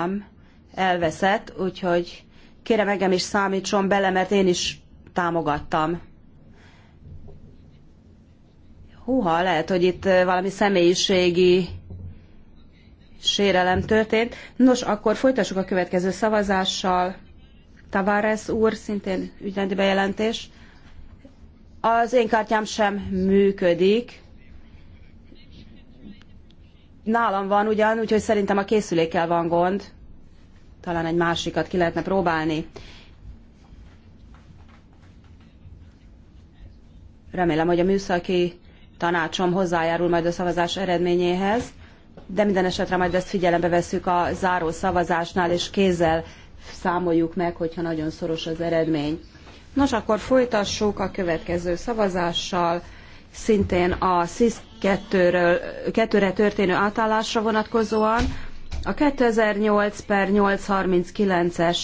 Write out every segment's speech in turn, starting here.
szám elveszett, úgyhogy kérem engem is számítson bele, mert én is támogattam. Húha, lehet, hogy itt valami személyiségi sérelem történt. Nos, akkor folytassuk a következő szavazással. Tavares úr, szintén ügyrendi bejelentés. Az én kártyám sem működik nálam van ugyan, úgyhogy szerintem a készülékkel van gond. Talán egy másikat ki lehetne próbálni. Remélem, hogy a műszaki tanácsom hozzájárul majd a szavazás eredményéhez, de minden esetre majd ezt figyelembe vesszük a záró szavazásnál, és kézzel számoljuk meg, hogyha nagyon szoros az eredmény. Nos, akkor folytassuk a következő szavazással szintén a SZIS 2-re történő átállásra vonatkozóan. A 2008 per 839-es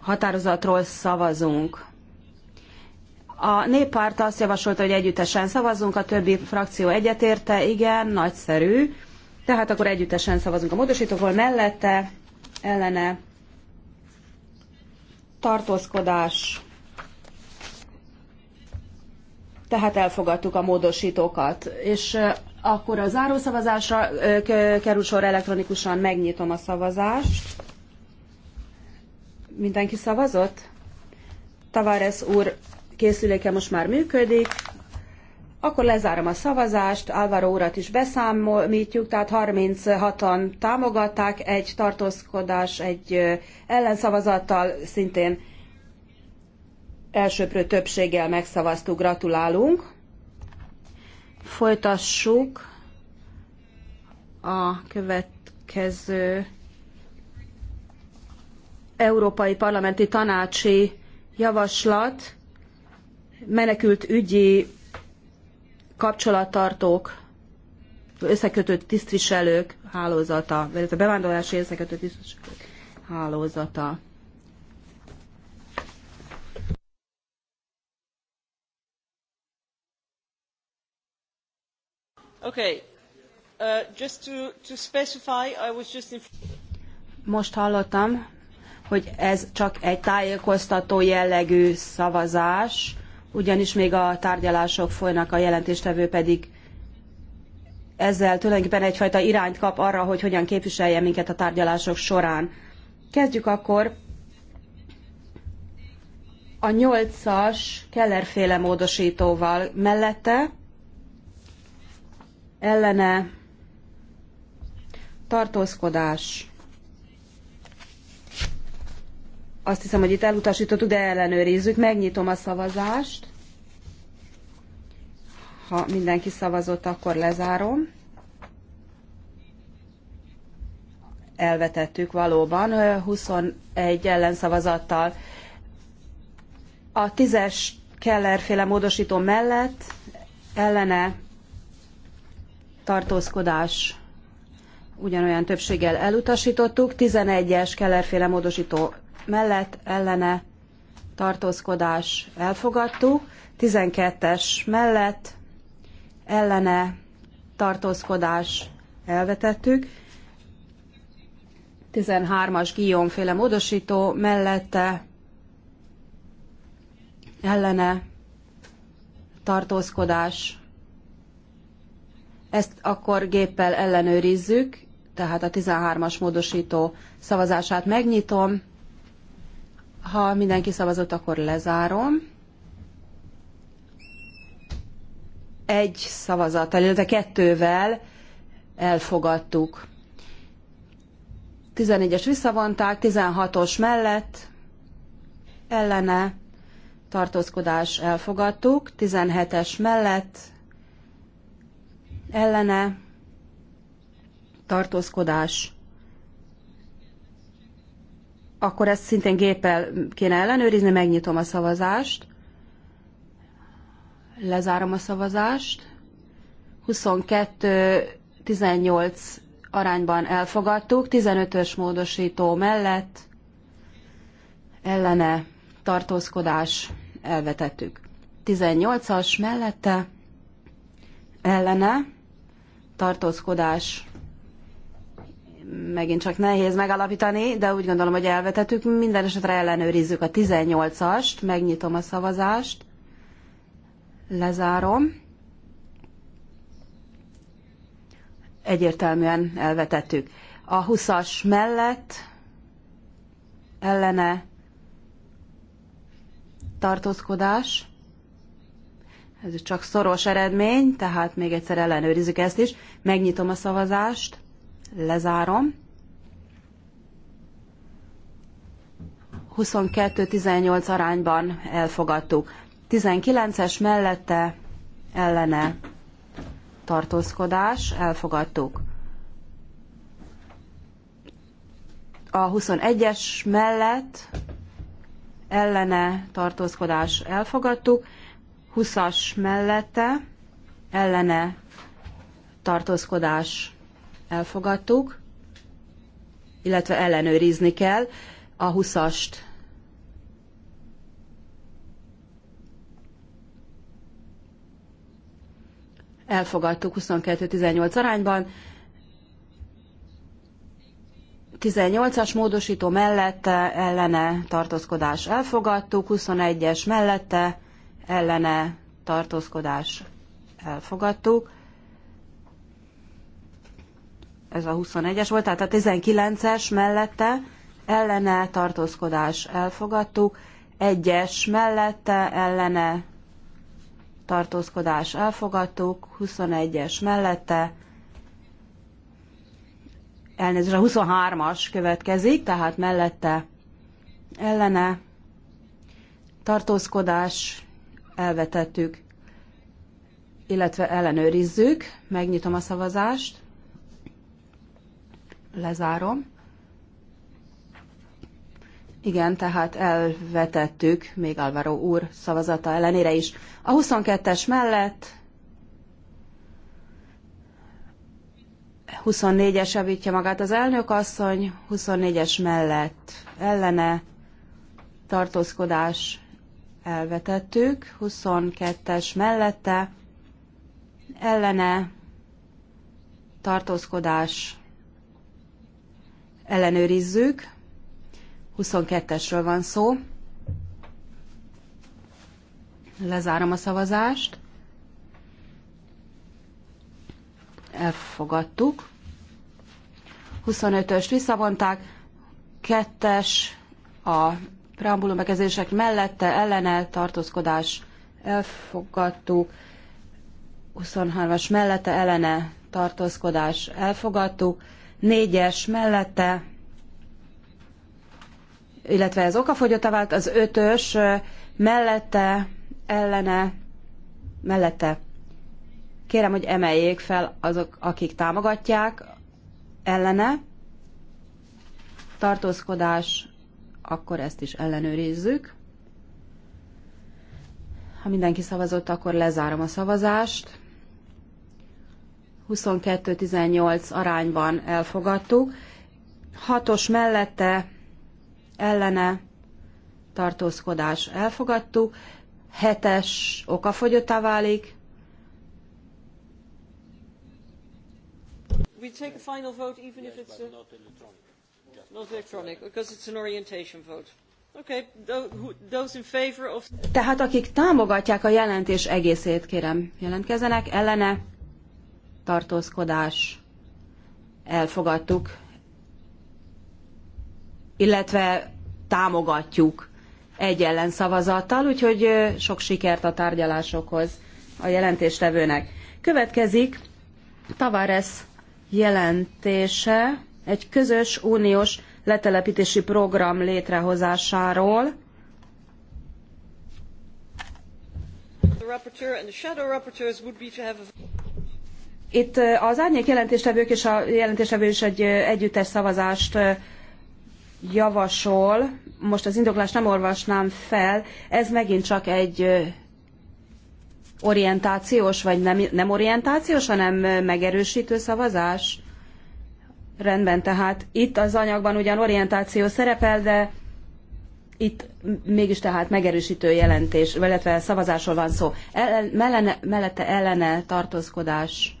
határozatról szavazunk. A néppárt azt javasolta, hogy együttesen szavazunk, a többi frakció egyetérte, igen, nagyszerű. Tehát akkor együttesen szavazunk a módosítókról mellette, ellene, tartózkodás, tehát elfogadtuk a módosítókat. És akkor a zárószavazásra kerül sor elektronikusan, megnyitom a szavazást. Mindenki szavazott? Tavares úr készüléke most már működik. Akkor lezárom a szavazást, Álvaro urat is beszámítjuk, tehát 36-an támogatták, egy tartózkodás, egy ellenszavazattal szintén elsőprő többséggel megszavaztuk, gratulálunk. Folytassuk a következő Európai Parlamenti Tanácsi javaslat menekült ügyi kapcsolattartók, összekötő tisztviselők hálózata, a bevándorlási összekötő tisztviselők hálózata. Uh, Most hallottam, hogy ez csak egy tájékoztató jellegű szavazás, ugyanis még a tárgyalások folynak, a jelentéstevő pedig ezzel tulajdonképpen egyfajta irányt kap arra, hogy hogyan képviselje minket a tárgyalások során. Kezdjük akkor a nyolcas keller féle módosítóval mellette, ellene tartózkodás. Azt hiszem, hogy itt elutasítottuk, de ellenőrizzük. Megnyitom a szavazást. Ha mindenki szavazott, akkor lezárom. Elvetettük valóban 21 ellenszavazattal. A tízes Kellerféle féle módosító mellett ellene tartózkodás ugyanolyan többséggel elutasítottuk, 11-es kellerféle módosító mellett ellene tartózkodás elfogadtuk, 12-es mellett ellene tartózkodás elvetettük, 13-as Guillaume féle módosító mellette ellene tartózkodás ezt akkor géppel ellenőrizzük, tehát a 13-as módosító szavazását megnyitom. Ha mindenki szavazott, akkor lezárom. Egy szavazattal, illetve kettővel elfogadtuk. 14-es visszavonták, 16-os mellett ellene tartózkodás elfogadtuk, 17-es mellett ellene tartózkodás, akkor ezt szintén géppel kéne ellenőrizni, megnyitom a szavazást, lezárom a szavazást, 22-18 arányban elfogadtuk, 15-ös módosító mellett ellene tartózkodás elvetettük. 18-as mellette ellene tartózkodás megint csak nehéz megalapítani, de úgy gondolom, hogy elvetettük. Minden esetre ellenőrizzük a 18-ast, megnyitom a szavazást, lezárom. Egyértelműen elvetettük. A 20-as mellett ellene tartózkodás ez csak szoros eredmény, tehát még egyszer ellenőrizzük ezt is. Megnyitom a szavazást, lezárom. 22-18 arányban elfogadtuk. 19-es mellette ellene tartózkodás, elfogadtuk. A 21-es mellett ellene tartózkodás elfogadtuk, 20-as mellette ellene tartózkodás elfogadtuk, illetve ellenőrizni kell a 20-ast. Elfogadtuk 22-18 arányban. 18-as módosító mellette ellene tartózkodás elfogadtuk, 21-es mellette ellene tartózkodás elfogadtuk. Ez a 21-es volt, tehát a 19-es mellette ellene tartózkodás elfogadtuk, Egyes mellette ellene tartózkodás elfogadtuk, 21-es mellette elnézést, a 23-as következik, tehát mellette ellene tartózkodás elvetettük, illetve ellenőrizzük. Megnyitom a szavazást. Lezárom. Igen, tehát elvetettük még Alvaro úr szavazata ellenére is. A 22-es mellett 24-es javítja magát az elnök asszony, 24-es mellett ellene tartózkodás elvetettük, 22-es mellette ellene tartózkodás ellenőrizzük, 22-esről van szó. Lezárom a szavazást. Elfogadtuk. 25-öst visszavonták, 2-es a preambulum bekezdések mellette ellene tartózkodás elfogadtuk, 23-as mellette ellene tartózkodás elfogadtuk, 4-es mellette, illetve ez okafogyottá vált, az 5-ös mellette ellene, mellette. Kérem, hogy emeljék fel azok, akik támogatják, ellene, tartózkodás akkor ezt is ellenőrizzük. Ha mindenki szavazott, akkor lezárom a szavazást. 22-18 arányban elfogadtuk. Hatos mellette ellene tartózkodás elfogadtuk. Hetes okafogyottá válik. We take a final vote even if it's a... Tehát akik támogatják a jelentés egészét, kérem, jelentkezzenek ellene tartózkodás. Elfogadtuk, illetve támogatjuk egy ellenszavazattal, úgyhogy sok sikert a tárgyalásokhoz a jelentéstevőnek. Következik Tavares jelentése egy közös uniós letelepítési program létrehozásáról. Itt az árnyék jelentéstevők és a jelentéstevő is egy együttes szavazást javasol. Most az indoklást nem olvasnám fel. Ez megint csak egy orientációs, vagy nem, nem orientációs, hanem megerősítő szavazás? Rendben, tehát itt az anyagban ugyan orientáció szerepel, de itt mégis tehát megerősítő jelentés, illetve szavazásról van szó. El, mellene, mellette ellene tartózkodás,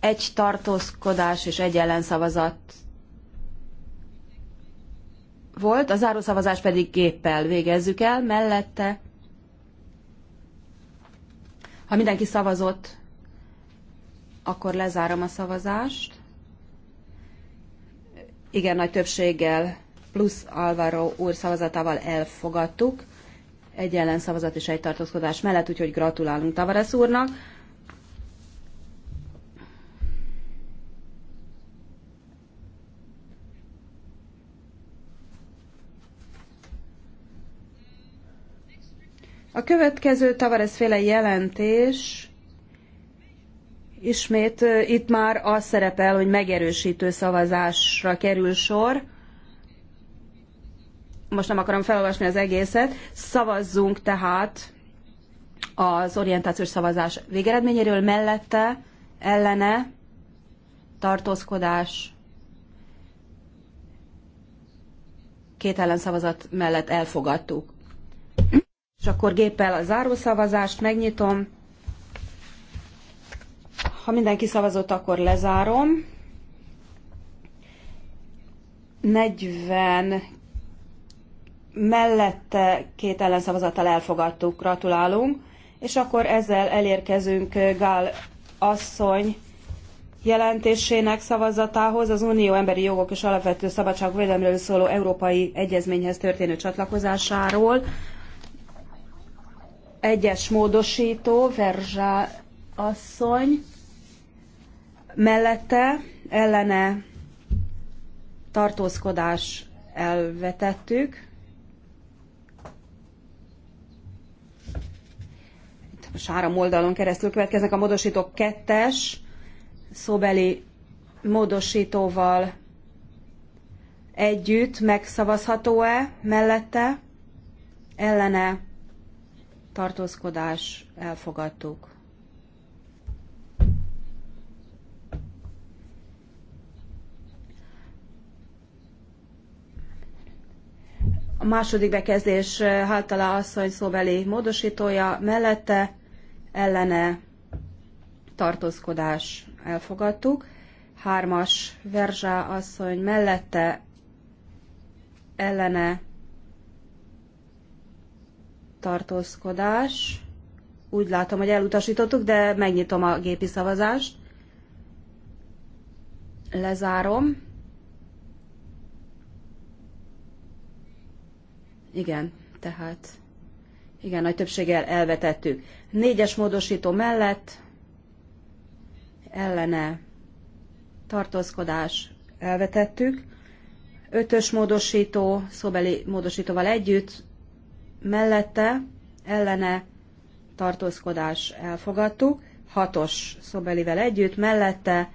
egy tartózkodás és egy ellenszavazat volt, a zárószavazás pedig géppel végezzük el, mellette, ha mindenki szavazott, akkor lezárom a szavazást igen nagy többséggel plusz Alvaro úr szavazatával elfogadtuk, egy ellen szavazat és egy tartózkodás mellett, úgyhogy gratulálunk Tavares úrnak. A következő Tavares féle jelentés Ismét itt már az szerepel, hogy megerősítő szavazásra kerül sor. Most nem akarom felolvasni az egészet. Szavazzunk tehát az orientációs szavazás végeredményéről mellette, ellene, tartózkodás, két ellenszavazat mellett elfogadtuk. És akkor géppel a zárószavazást megnyitom. Ha mindenki szavazott, akkor lezárom. 40 mellette két ellenszavazattal elfogadtuk, gratulálunk. És akkor ezzel elérkezünk eh, Gál asszony jelentésének szavazatához az Unió emberi jogok és alapvető szabadság szabadságvédelemről szóló európai egyezményhez történő csatlakozásáról. Egyes módosító, Verzsá asszony mellette ellene tartózkodás elvetettük. Itt a három oldalon keresztül következnek a módosítók kettes, szóbeli módosítóval együtt megszavazható-e mellette, ellene tartózkodás elfogadtuk. A második bekezdés Háltala eh, asszony szóbeli módosítója mellette ellene tartózkodás elfogadtuk. Hármas Verzsá asszony mellette ellene tartózkodás. Úgy látom, hogy elutasítottuk, de megnyitom a gépi szavazást. Lezárom. Igen, tehát igen, nagy többséggel elvetettük. Négyes módosító mellett ellene tartózkodás elvetettük. Ötös módosító szóbeli módosítóval együtt mellette ellene tartózkodás elfogadtuk. Hatos szóbelivel együtt mellette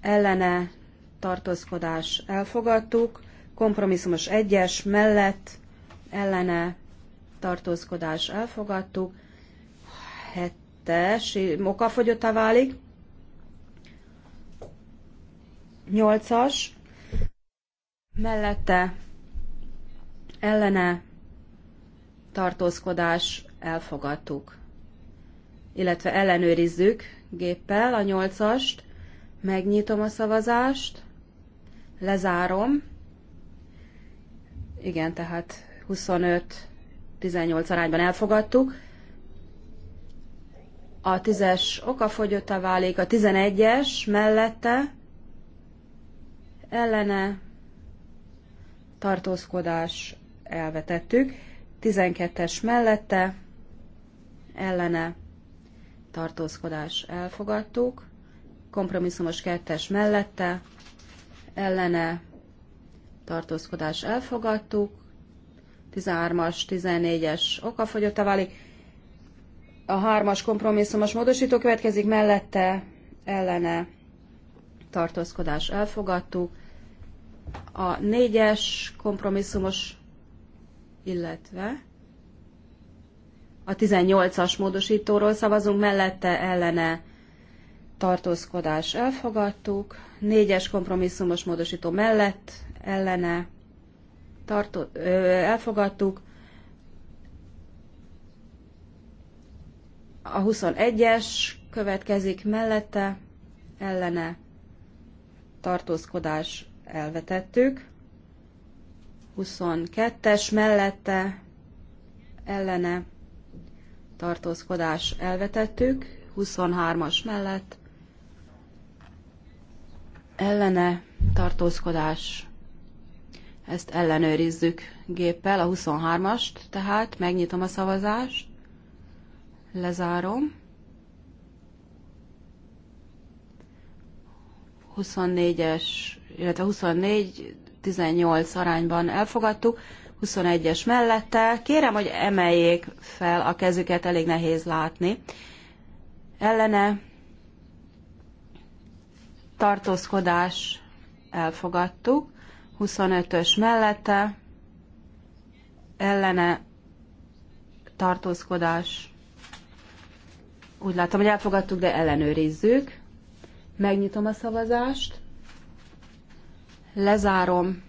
ellene tartózkodás elfogadtuk. Kompromisszumos egyes mellett ellene tartózkodás elfogadtuk, hetes okafogyottá válik, nyolcas, mellette ellene tartózkodás elfogadtuk, illetve ellenőrizzük géppel a nyolcast, megnyitom a szavazást, lezárom, igen, tehát 25-18 arányban elfogadtuk. A 10-es a válik, a 11-es mellette ellene tartózkodás elvetettük, 12-es mellette ellene tartózkodás elfogadtuk, kompromisszumos kettes mellette ellene tartózkodás elfogadtuk, 13-as, 14-es okafogyottá válik. A 3-as kompromisszumos módosító következik mellette, ellene tartózkodás elfogadtuk. A 4-es kompromisszumos, illetve a 18-as módosítóról szavazunk, mellette ellene tartózkodás elfogadtuk, négyes kompromisszumos módosító mellett ellene tartott, elfogadtuk. A 21-es következik mellette, ellene tartózkodás elvetettük. 22-es mellette, ellene tartózkodás elvetettük. 23-as mellett, ellene tartózkodás ezt ellenőrizzük géppel, a 23-ast, tehát megnyitom a szavazást, lezárom. 24-es, illetve 24-18 arányban elfogadtuk, 21-es mellette. Kérem, hogy emeljék fel a kezüket, elég nehéz látni. Ellene tartózkodás elfogadtuk. 25-ös mellette, ellene tartózkodás. Úgy látom, hogy elfogadtuk, de ellenőrizzük. Megnyitom a szavazást. Lezárom.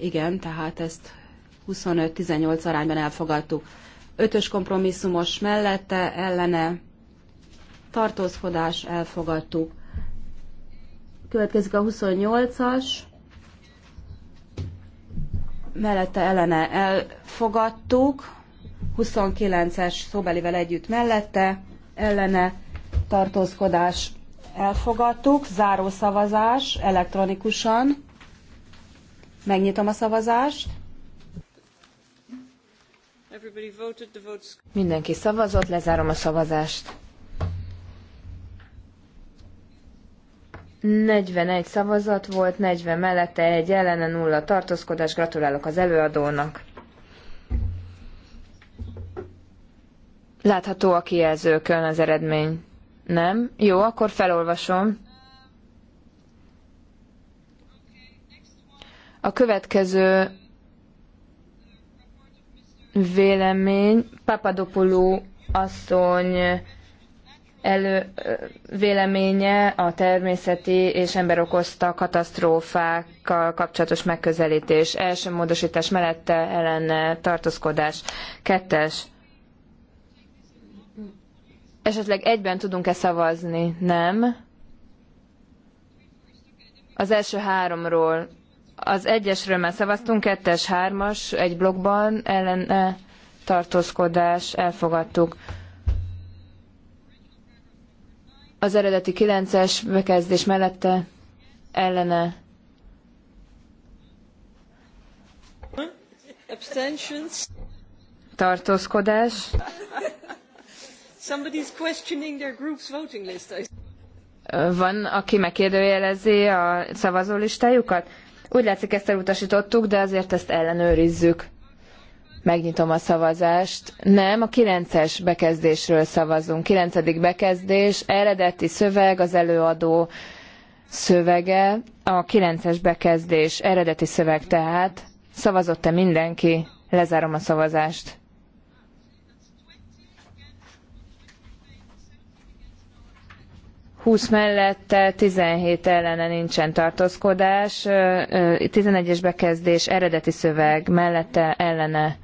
Igen, tehát ezt 25-18 arányban elfogadtuk. Ötös kompromisszumos mellette, ellene tartózkodás elfogadtuk. Következik a 28-as. Mellette Elene elfogadtuk. 29-es szóbelivel együtt mellette ellene tartózkodás elfogadtuk. Záró szavazás elektronikusan. Megnyitom a szavazást. Mindenki szavazott, lezárom a szavazást. 41 szavazat volt, 40 mellette, egy ellene, nulla tartózkodás. Gratulálok az előadónak. Látható a kijelzőkön az eredmény. Nem? Jó, akkor felolvasom. A következő vélemény Papadopoulou asszony elő, véleménye a természeti és ember okozta katasztrófákkal kapcsolatos megközelítés. Első módosítás mellette ellen tartózkodás. Kettes. Esetleg egyben tudunk-e szavazni? Nem. Az első háromról. Az egyesről már szavaztunk, kettes, hármas, egy blokkban ellen tartózkodás, elfogadtuk. Az eredeti 9-es bekezdés mellette ellene Abstentions. Tartózkodás. Somebody's questioning their group's voting list. Van, aki megkérdőjelezi a szavazólistájukat? Úgy látszik, ezt elutasítottuk, de azért ezt ellenőrizzük. Megnyitom a szavazást. Nem, a 9-es bekezdésről szavazunk. 9. bekezdés, eredeti szöveg, az előadó szövege, a 9-es bekezdés, eredeti szöveg tehát. Szavazott-e mindenki? Lezárom a szavazást. 20 mellette 17 ellene nincsen tartózkodás, 11-es bekezdés, eredeti szöveg mellette ellene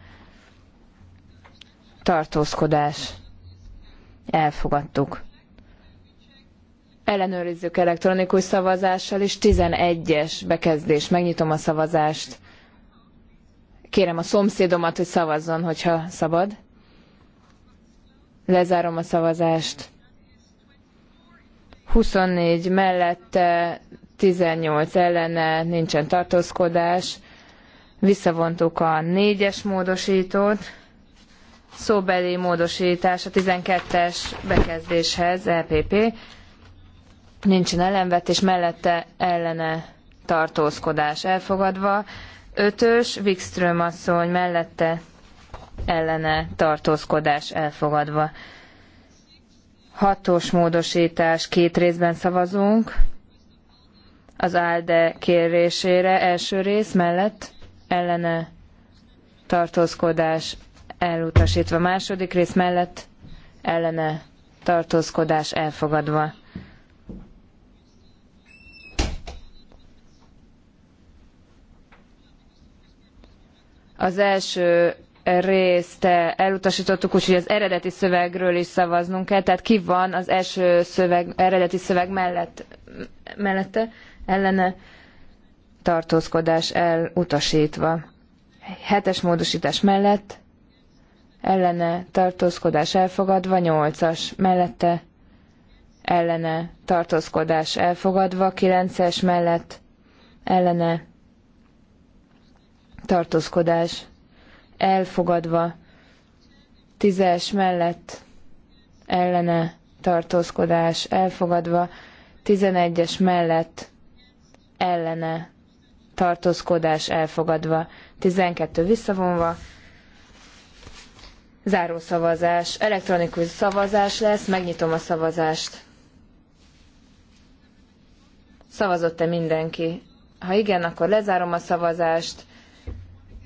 tartózkodás, elfogadtuk. Ellenőrizzük elektronikus szavazással is, 11-es bekezdés, megnyitom a szavazást. Kérem a szomszédomat, hogy szavazzon, hogyha szabad. Lezárom a szavazást. 24 mellette, 18 ellene, nincsen tartózkodás. Visszavontuk a négyes módosítót szóbeli módosítás a 12-es bekezdéshez, EPP. Nincsen ellenvetés, mellette ellene tartózkodás elfogadva. Ötös, Wikström asszony mellette ellene tartózkodás elfogadva. Hatos módosítás, két részben szavazunk. Az ALDE kérésére első rész mellett ellene tartózkodás elutasítva. Második rész mellett ellene tartózkodás elfogadva. Az első részt elutasítottuk, úgyhogy az eredeti szövegről is szavaznunk kell. Tehát ki van az első szöveg, eredeti szöveg mellett, mellette ellene tartózkodás elutasítva. Hetes módosítás mellett ellene tartózkodás elfogadva, 8-as mellette ellene tartózkodás elfogadva, 9-es mellett ellene tartózkodás elfogadva, 10-es mellett ellene tartózkodás elfogadva, 11-es mellett ellene tartózkodás elfogadva, 12 visszavonva, Záró szavazás. Elektronikus szavazás lesz. Megnyitom a szavazást. Szavazott-e mindenki? Ha igen, akkor lezárom a szavazást.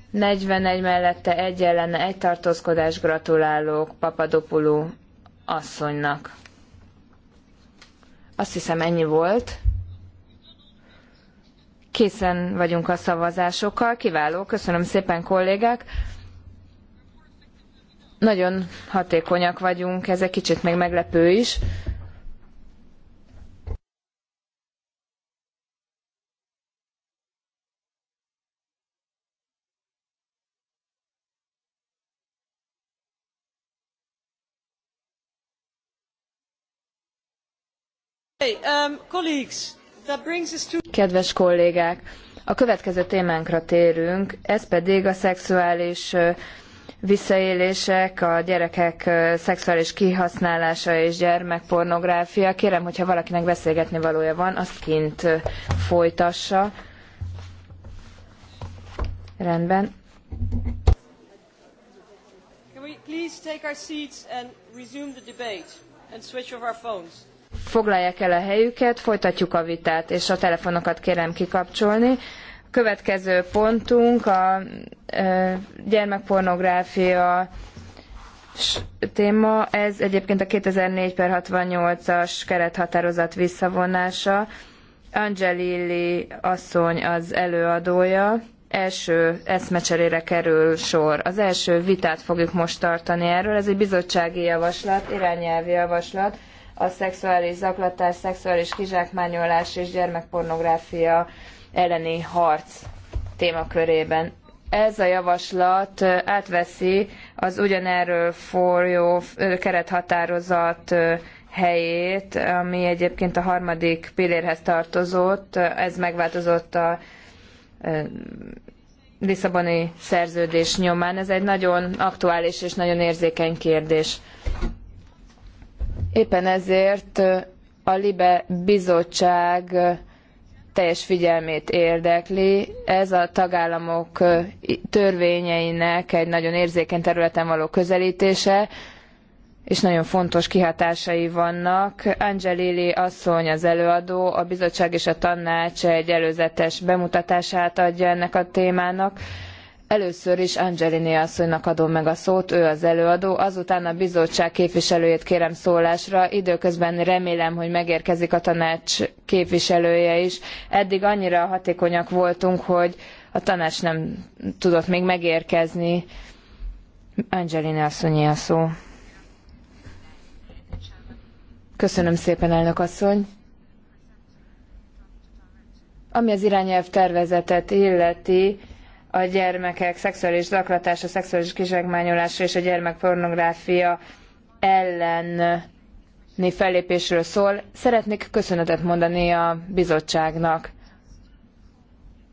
41 mellette egy ellene egy tartózkodás gratulálok Papadopuló asszonynak. Azt hiszem ennyi volt. Készen vagyunk a szavazásokkal. Kiváló, köszönöm szépen kollégák. Nagyon hatékonyak vagyunk, ez egy kicsit még meglepő is. Um, Kedves kollégák, a következő témánkra térünk, ez pedig a szexuális visszaélések, a gyerekek szexuális kihasználása és gyermekpornográfia. Kérem, hogyha valakinek beszélgetni valója van, azt kint folytassa. Rendben. Foglalják el a helyüket, folytatjuk a vitát, és a telefonokat kérem kikapcsolni következő pontunk a gyermekpornográfia téma. Ez egyébként a 2004 per 68-as kerethatározat visszavonása. Angelilli asszony az előadója. Első eszmecserére kerül sor. Az első vitát fogjuk most tartani erről. Ez egy bizottsági javaslat, irányelvi javaslat a szexuális zaklatás, szexuális kizsákmányolás és gyermekpornográfia elleni harc témakörében. Ez a javaslat átveszi az ugyanerről forjó kerethatározat helyét, ami egyébként a harmadik pillérhez tartozott. Ez megváltozott a Lisszaboni szerződés nyomán. Ez egy nagyon aktuális és nagyon érzékeny kérdés. Éppen ezért a Libe bizottság teljes figyelmét érdekli. Ez a tagállamok törvényeinek egy nagyon érzékeny területen való közelítése, és nagyon fontos kihatásai vannak. Angelili asszony az előadó, a bizottság és a tanács egy előzetes bemutatását adja ennek a témának Először is Angelini asszonynak adom meg a szót, ő az előadó, azután a bizottság képviselőjét kérem szólásra, időközben remélem, hogy megérkezik a tanács képviselője is. Eddig annyira hatékonyak voltunk, hogy a tanács nem tudott még megérkezni. Angelini asszonyi a szó. Köszönöm szépen, elnök asszony. Ami az irányelv tervezetet illeti, a gyermekek szexuális zaklatása, szexuális kizsákmányolása és a gyermekpornográfia elleni fellépésről szól. Szeretnék köszönetet mondani a bizottságnak.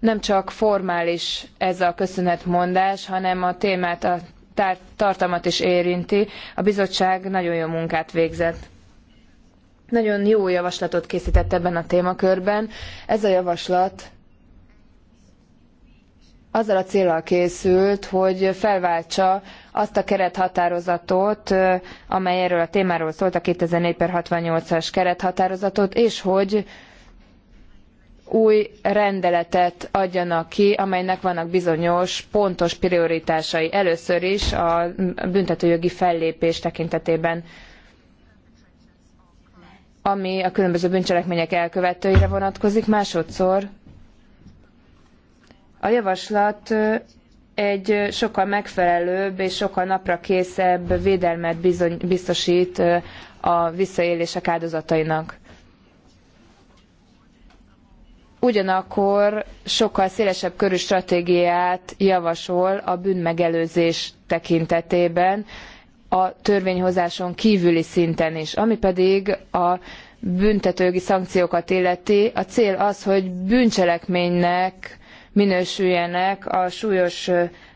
Nem csak formális ez a köszönetmondás, hanem a témát, a tartalmat is érinti. A bizottság nagyon jó munkát végzett. Nagyon jó javaslatot készített ebben a témakörben. Ez a javaslat azzal a célral készült, hogy felváltsa azt a kerethatározatot, amely erről a témáról szólt, a 2004 68-as kerethatározatot, és hogy új rendeletet adjanak ki, amelynek vannak bizonyos pontos prioritásai. Először is a büntetőjogi fellépés tekintetében ami a különböző bűncselekmények elkövetőire vonatkozik, másodszor a javaslat egy sokkal megfelelőbb és sokkal naprakészebb védelmet bizony, biztosít a visszaélések áldozatainak. Ugyanakkor sokkal szélesebb körű stratégiát javasol a bűnmegelőzés tekintetében, a törvényhozáson kívüli szinten is, ami pedig a büntetőjogi szankciókat illeti. A cél az, hogy bűncselekménynek minősüljenek a súlyos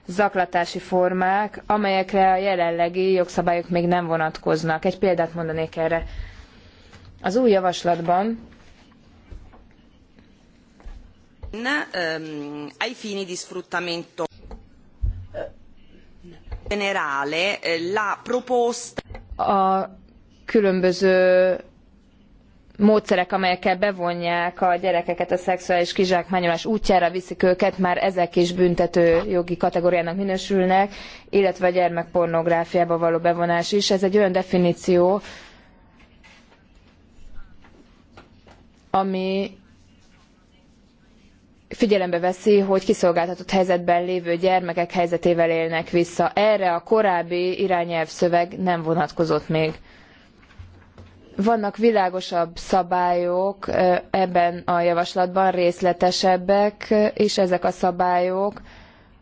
zaklatási formák, amelyekre a jelenlegi jogszabályok még nem vonatkoznak. Egy példát mondanék erre. Az új javaslatban ehm, ai fini di sfruttamento generale eh, la proposta a különböző módszerek, amelyekkel bevonják a gyerekeket a szexuális kizsákmányolás útjára viszik őket, már ezek is büntető jogi kategóriának minősülnek, illetve a gyermekpornográfiába való bevonás is. Ez egy olyan definíció, ami figyelembe veszi, hogy kiszolgáltatott helyzetben lévő gyermekek helyzetével élnek vissza. Erre a korábbi irányelv szöveg nem vonatkozott még vannak világosabb szabályok ebben a javaslatban, részletesebbek, és ezek a szabályok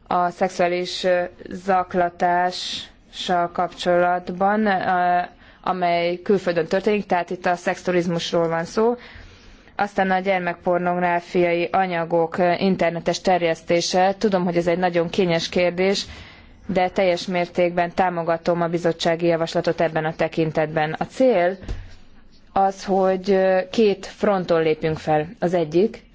a szexuális zaklatással kapcsolatban, amely külföldön történik, tehát itt a szexturizmusról van szó. Aztán a gyermekpornográfiai anyagok internetes terjesztése. Tudom, hogy ez egy nagyon kényes kérdés, de teljes mértékben támogatom a bizottsági javaslatot ebben a tekintetben. A cél, az, hogy két fronton lépjünk fel. Az egyik,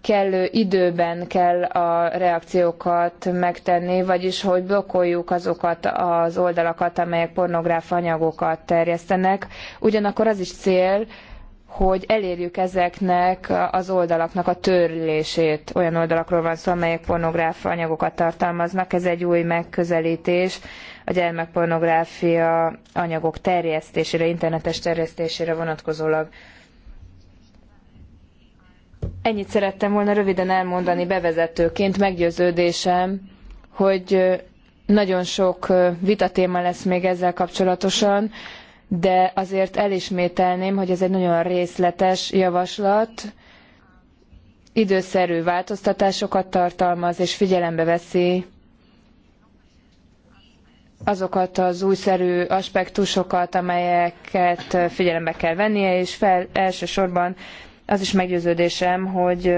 kellő időben kell a reakciókat megtenni, vagyis hogy blokkoljuk azokat az oldalakat, amelyek pornográf anyagokat terjesztenek. Ugyanakkor az is cél, hogy elérjük ezeknek az oldalaknak a törlését. Olyan oldalakról van szó, amelyek pornográf anyagokat tartalmaznak. Ez egy új megközelítés a gyermekpornográfia anyagok terjesztésére, internetes terjesztésére vonatkozólag. Ennyit szerettem volna röviden elmondani bevezetőként, meggyőződésem, hogy nagyon sok vitatéma lesz még ezzel kapcsolatosan de azért elismételném, hogy ez egy nagyon részletes javaslat, időszerű változtatásokat tartalmaz, és figyelembe veszi azokat az újszerű aspektusokat, amelyeket figyelembe kell vennie, és fel, elsősorban az is meggyőződésem, hogy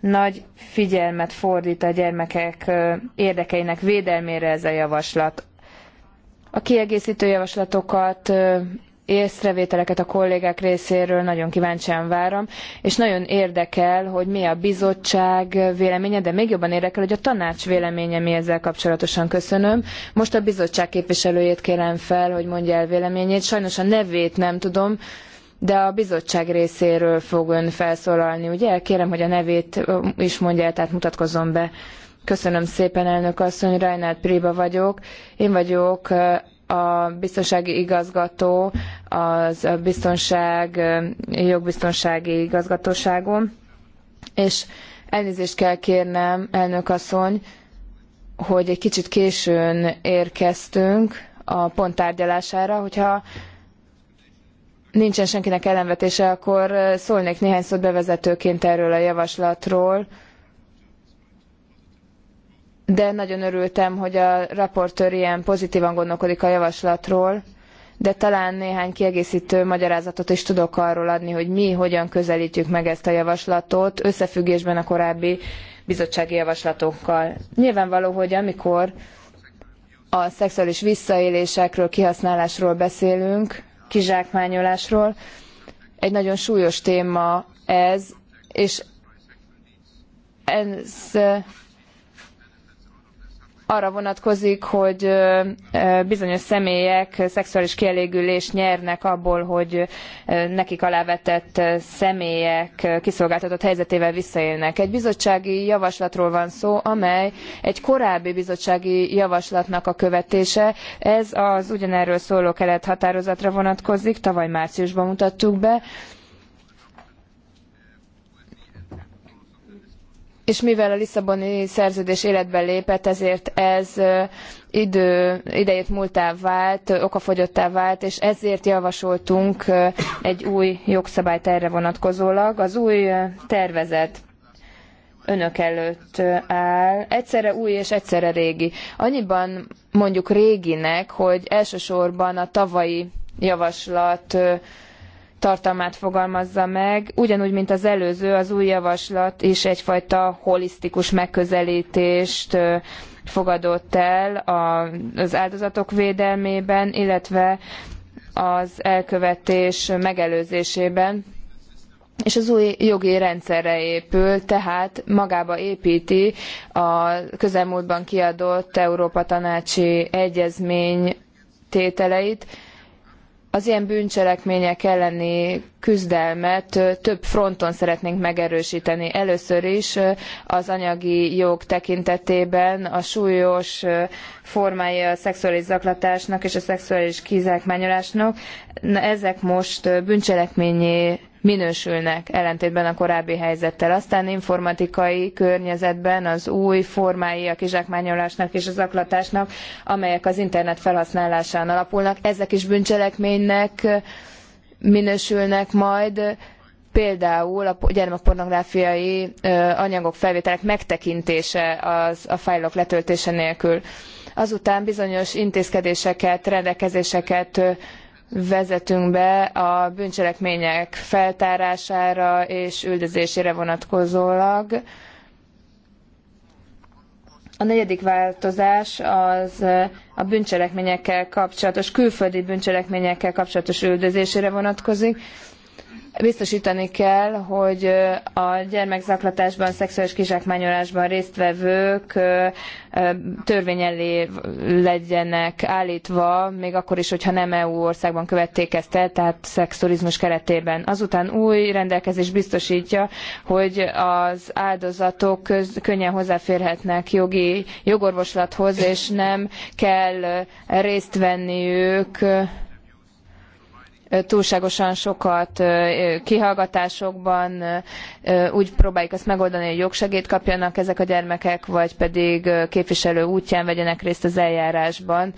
nagy figyelmet fordít a gyermekek érdekeinek védelmére ez a javaslat. A kiegészítő javaslatokat észrevételeket a kollégák részéről nagyon kíváncsian várom, és nagyon érdekel, hogy mi a bizottság véleménye, de még jobban érdekel, hogy a tanács véleménye mi ezzel kapcsolatosan köszönöm. Most a bizottság képviselőjét kérem fel, hogy mondja el véleményét. Sajnos a nevét nem tudom, de a bizottság részéről fog ön felszólalni, ugye? Kérem, hogy a nevét is mondja el, tehát mutatkozzon be. Köszönöm szépen, elnök asszony, Reinhard Priba vagyok. Én vagyok a biztonsági igazgató, az biztonság, jogbiztonsági igazgatóságon, és elnézést kell kérnem, elnök asszony, hogy egy kicsit későn érkeztünk a pont tárgyalására, hogyha nincsen senkinek ellenvetése, akkor szólnék néhány szót bevezetőként erről a javaslatról, de nagyon örültem, hogy a raportőr ilyen pozitívan gondolkodik a javaslatról, de talán néhány kiegészítő magyarázatot is tudok arról adni, hogy mi hogyan közelítjük meg ezt a javaslatot összefüggésben a korábbi bizottsági javaslatokkal. Nyilvánvaló, hogy amikor a szexuális visszaélésekről, kihasználásról beszélünk, kizsákmányolásról, egy nagyon súlyos téma ez, és ez arra vonatkozik, hogy bizonyos személyek szexuális kielégülést nyernek abból, hogy nekik alávetett személyek kiszolgáltatott helyzetével visszaélnek. Egy bizottsági javaslatról van szó, amely egy korábbi bizottsági javaslatnak a követése. Ez az ugyanerről szóló kelet határozatra vonatkozik, tavaly márciusban mutattuk be, és mivel a Lisszaboni szerződés életbe lépett, ezért ez idő, idejét múltá vált, okafogyottá vált, és ezért javasoltunk egy új jogszabályt erre vonatkozólag. Az új tervezet önök előtt áll, egyszerre új és egyszerre régi. Annyiban mondjuk réginek, hogy elsősorban a tavalyi javaslat tartalmát fogalmazza meg, ugyanúgy, mint az előző, az új javaslat is egyfajta holisztikus megközelítést fogadott el az áldozatok védelmében, illetve az elkövetés megelőzésében, és az új jogi rendszerre épül, tehát magába építi a közelmúltban kiadott Európa Tanácsi Egyezmény tételeit, az ilyen bűncselekmények elleni küzdelmet több fronton szeretnénk megerősíteni. Először is az anyagi jog tekintetében a súlyos formája a szexuális zaklatásnak és a szexuális kizsákmányolásnak. ezek most bűncselekményé minősülnek, ellentétben a korábbi helyzettel. Aztán informatikai környezetben az új formái a kizsákmányolásnak és az aklatásnak, amelyek az internet felhasználásán alapulnak, ezek is bűncselekménynek minősülnek majd, például a gyermekpornográfiai anyagok felvételek megtekintése az a fájlok letöltése nélkül. Azután bizonyos intézkedéseket, rendelkezéseket vezetünk be a bűncselekmények feltárására és üldözésére vonatkozólag. A negyedik változás az a bűncselekményekkel kapcsolatos, külföldi bűncselekményekkel kapcsolatos üldözésére vonatkozik biztosítani kell, hogy a gyermekzaklatásban, szexuális kizsákmányolásban résztvevők törvény elé legyenek állítva, még akkor is, hogyha nem EU országban követték ezt el, tehát szexualizmus keretében. Azután új rendelkezés biztosítja, hogy az áldozatok köz, könnyen hozzáférhetnek jogi jogorvoslathoz, és nem kell részt venniük ők túlságosan sokat kihallgatásokban, úgy próbáljuk ezt megoldani, hogy jogsegét kapjanak ezek a gyermekek, vagy pedig képviselő útján vegyenek részt az eljárásban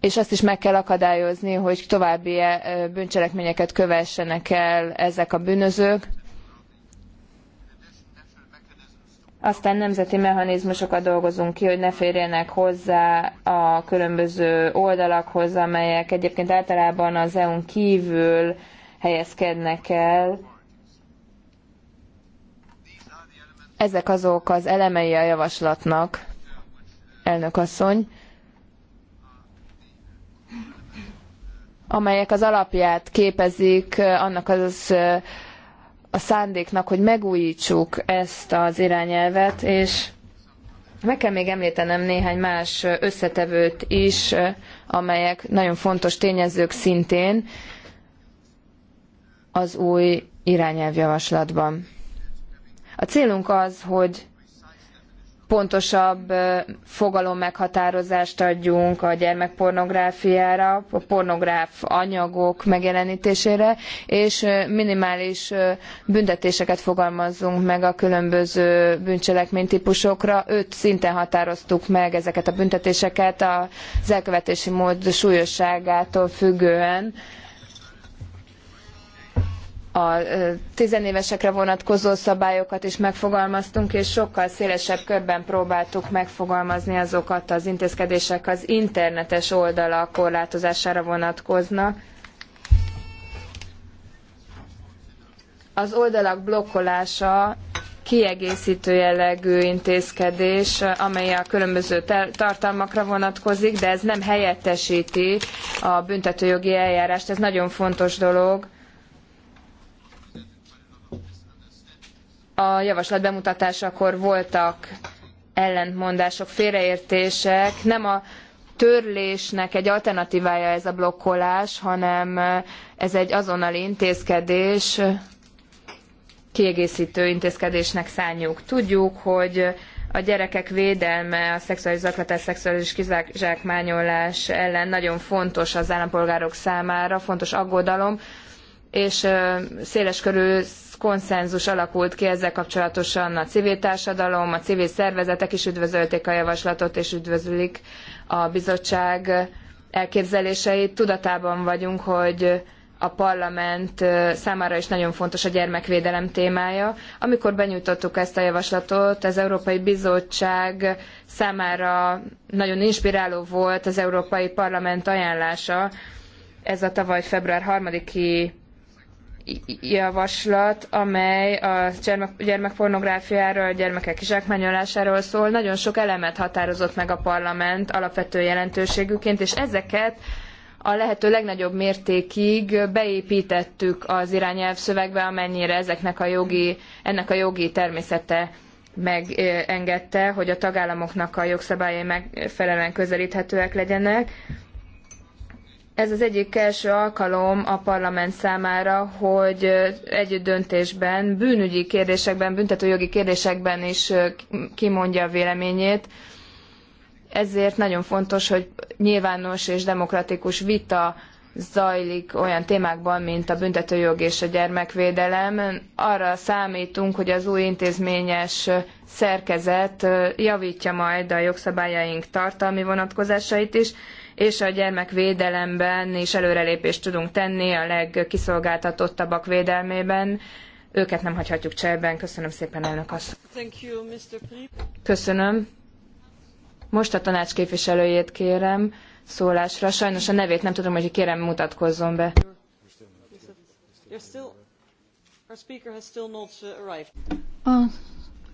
és azt is meg kell akadályozni, hogy további bűncselekményeket kövessenek el ezek a bűnözők Aztán nemzeti mechanizmusokat dolgozunk ki, hogy ne férjenek hozzá a különböző oldalakhoz, amelyek egyébként általában az EU-n kívül helyezkednek el. Ezek azok az elemei a javaslatnak, elnök asszony, amelyek az alapját képezik annak az a szándéknak, hogy megújítsuk ezt az irányelvet, és meg kell még említenem néhány más összetevőt is, amelyek nagyon fontos tényezők szintén az új irányelvjavaslatban. A célunk az, hogy pontosabb fogalom meghatározást adjunk a gyermekpornográfiára, a pornográf anyagok megjelenítésére, és minimális büntetéseket fogalmazzunk meg a különböző bűncselekménytípusokra. Öt szinten határoztuk meg ezeket a büntetéseket az elkövetési mód súlyosságától függően a tizenévesekre vonatkozó szabályokat is megfogalmaztunk, és sokkal szélesebb körben próbáltuk megfogalmazni azokat az intézkedések az internetes oldalak korlátozására vonatkoznak. Az oldalak blokkolása kiegészítő jellegű intézkedés, amely a különböző tartalmakra vonatkozik, de ez nem helyettesíti a büntetőjogi eljárást. Ez nagyon fontos dolog a javaslat bemutatásakor voltak ellentmondások, félreértések. Nem a törlésnek egy alternatívája ez a blokkolás, hanem ez egy azonnali intézkedés, kiegészítő intézkedésnek szánjuk. Tudjuk, hogy a gyerekek védelme, a szexuális zaklatás, szexuális kizsákmányolás ellen nagyon fontos az állampolgárok számára, fontos aggodalom, és széleskörű konszenzus alakult ki ezzel kapcsolatosan a civil társadalom, a civil szervezetek is üdvözölték a javaslatot, és üdvözlik a bizottság elképzeléseit. Tudatában vagyunk, hogy a parlament számára is nagyon fontos a gyermekvédelem témája. Amikor benyújtottuk ezt a javaslatot, az Európai Bizottság számára nagyon inspiráló volt az Európai Parlament ajánlása. Ez a tavaly február 3-i javaslat, amely a gyermek, gyermekpornográfiáról, a gyermekek kizsákmányolásáról szól. Nagyon sok elemet határozott meg a parlament alapvető jelentőségűként, és ezeket a lehető legnagyobb mértékig beépítettük az irányelv szövegbe, amennyire ezeknek a jogi, ennek a jogi természete megengedte, hogy a tagállamoknak a jogszabályai megfelelően közelíthetőek legyenek. Ez az egyik első alkalom a parlament számára, hogy együtt döntésben, bűnügyi kérdésekben, büntetőjogi kérdésekben is kimondja a véleményét. Ezért nagyon fontos, hogy nyilvános és demokratikus vita zajlik olyan témákban, mint a büntetőjog és a gyermekvédelem. Arra számítunk, hogy az új intézményes szerkezet javítja majd a jogszabályaink tartalmi vonatkozásait is, és a gyermekvédelemben is előrelépést tudunk tenni a legkiszolgáltatottabbak védelmében. Őket nem hagyhatjuk cserben. Köszönöm szépen, elnök azt. Köszönöm. Most a tanács képviselőjét kérem szólásra. Sajnos a nevét nem tudom, hogy kérem mutatkozzon be. Uh, a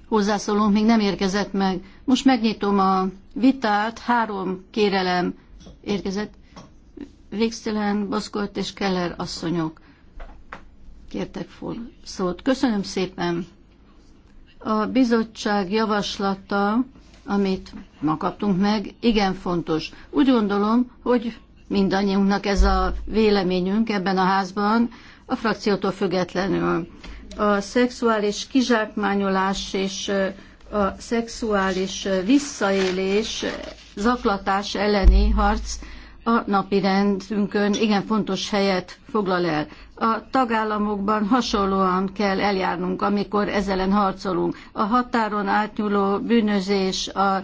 hozzászólónk még nem érkezett meg. Most megnyitom a vitát, három kérelem érkezett. Végszelen, Baszkolt és Keller asszonyok kértek fog szót. Köszönöm szépen! A bizottság javaslata, amit ma kaptunk meg, igen fontos. Úgy gondolom, hogy mindannyiunknak ez a véleményünk ebben a házban, a frakciótól függetlenül. A szexuális kizsákmányolás és a szexuális visszaélés zaklatás elleni harc a napi rendünkön igen fontos helyet foglal el. A tagállamokban hasonlóan kell eljárnunk, amikor ezzel harcolunk. A határon átnyúló bűnözés, a,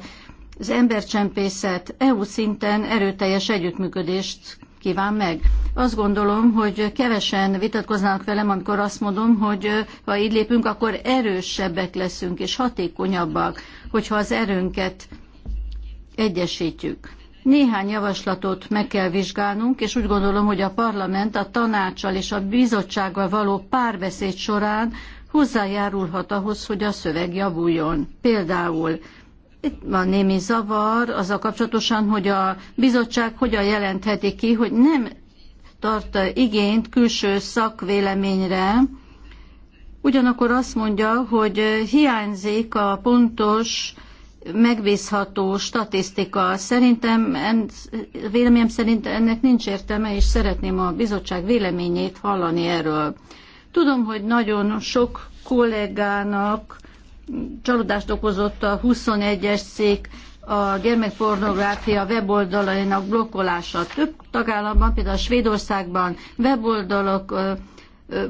az embercsempészet EU szinten erőteljes együttműködést kíván meg. Azt gondolom, hogy kevesen vitatkoznának velem, amikor azt mondom, hogy ha így lépünk, akkor erősebbek leszünk és hatékonyabbak, hogyha az erőnket egyesítjük. Néhány javaslatot meg kell vizsgálnunk, és úgy gondolom, hogy a parlament a tanácsal és a bizottsággal való párbeszéd során hozzájárulhat ahhoz, hogy a szöveg javuljon. Például itt van némi zavar azzal kapcsolatosan, hogy a bizottság hogyan jelentheti ki, hogy nem tart igényt külső szakvéleményre, ugyanakkor azt mondja, hogy hiányzik a pontos megbízható statisztika. Szerintem, véleményem szerint ennek nincs értelme, és szeretném a bizottság véleményét hallani erről. Tudom, hogy nagyon sok kollégának csalódást okozott a 21-es szék a gyermekpornográfia weboldalainak blokkolása. Több tagállamban, például Svédországban weboldalak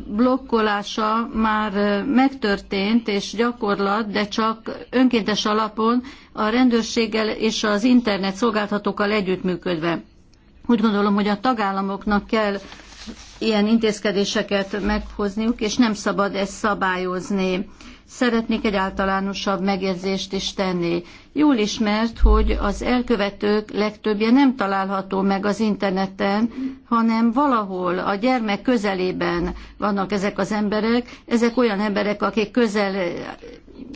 blokkolása már megtörtént és gyakorlat, de csak önkéntes alapon a rendőrséggel és az internet szolgáltatókkal együttműködve. Úgy gondolom, hogy a tagállamoknak kell ilyen intézkedéseket meghozniuk, és nem szabad ezt szabályozni. Szeretnék egy általánosabb megjegyzést is tenni. Jól ismert, hogy az elkövetők legtöbbje nem található meg az interneten, hanem valahol a gyermek közelében vannak ezek az emberek. Ezek olyan emberek, akik közel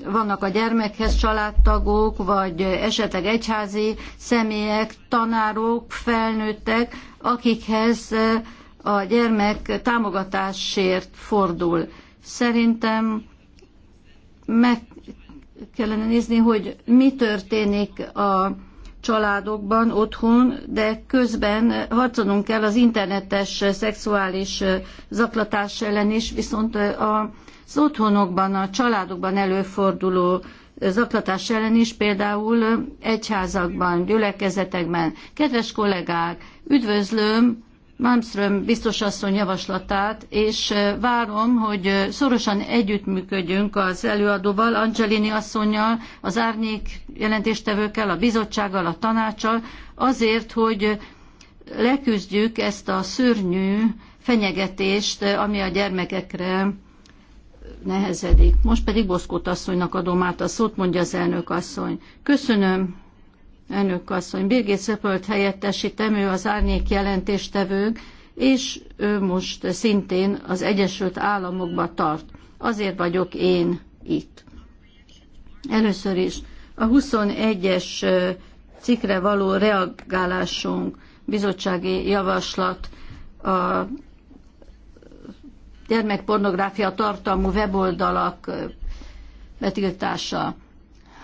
vannak a gyermekhez családtagok, vagy esetleg egyházi személyek, tanárok, felnőttek, akikhez a gyermek támogatásért fordul. Szerintem meg kellene nézni, hogy mi történik a családokban, otthon, de közben harcolnunk kell az internetes szexuális zaklatás ellen is, viszont az otthonokban, a családokban előforduló zaklatás ellen is, például egyházakban, gyülekezetekben. Kedves kollégák, üdvözlöm Malmström biztos asszony javaslatát, és várom, hogy szorosan együttműködjünk az előadóval, Angelini asszonynal, az árnyék jelentéstevőkkel, a bizottsággal, a tanácsal, azért, hogy leküzdjük ezt a szörnyű fenyegetést, ami a gyermekekre nehezedik. Most pedig Boszkót asszonynak adom át a szót, mondja az elnök asszony. Köszönöm, Elnök asszony, Birgit Szöpölt helyettesítem, ő az árnyék jelentéstevő és ő most szintén az Egyesült Államokba tart. Azért vagyok én itt. Először is a 21-es cikre való reagálásunk, bizottsági javaslat a gyermekpornográfia tartalmú weboldalak betiltása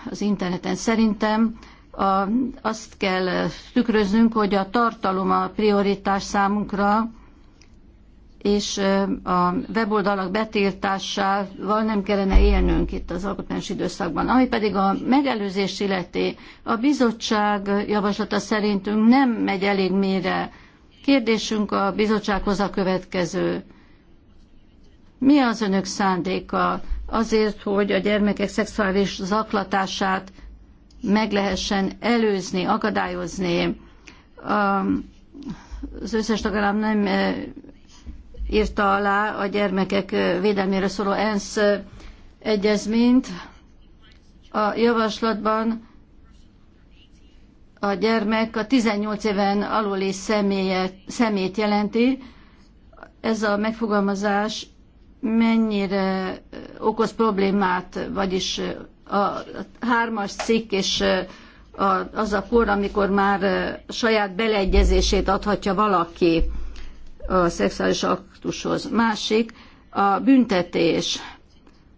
az interneten. Szerintem a, azt kell tükröznünk, hogy a tartalom a prioritás számunkra, és a weboldalak betiltásával nem kellene élnünk itt az alkotmányos időszakban. Ami pedig a megelőzés illeti, a bizottság javaslata szerintünk nem megy elég mélyre. Kérdésünk a bizottsághoz a következő. Mi az önök szándéka azért, hogy a gyermekek szexuális zaklatását meg lehessen előzni, akadályozni. Az összes tagállam nem e, írta alá a gyermekek védelmére szóló ENSZ egyezményt. A javaslatban a gyermek a 18 éven aluli személyet, szemét jelenti. Ez a megfogalmazás mennyire okoz problémát, vagyis a hármas cikk és az a kor, amikor már saját beleegyezését adhatja valaki a szexuális aktushoz. Másik, a büntetés.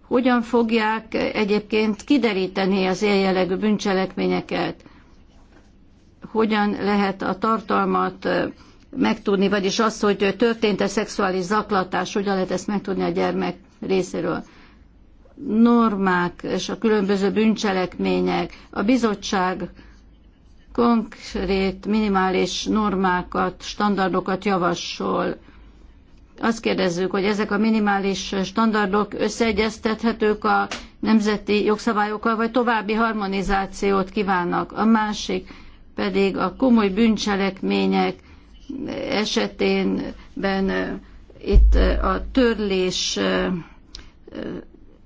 Hogyan fogják egyébként kideríteni az ilyen jellegű bűncselekményeket? Hogyan lehet a tartalmat megtudni, vagyis az, hogy történt-e szexuális zaklatás, hogyan lehet ezt megtudni a gyermek részéről? normák és a különböző bűncselekmények. A bizottság konkrét minimális normákat, standardokat javasol. Azt kérdezzük, hogy ezek a minimális standardok összeegyeztethetők a nemzeti jogszabályokkal, vagy további harmonizációt kívánnak. A másik pedig a komoly bűncselekmények esetén ben eh, itt eh, a törlés eh,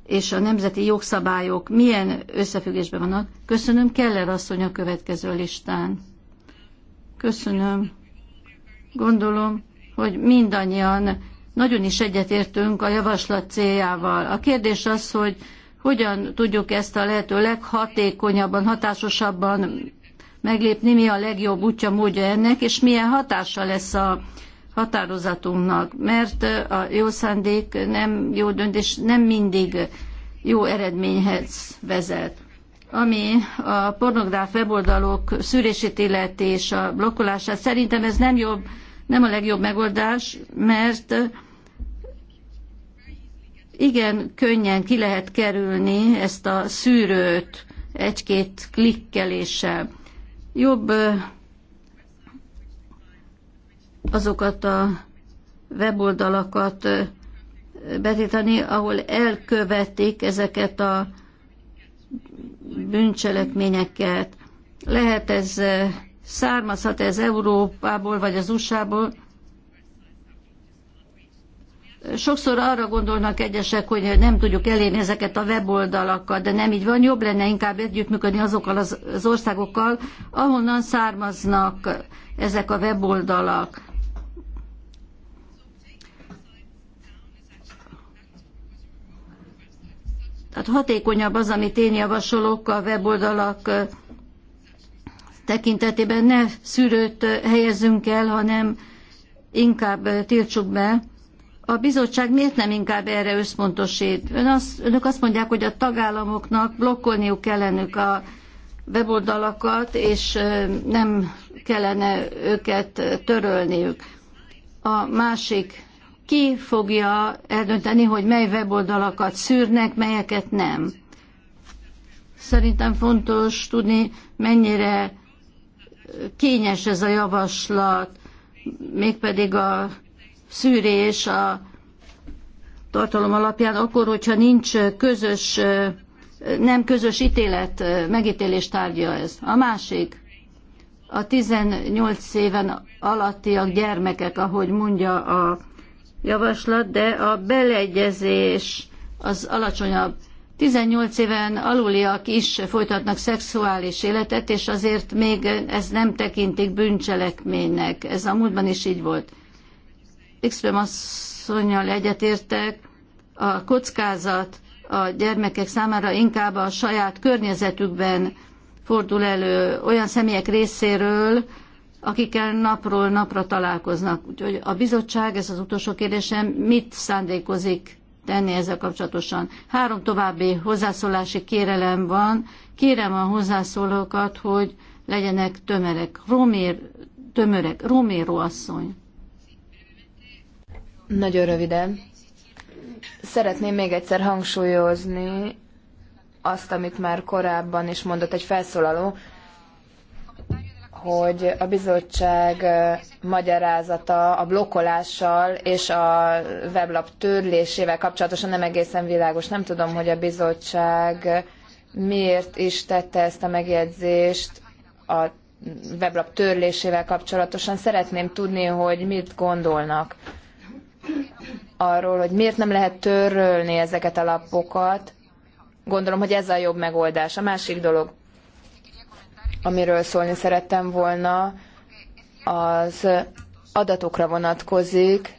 és a nemzeti jogszabályok milyen összefüggésben vannak. Köszönöm, Keller asszony a következő listán. Köszönöm. Gondolom, hogy mindannyian nagyon is egyetértünk a javaslat céljával. A kérdés az, hogy hogyan tudjuk ezt a lehető leghatékonyabban, hatásosabban meglépni, mi a legjobb útja módja ennek, és milyen hatása lesz a határozatunknak, mert a jó szándék nem jó döntés, nem mindig jó eredményhez vezet. Ami a pornográf weboldalok szűrését illeti és a blokkolását, szerintem ez nem, jobb, nem a legjobb megoldás, mert igen, könnyen ki lehet kerülni ezt a szűrőt egy-két klikkeléssel. Jobb azokat a weboldalakat betítani, ahol elkövetik ezeket a bűncselekményeket. Lehet ez, származhat ez Európából vagy az USA-ból. Sokszor arra gondolnak egyesek, hogy nem tudjuk elérni ezeket a weboldalakat, de nem így van. Jobb lenne inkább együttműködni azokkal az országokkal, ahonnan származnak ezek a weboldalak Tehát hatékonyabb az, amit én javasolok a weboldalak tekintetében. Ne szűrőt helyezzünk el, hanem inkább tiltsuk be. A bizottság miért nem inkább erre összpontosít? Ön azt, önök azt mondják, hogy a tagállamoknak blokkolniuk kellenük a weboldalakat, és nem kellene őket törölniük. A másik ki fogja eldönteni, hogy mely weboldalakat szűrnek, melyeket nem. Szerintem fontos tudni, mennyire kényes ez a javaslat, mégpedig a szűrés a tartalom alapján, akkor, hogyha nincs közös, nem közös ítélet, megítélés tárgya ez. A másik, a 18 éven alattiak gyermekek, ahogy mondja a javaslat, de a beleegyezés az alacsonyabb. 18 éven aluliak is folytatnak szexuális életet, és azért még ez nem tekintik bűncselekménynek. Ez a múltban is így volt. Xtröm asszonynal egyetértek, a kockázat a gyermekek számára inkább a saját környezetükben fordul elő olyan személyek részéről, akikkel napról napra találkoznak. Úgyhogy a bizottság, ez az utolsó kérdésem, mit szándékozik tenni ezzel kapcsolatosan? Három további hozzászólási kérelem van. Kérem a hozzászólókat, hogy legyenek tömerek. Romér, tömörek. roméro asszony. Nagyon röviden. Szeretném még egyszer hangsúlyozni azt, amit már korábban is mondott egy felszólaló, hogy a bizottság magyarázata a blokkolással és a weblap törlésével kapcsolatosan nem egészen világos. Nem tudom, hogy a bizottság miért is tette ezt a megjegyzést a weblap törlésével kapcsolatosan. Szeretném tudni, hogy mit gondolnak arról, hogy miért nem lehet törölni ezeket a lapokat. Gondolom, hogy ez a jobb megoldás. A másik dolog, amiről szólni szerettem volna, az adatokra vonatkozik.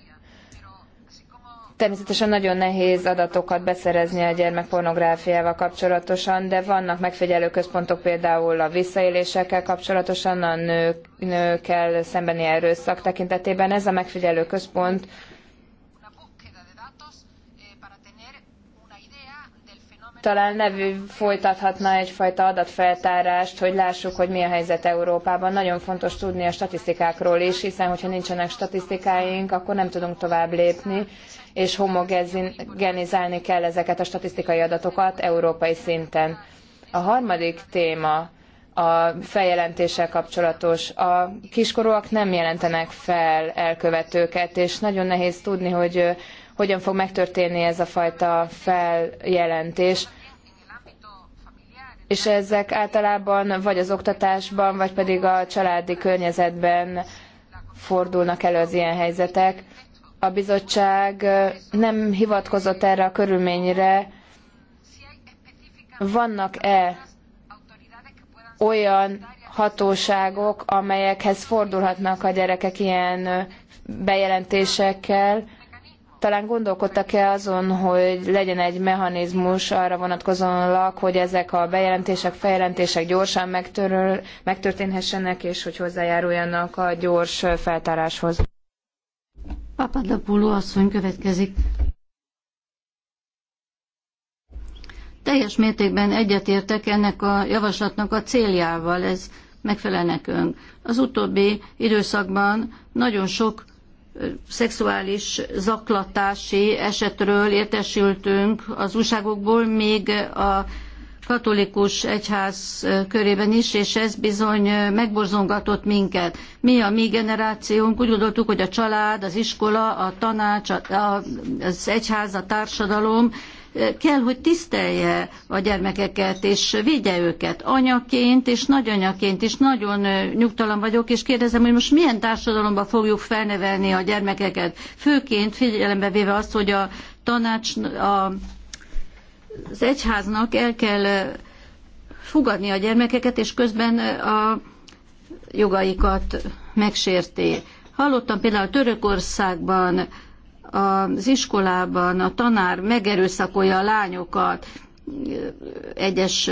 Természetesen nagyon nehéz adatokat beszerezni a gyermekpornográfiával kapcsolatosan, de vannak megfigyelő központok például a visszaélésekkel kapcsolatosan, a nők, nőkkel szembeni erőszak tekintetében. Ez a megfigyelő központ talán nevű folytathatna egyfajta adatfeltárást, hogy lássuk, hogy mi a helyzet Európában. Nagyon fontos tudni a statisztikákról is, hiszen hogyha nincsenek statisztikáink, akkor nem tudunk tovább lépni, és homogenizálni kell ezeket a statisztikai adatokat európai szinten. A harmadik téma a feljelentéssel kapcsolatos. A kiskorúak nem jelentenek fel elkövetőket, és nagyon nehéz tudni, hogy hogyan fog megtörténni ez a fajta feljelentés. És ezek általában vagy az oktatásban, vagy pedig a családi környezetben fordulnak elő az ilyen helyzetek. A bizottság nem hivatkozott erre a körülményre. Vannak-e olyan hatóságok, amelyekhez fordulhatnak a gyerekek ilyen bejelentésekkel, talán gondolkodtak-e azon, hogy legyen egy mechanizmus arra vonatkozólag, hogy ezek a bejelentések, feljelentések gyorsan megtörül, megtörténhessenek, és hogy hozzájáruljanak a gyors feltáráshoz? Papadopuló asszony következik. Teljes mértékben egyetértek ennek a javaslatnak a céljával, ez megfelel nekünk. Az utóbbi időszakban nagyon sok szexuális zaklatási esetről értesültünk az újságokból, még a katolikus egyház körében is, és ez bizony megborzongatott minket. Mi a mi generációnk úgy gondoltuk, hogy a család, az iskola, a tanács, az egyház, a társadalom kell, hogy tisztelje a gyermekeket, és védje őket anyaként és nagyanyaként is. Nagyon nyugtalan vagyok, és kérdezem, hogy most milyen társadalomban fogjuk felnevelni a gyermekeket, főként figyelembe véve azt, hogy a tanács, a, az egyháznak el kell fogadni a gyermekeket, és közben a jogaikat megsérti. Hallottam például Törökországban az iskolában a tanár megerőszakolja a lányokat egyes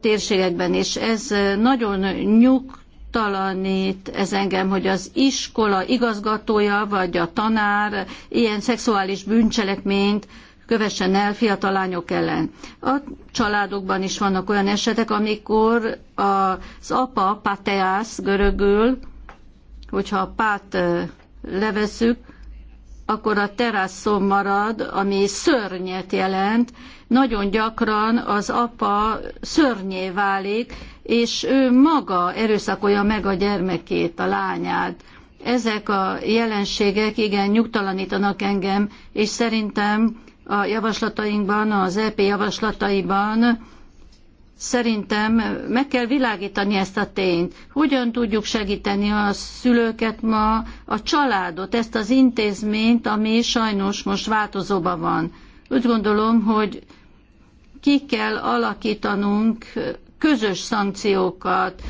térségekben, és ez nagyon nyugtalanít ez engem, hogy az iskola igazgatója vagy a tanár ilyen szexuális bűncselekményt kövessen el fiatal lányok ellen. A családokban is vannak olyan esetek, amikor az apa, pateász görögül, hogyha a pát eh, levesszük, akkor a teraszon marad, ami szörnyet jelent. Nagyon gyakran az apa szörnyé válik, és ő maga erőszakolja meg a gyermekét, a lányát. Ezek a jelenségek igen nyugtalanítanak engem, és szerintem a javaslatainkban, az EP javaslataiban szerintem meg kell világítani ezt a tényt. Hogyan tudjuk segíteni a szülőket ma, a családot, ezt az intézményt, ami sajnos most változóban van. Úgy gondolom, hogy ki kell alakítanunk közös szankciókat,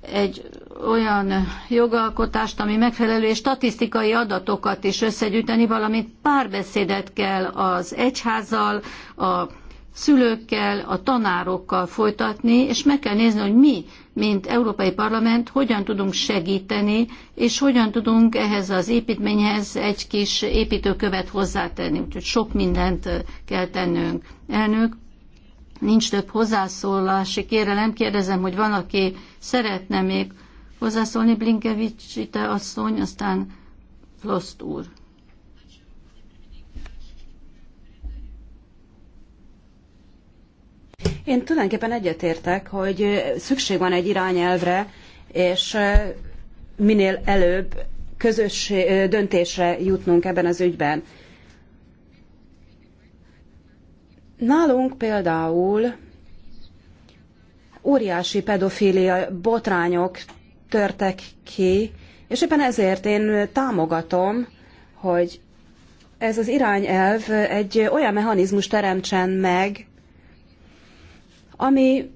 egy olyan jogalkotást, ami megfelelő és statisztikai adatokat is összegyűjteni, valamint párbeszédet kell az egyházzal, a szülőkkel, a tanárokkal folytatni, és meg kell nézni, hogy mi, mint Európai Parlament, hogyan tudunk segíteni, és hogyan tudunk ehhez az építményhez egy kis építőkövet hozzátenni. Úgyhogy sok mindent kell tennünk. Elnök, nincs több hozzászólási kérelem. Kérdezem, hogy van, aki szeretne még hozzászólni, Blinkevics, itt asszony, aztán Floszt úr. Én tulajdonképpen egyetértek, hogy szükség van egy irányelvre, és minél előbb közös döntésre jutnunk ebben az ügyben. Nálunk például óriási pedofília botrányok törtek ki, és éppen ezért én támogatom, hogy ez az irányelv egy olyan mechanizmus teremtsen meg, ami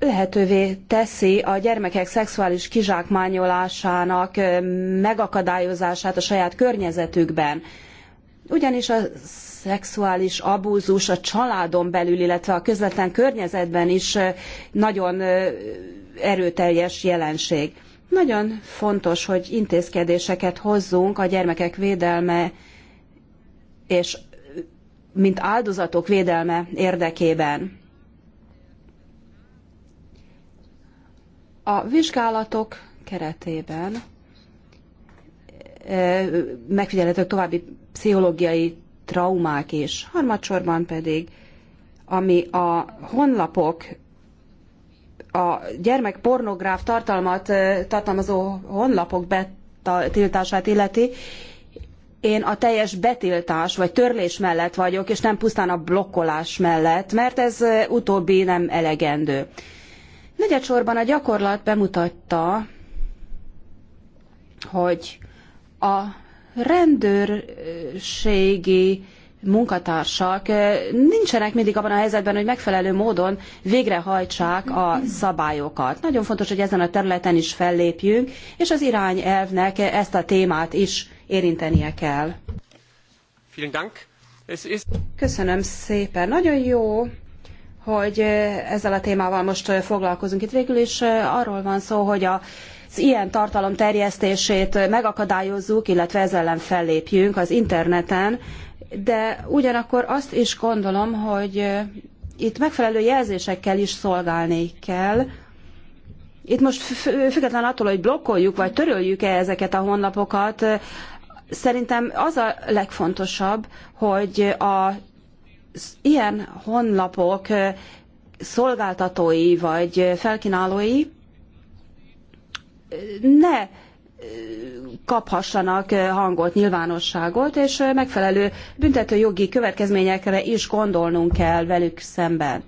lehetővé teszi a gyermekek szexuális kizsákmányolásának megakadályozását a saját környezetükben. Ugyanis a szexuális abúzus a családon belül, illetve a közvetlen környezetben is nagyon erőteljes jelenség. Nagyon fontos, hogy intézkedéseket hozzunk a gyermekek védelme és mint áldozatok védelme érdekében. A vizsgálatok keretében e, megfigyelhetők további pszichológiai traumák is. Harmadsorban pedig, ami a honlapok, a gyermekpornográf tartalmat e, tartalmazó honlapok betiltását illeti, én a teljes betiltás vagy törlés mellett vagyok, és nem pusztán a blokkolás mellett, mert ez e, utóbbi nem elegendő. Negyedsorban a gyakorlat bemutatta, hogy a rendőrségi munkatársak eh, nincsenek mindig abban a helyzetben, hogy megfelelő módon végrehajtsák a szabályokat. Nagyon fontos, hogy ezen a területen is fellépjünk, és az irányelvnek ezt a témát is érintenie kell. Köszönöm szépen. Nagyon jó hogy ezzel a témával most foglalkozunk. Itt végül is arról van szó, hogy a az ilyen tartalom terjesztését megakadályozzuk, illetve ezzel ellen fellépjünk az interneten, de ugyanakkor azt is gondolom, hogy itt megfelelő jelzésekkel is szolgálni kell. Itt most független attól, hogy blokkoljuk vagy töröljük-e ezeket a honlapokat, szerintem az a legfontosabb, hogy a ilyen honlapok szolgáltatói vagy felkínálói ne kaphassanak hangot, nyilvánosságot, és megfelelő büntetőjogi következményekre is gondolnunk kell velük szemben.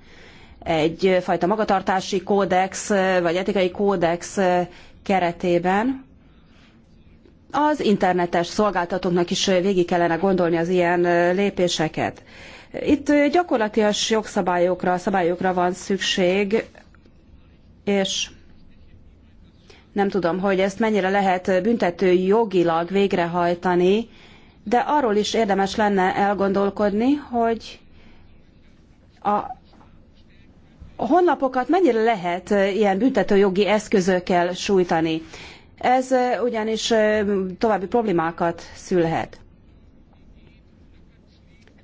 Egyfajta magatartási kódex, vagy etikai kódex keretében az internetes szolgáltatóknak is végig kellene gondolni az ilyen lépéseket. Itt gyakorlatilag jogszabályokra, szabályokra van szükség, és nem tudom, hogy ezt mennyire lehet büntető jogilag végrehajtani, de arról is érdemes lenne elgondolkodni, hogy a honlapokat mennyire lehet ilyen büntető jogi eszközökkel sújtani. Ez ugyanis további problémákat szülhet.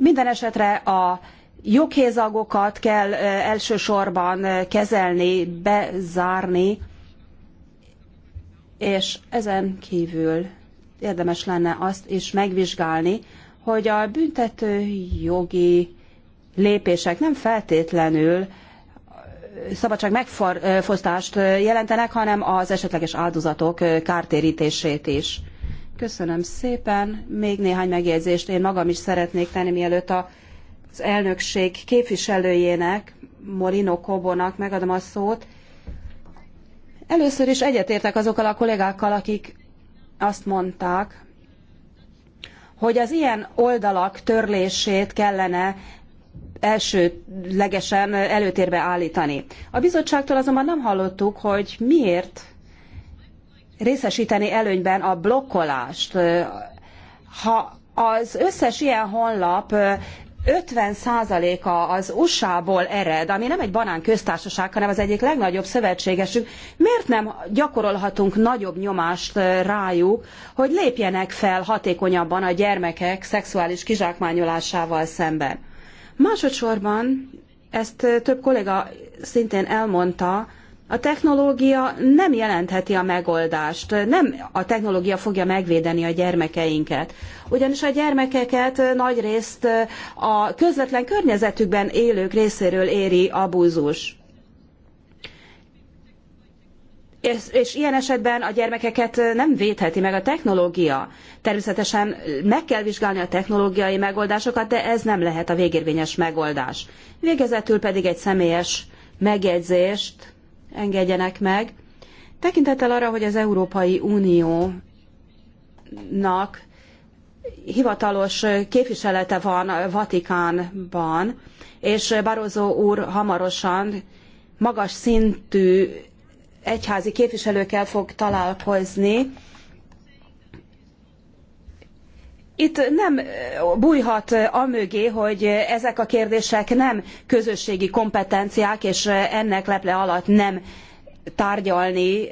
Minden esetre a joghézagokat kell elsősorban kezelni, bezárni, és ezen kívül érdemes lenne azt is megvizsgálni, hogy a büntető jogi lépések nem feltétlenül szabadság megfosztást jelentenek, hanem az esetleges áldozatok kártérítését is. Köszönöm szépen. Még néhány megjegyzést én magam is szeretnék tenni, mielőtt az elnökség képviselőjének, Morino Kobonak megadom a szót. Először is egyetértek azokkal a kollégákkal, akik azt mondták, hogy az ilyen oldalak törlését kellene elsőlegesen előtérbe állítani. A bizottságtól azonban nem hallottuk, hogy miért részesíteni előnyben a blokkolást. Ha az összes ilyen honlap 50%-a az USA-ból ered, ami nem egy banán köztársaság, hanem az egyik legnagyobb szövetségesünk, miért nem gyakorolhatunk nagyobb nyomást eh, rájuk, hogy lépjenek fel hatékonyabban a gyermekek szexuális kizsákmányolásával szemben? Másodszorban, ezt eh, több kolléga szintén elmondta, a technológia nem jelentheti a megoldást, nem a technológia fogja megvédeni a gyermekeinket. Ugyanis a gyermekeket nagy részt a közvetlen környezetükben élők részéről éri abúzus. És, és ilyen esetben a gyermekeket nem védheti meg a technológia. Természetesen meg kell vizsgálni a technológiai megoldásokat, de ez nem lehet a végérvényes megoldás. Végezetül pedig egy személyes megjegyzést engedjenek meg. Tekintettel arra, hogy az Európai Uniónak hivatalos képviselete van Vatikánban, és Barozó úr hamarosan magas szintű egyházi képviselőkkel fog találkozni, Itt nem bújhat amögé, hogy ezek a kérdések nem közösségi kompetenciák, és ennek leple alatt nem tárgyalni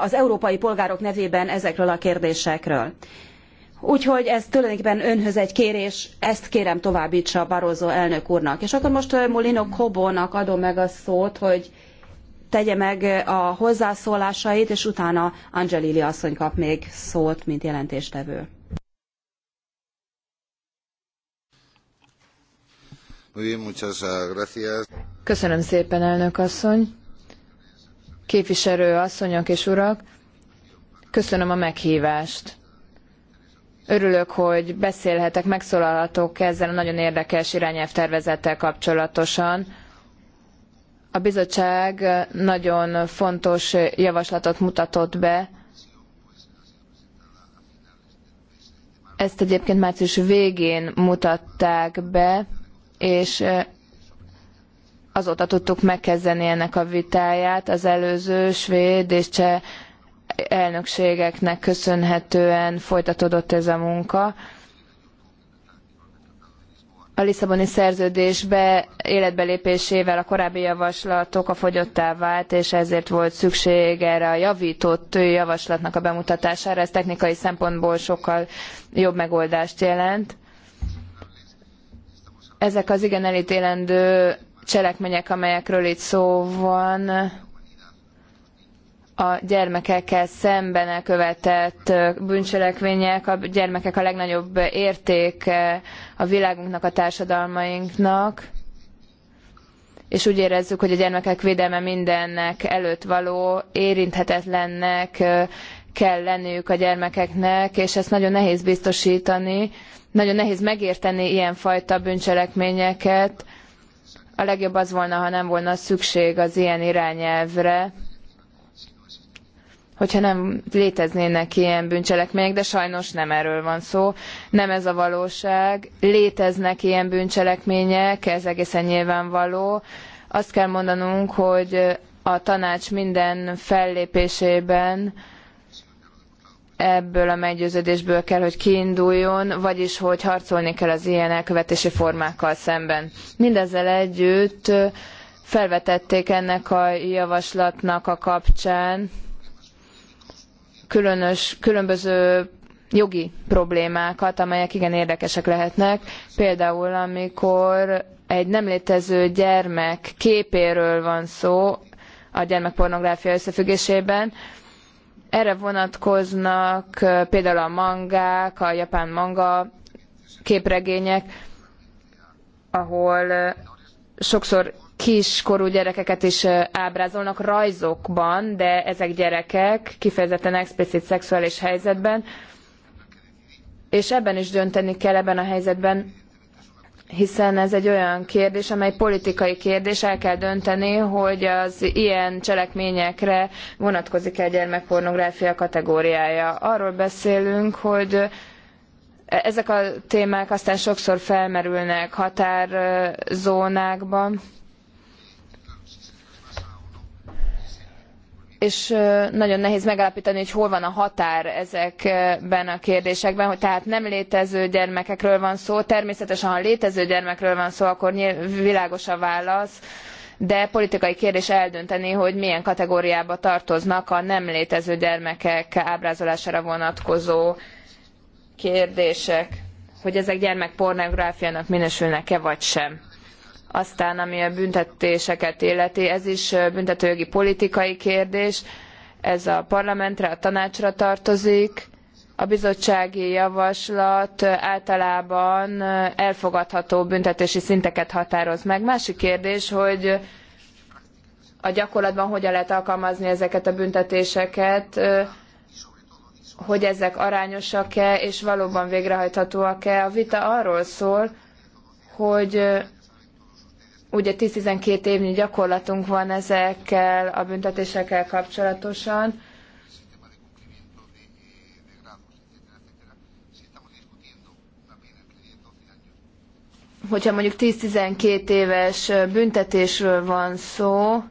az európai polgárok nevében ezekről a kérdésekről. Úgyhogy ez tulajdonképpen önhöz egy kérés, ezt kérem továbbítsa Barroso elnök úrnak. És akkor most Molino Kobónak adom meg a szót, hogy tegye meg a hozzászólásait, és utána Angelili asszony kap még szót, mint jelentéstevő. Ah, köszönöm szépen, elnök asszony. Képviselő asszonyok és urak, köszönöm a meghívást. Örülök, hogy beszélhetek, megszólalhatok ezzel a nagyon érdekes irányelvtervezettel kapcsolatosan. A bizottság nagyon fontos javaslatot mutatott be. Ezt egyébként március végén mutatták be és azóta tudtuk megkezdeni ennek a vitáját. Az előző svéd és cseh elnökségeknek köszönhetően folytatódott ez a munka. A Lisszaboni szerződésbe életbelépésével a korábbi javaslatok a fogyottá vált, és ezért volt szükség erre a javított javaslatnak a bemutatására. Ez technikai szempontból sokkal jobb megoldást jelent ezek az igen elítélendő cselekmények, amelyekről itt szó van, a gyermekekkel szemben elkövetett bűncselekmények, a gyermekek a legnagyobb értéke a világunknak, a társadalmainknak, és úgy érezzük, hogy a gyermekek védelme mindennek előtt való, érinthetetlennek kell lenniük a gyermekeknek, és ezt nagyon nehéz biztosítani, nagyon nehéz megérteni ilyen fajta bűncselekményeket. A legjobb az volna, ha nem volna szükség az ilyen irányelvre, hogyha nem léteznének ilyen bűncselekmények, de sajnos nem erről van szó, nem ez a valóság. Léteznek ilyen bűncselekmények, ez egészen nyilvánvaló. Azt kell mondanunk, hogy a tanács minden fellépésében ebből a meggyőződésből kell, hogy kiinduljon, vagyis hogy harcolni kell az ilyen elkövetési formákkal szemben. Mindezzel együtt felvetették ennek a javaslatnak a kapcsán különös, különböző jogi problémákat, amelyek igen érdekesek lehetnek. Például, amikor egy nem létező gyermek képéről van szó a gyermekpornográfia összefüggésében, erre vonatkoznak például a mangák, a japán manga képregények, ahol sokszor kiskorú gyerekeket is ábrázolnak rajzokban, de ezek gyerekek kifejezetten explicit szexuális helyzetben, és ebben is dönteni kell ebben a helyzetben, hiszen ez egy olyan kérdés, amely politikai kérdés, el kell dönteni, hogy az ilyen cselekményekre vonatkozik-e gyermekpornográfia kategóriája. Arról beszélünk, hogy ezek a témák aztán sokszor felmerülnek határzónákban, és nagyon nehéz megállapítani, hogy hol van a határ ezekben a kérdésekben, hogy tehát nem létező gyermekekről van szó. Természetesen, ha létező gyermekről van szó, akkor világos a válasz, de politikai kérdés eldönteni, hogy milyen kategóriába tartoznak a nem létező gyermekek ábrázolására vonatkozó kérdések, hogy ezek gyermekpornográfiának minősülnek-e vagy sem. Aztán, ami a büntetéseket illeti, ez is büntetőjogi politikai kérdés, ez a parlamentre, a tanácsra tartozik. A bizottsági javaslat általában elfogadható büntetési szinteket határoz meg. Másik kérdés, hogy a gyakorlatban hogyan lehet alkalmazni ezeket a büntetéseket, hogy ezek arányosak-e és valóban végrehajthatóak-e. A vita arról szól, hogy ugye 10-12 évnyi gyakorlatunk van ezekkel a büntetésekkel kapcsolatosan, hogyha mondjuk 10-12 éves büntetésről van szó,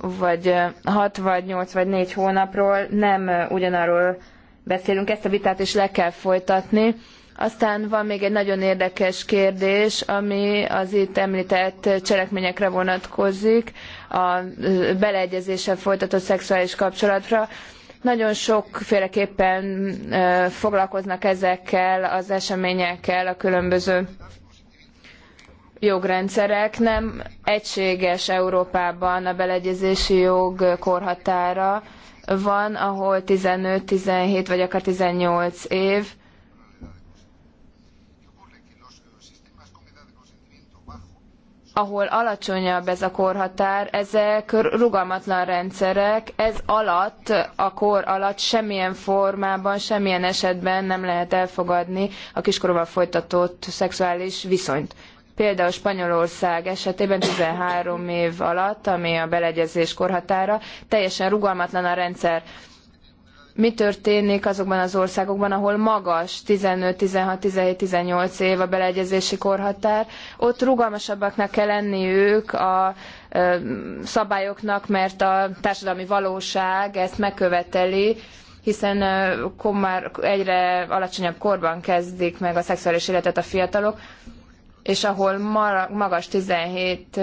vagy 6 vagy 8 vagy 4 hónapról, nem ugyanarról beszélünk, ezt a vitát is le kell folytatni. Aztán van még egy nagyon érdekes kérdés, ami az itt említett cselekményekre vonatkozik, a beleegyezéssel folytatott szexuális kapcsolatra. Nagyon sokféleképpen foglalkoznak ezekkel az eseményekkel a különböző jogrendszerek. Nem egységes Európában a beleegyezési jog korhatára. Van, ahol 15, 17 vagy akár 18 év ahol alacsonyabb ez a korhatár, ezek rugalmatlan rendszerek, ez alatt, a kor alatt semmilyen formában, semmilyen esetben nem lehet elfogadni a kiskorúval folytatott szexuális viszonyt. Például Spanyolország esetében 13 év alatt, ami a beleegyezés korhatára, teljesen rugalmatlan a rendszer mi történik azokban az országokban, ahol magas 15, 16, 17, 18 év a beleegyezési korhatár, ott rugalmasabbaknak kell lenni ők a szabályoknak, mert a társadalmi valóság ezt megköveteli, hiszen már egyre alacsonyabb korban kezdik meg a szexuális életet a fiatalok, és ahol magas 17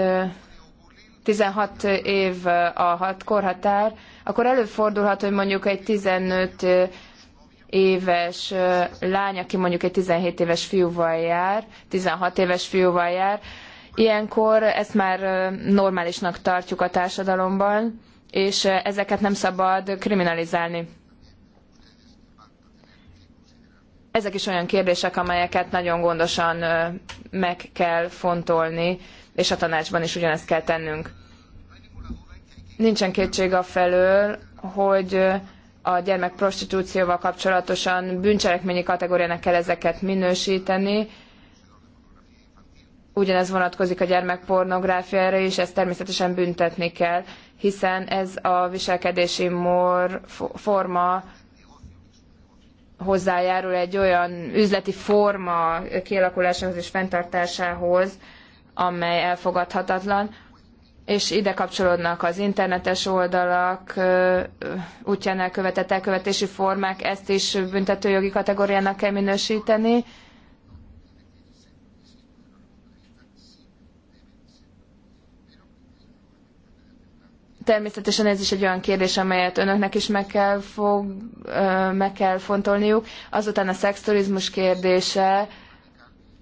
16 év a korhatár, akkor előfordulhat, hogy mondjuk egy 15 éves lány, aki mondjuk egy 17 éves fiúval jár, 16 éves fiúval jár, ilyenkor ezt már normálisnak tartjuk a társadalomban, és ezeket nem szabad kriminalizálni. Ezek is olyan kérdések, amelyeket nagyon gondosan meg kell fontolni, és a tanácsban is ugyanezt kell tennünk. Nincsen kétség a felől, hogy a gyermek prostitúcióval kapcsolatosan bűncselekményi kategóriának kell ezeket minősíteni. Ugyanez vonatkozik a gyermekpornográfiára is, ezt természetesen büntetni kell, hiszen ez a viselkedési mor, forma hozzájárul egy olyan üzleti forma kialakulásához és fenntartásához, amely elfogadhatatlan és ide kapcsolódnak az internetes oldalak, útján elkövetett elkövetési formák, ezt is büntetőjogi kategóriának kell minősíteni. Természetesen ez is egy olyan kérdés, amelyet önöknek is meg kell, fog, meg kell fontolniuk. Azután a szexturizmus kérdése,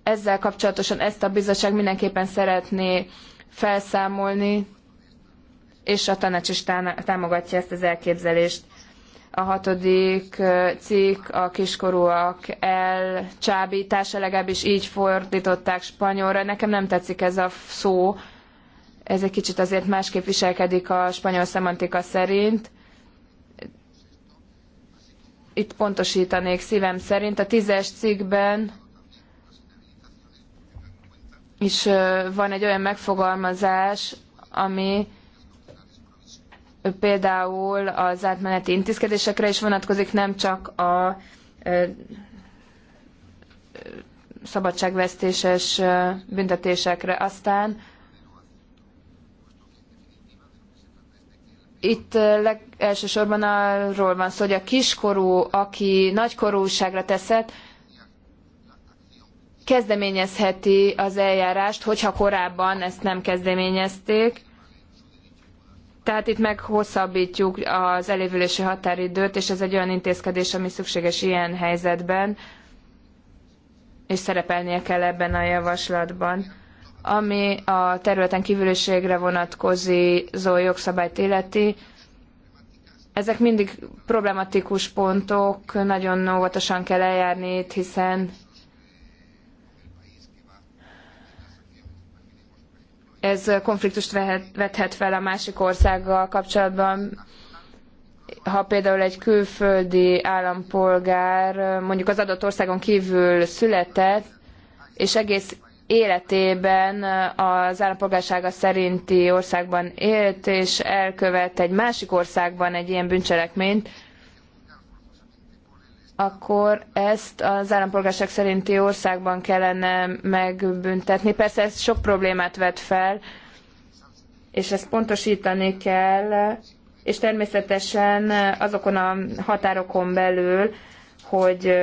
ezzel kapcsolatosan ezt a bizottság mindenképpen szeretné felszámolni, és a tanács is támogatja ezt az elképzelést. A hatodik cikk a kiskorúak elcsábítása, legalábbis így fordították spanyolra. Nekem nem tetszik ez a szó, ez egy kicsit azért másképp viselkedik a spanyol szemantika szerint. Itt pontosítanék szívem szerint. A tízes cikkben is van egy olyan megfogalmazás, ami például az átmeneti intézkedésekre is vonatkozik, nem csak a szabadságvesztéses büntetésekre. Aztán itt elsősorban arról van szó, hogy a kiskorú, aki nagykorúságra teszett, kezdeményezheti az eljárást, hogyha korábban ezt nem kezdeményezték. Tehát itt meghosszabbítjuk az elévülési határidőt, és ez egy olyan intézkedés, ami szükséges ilyen helyzetben, és szerepelnie kell ebben a javaslatban. Ami a területen kívüliségre vonatkozó jogszabályt illeti, ezek mindig problematikus pontok, nagyon óvatosan kell eljárni itt, hiszen ez konfliktust vehet, vethet fel a másik országgal kapcsolatban, ha például egy külföldi állampolgár mondjuk az adott országon kívül született, és egész életében az állampolgársága szerinti országban élt, és elkövet egy másik országban egy ilyen bűncselekményt, akkor ezt az állampolgárság szerinti országban kellene megbüntetni. Persze ez sok problémát vet fel, és ezt pontosítani kell, és természetesen azokon a határokon belül, hogy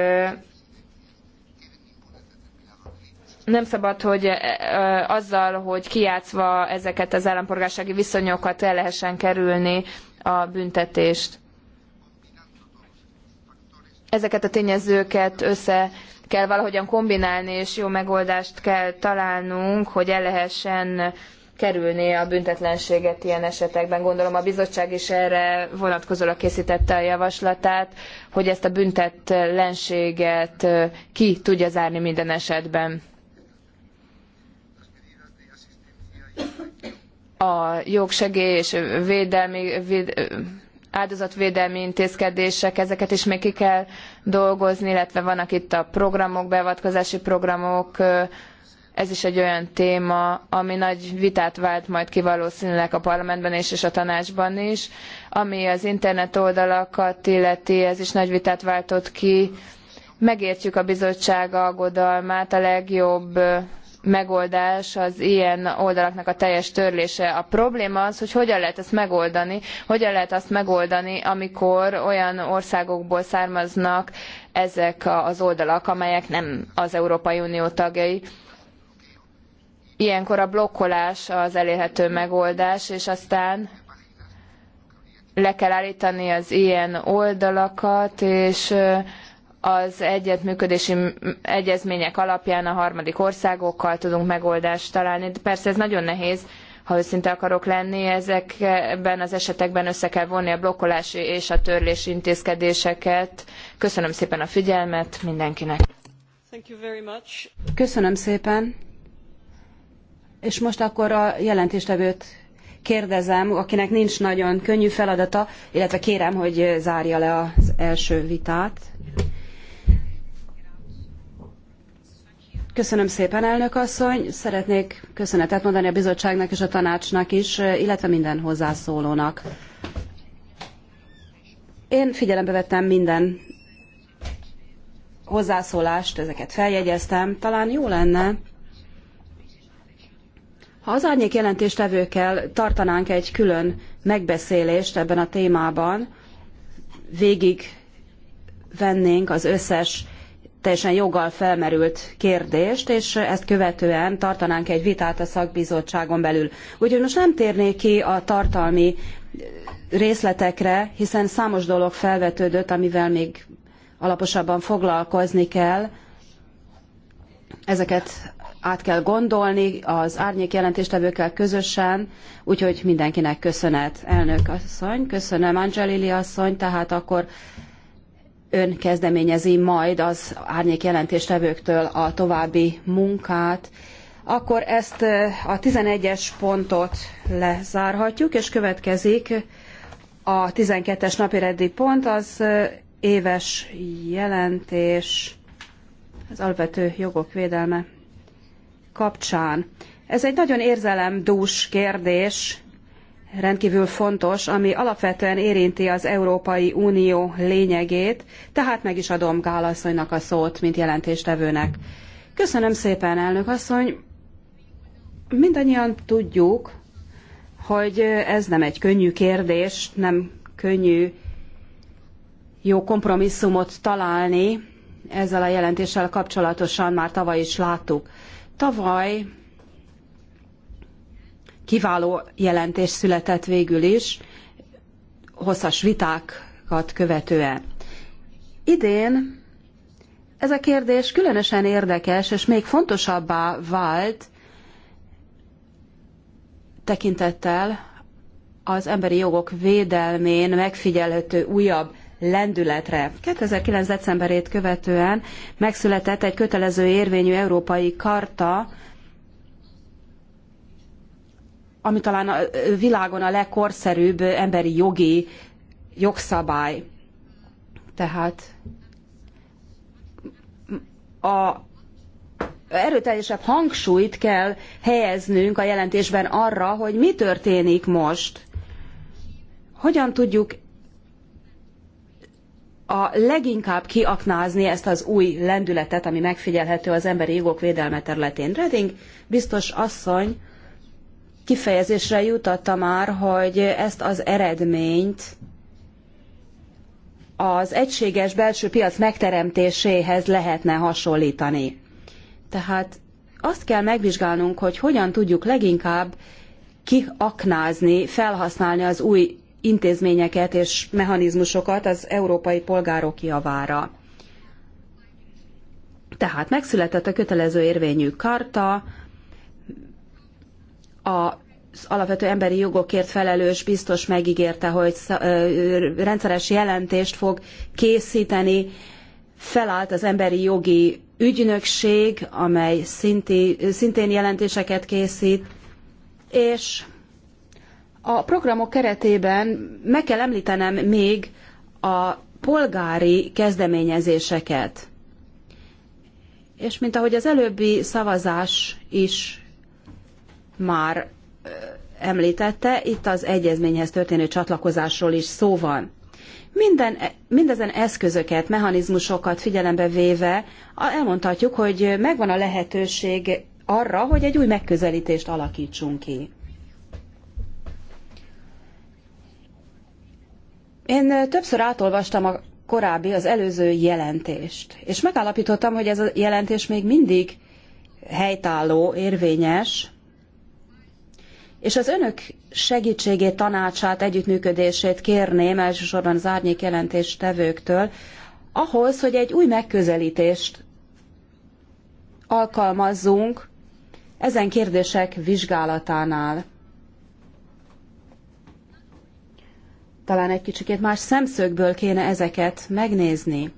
nem szabad, hogy azzal, hogy kiátszva ezeket az állampolgársági viszonyokat el lehessen kerülni a büntetést. Ezeket a tényezőket össze kell valahogyan kombinálni, és jó megoldást kell találnunk, hogy el lehessen kerülni a büntetlenséget ilyen esetekben. Gondolom a bizottság is erre vonatkozólag készítette a javaslatát, hogy ezt a büntetlenséget ki tudja zárni minden esetben. A jogsegély és védelmi, áldozatvédelmi intézkedések, ezeket is még ki kell dolgozni, illetve vannak itt a programok, beavatkozási programok, ez is egy olyan téma, ami nagy vitát vált majd ki valószínűleg a parlamentben és, és a tanácsban is. Ami az internet oldalakat illeti, ez is nagy vitát váltott ki. Megértjük a bizottság aggodalmát, a legjobb megoldás az ilyen oldalaknak a teljes törlése. A probléma az, hogy hogyan lehet ezt megoldani, hogyan lehet azt megoldani, amikor olyan országokból származnak ezek az oldalak, amelyek nem az Európai Unió tagjai. Ilyenkor a blokkolás az elérhető megoldás, és aztán le kell állítani az ilyen oldalakat, és az egyetműködési egyezmények alapján a harmadik országokkal tudunk megoldást találni. De persze ez nagyon nehéz, ha őszinte akarok lenni, ezekben az esetekben össze kell vonni a blokkolási és a törlési intézkedéseket. Köszönöm szépen a figyelmet mindenkinek. Köszönöm szépen. És most akkor a jelentéstevőt kérdezem, akinek nincs nagyon könnyű feladata, illetve kérem, hogy zárja le az első vitát. Köszönöm szépen, elnök asszony. Szeretnék köszönetet mondani a bizottságnak és a tanácsnak is, eh, illetve minden hozzászólónak. Én figyelembe vettem minden hozzászólást, ezeket feljegyeztem. Talán jó lenne, ha az árnyék jelentéstevőkkel tartanánk egy külön megbeszélést ebben a témában, végig vennénk az összes teljesen joggal felmerült kérdést, és ezt követően tartanánk egy vitát a szakbizottságon belül. Úgyhogy most nem térnék ki a tartalmi részletekre, hiszen számos dolog felvetődött, amivel még alaposabban foglalkozni kell. Ezeket át kell gondolni az árnyék jelentéstevőkkel közösen, úgyhogy mindenkinek köszönet. Elnök asszony, köszönöm Angelili asszony, tehát akkor ön kezdeményezi majd az árnyék jelentéstevőktől a további munkát, akkor ezt a 11-es pontot lezárhatjuk, és következik a 12-es napirendi pont, az éves jelentés az alapvető jogok védelme kapcsán. Ez egy nagyon érzelemdús kérdés, rendkívül fontos, ami alapvetően érinti az Európai Unió lényegét, tehát meg is adom Gál asszonynak a szót, mint jelentéstevőnek. Köszönöm szépen, elnök asszony. Mindannyian tudjuk, hogy ez nem egy könnyű kérdés, nem könnyű jó kompromisszumot találni ezzel a jelentéssel kapcsolatosan már tavaly is láttuk. Tavaly kiváló jelentés született végül is, hosszas vitákat követően. Idén ez a kérdés különösen érdekes, és még fontosabbá vált tekintettel az emberi jogok védelmén megfigyelhető újabb lendületre. 2009. decemberét követően megszületett egy kötelező érvényű európai karta ami talán a világon a legkorszerűbb emberi jogi jogszabály. Tehát a erőteljesebb hangsúlyt kell helyeznünk a jelentésben arra, hogy mi történik most. Hogyan tudjuk a leginkább kiaknázni ezt az új lendületet, ami megfigyelhető az emberi jogok védelme területén. Reding biztos asszony kifejezésre jutatta már, hogy ezt az eredményt az egységes belső piac megteremtéséhez lehetne hasonlítani. Tehát azt kell megvizsgálnunk, hogy hogyan tudjuk leginkább kiaknázni, felhasználni az új intézményeket és mechanizmusokat az európai polgárok javára. Tehát megszületett a kötelező érvényű karta, a az alapvető emberi jogokért felelős biztos megígérte, hogy rendszeres jelentést fog készíteni. Felállt az emberi jogi ügynökség, amely szintén jelentéseket készít, és a programok keretében meg kell említenem még a polgári kezdeményezéseket. És mint ahogy az előbbi szavazás is már említette, itt az egyezményhez történő csatlakozásról is szó van. Minden, e, mindezen eszközöket, mechanizmusokat figyelembe véve elmondhatjuk, hogy megvan a lehetőség arra, hogy egy új megközelítést alakítsunk ki. Én többször átolvastam a korábbi, az előző jelentést, és megállapítottam, hogy ez a jelentés még mindig helytálló, érvényes, és az önök segítségét, tanácsát, együttműködését kérném elsősorban az árnyék tevőktől, ahhoz, hogy egy új megközelítést alkalmazzunk ezen kérdések vizsgálatánál. Talán egy kicsikét más szemszögből kéne ezeket megnézni.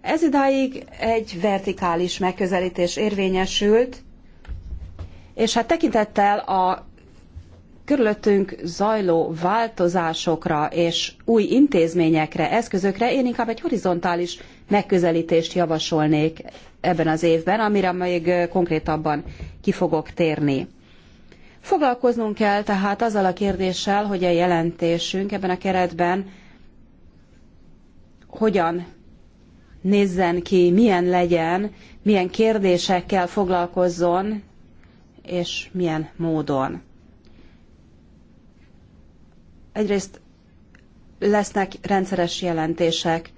Ez idáig egy vertikális megközelítés érvényesült, és hát tekintettel a körülöttünk zajló változásokra és új intézményekre, eszközökre én inkább egy horizontális megközelítést javasolnék ebben az évben, amire még konkrétabban ki fogok térni. Foglalkoznunk kell tehát azzal a kérdéssel, hogy a jelentésünk ebben a keretben hogyan nézzen ki, milyen legyen, milyen kérdésekkel foglalkozzon, és milyen módon. Egyrészt lesznek rendszeres jelentések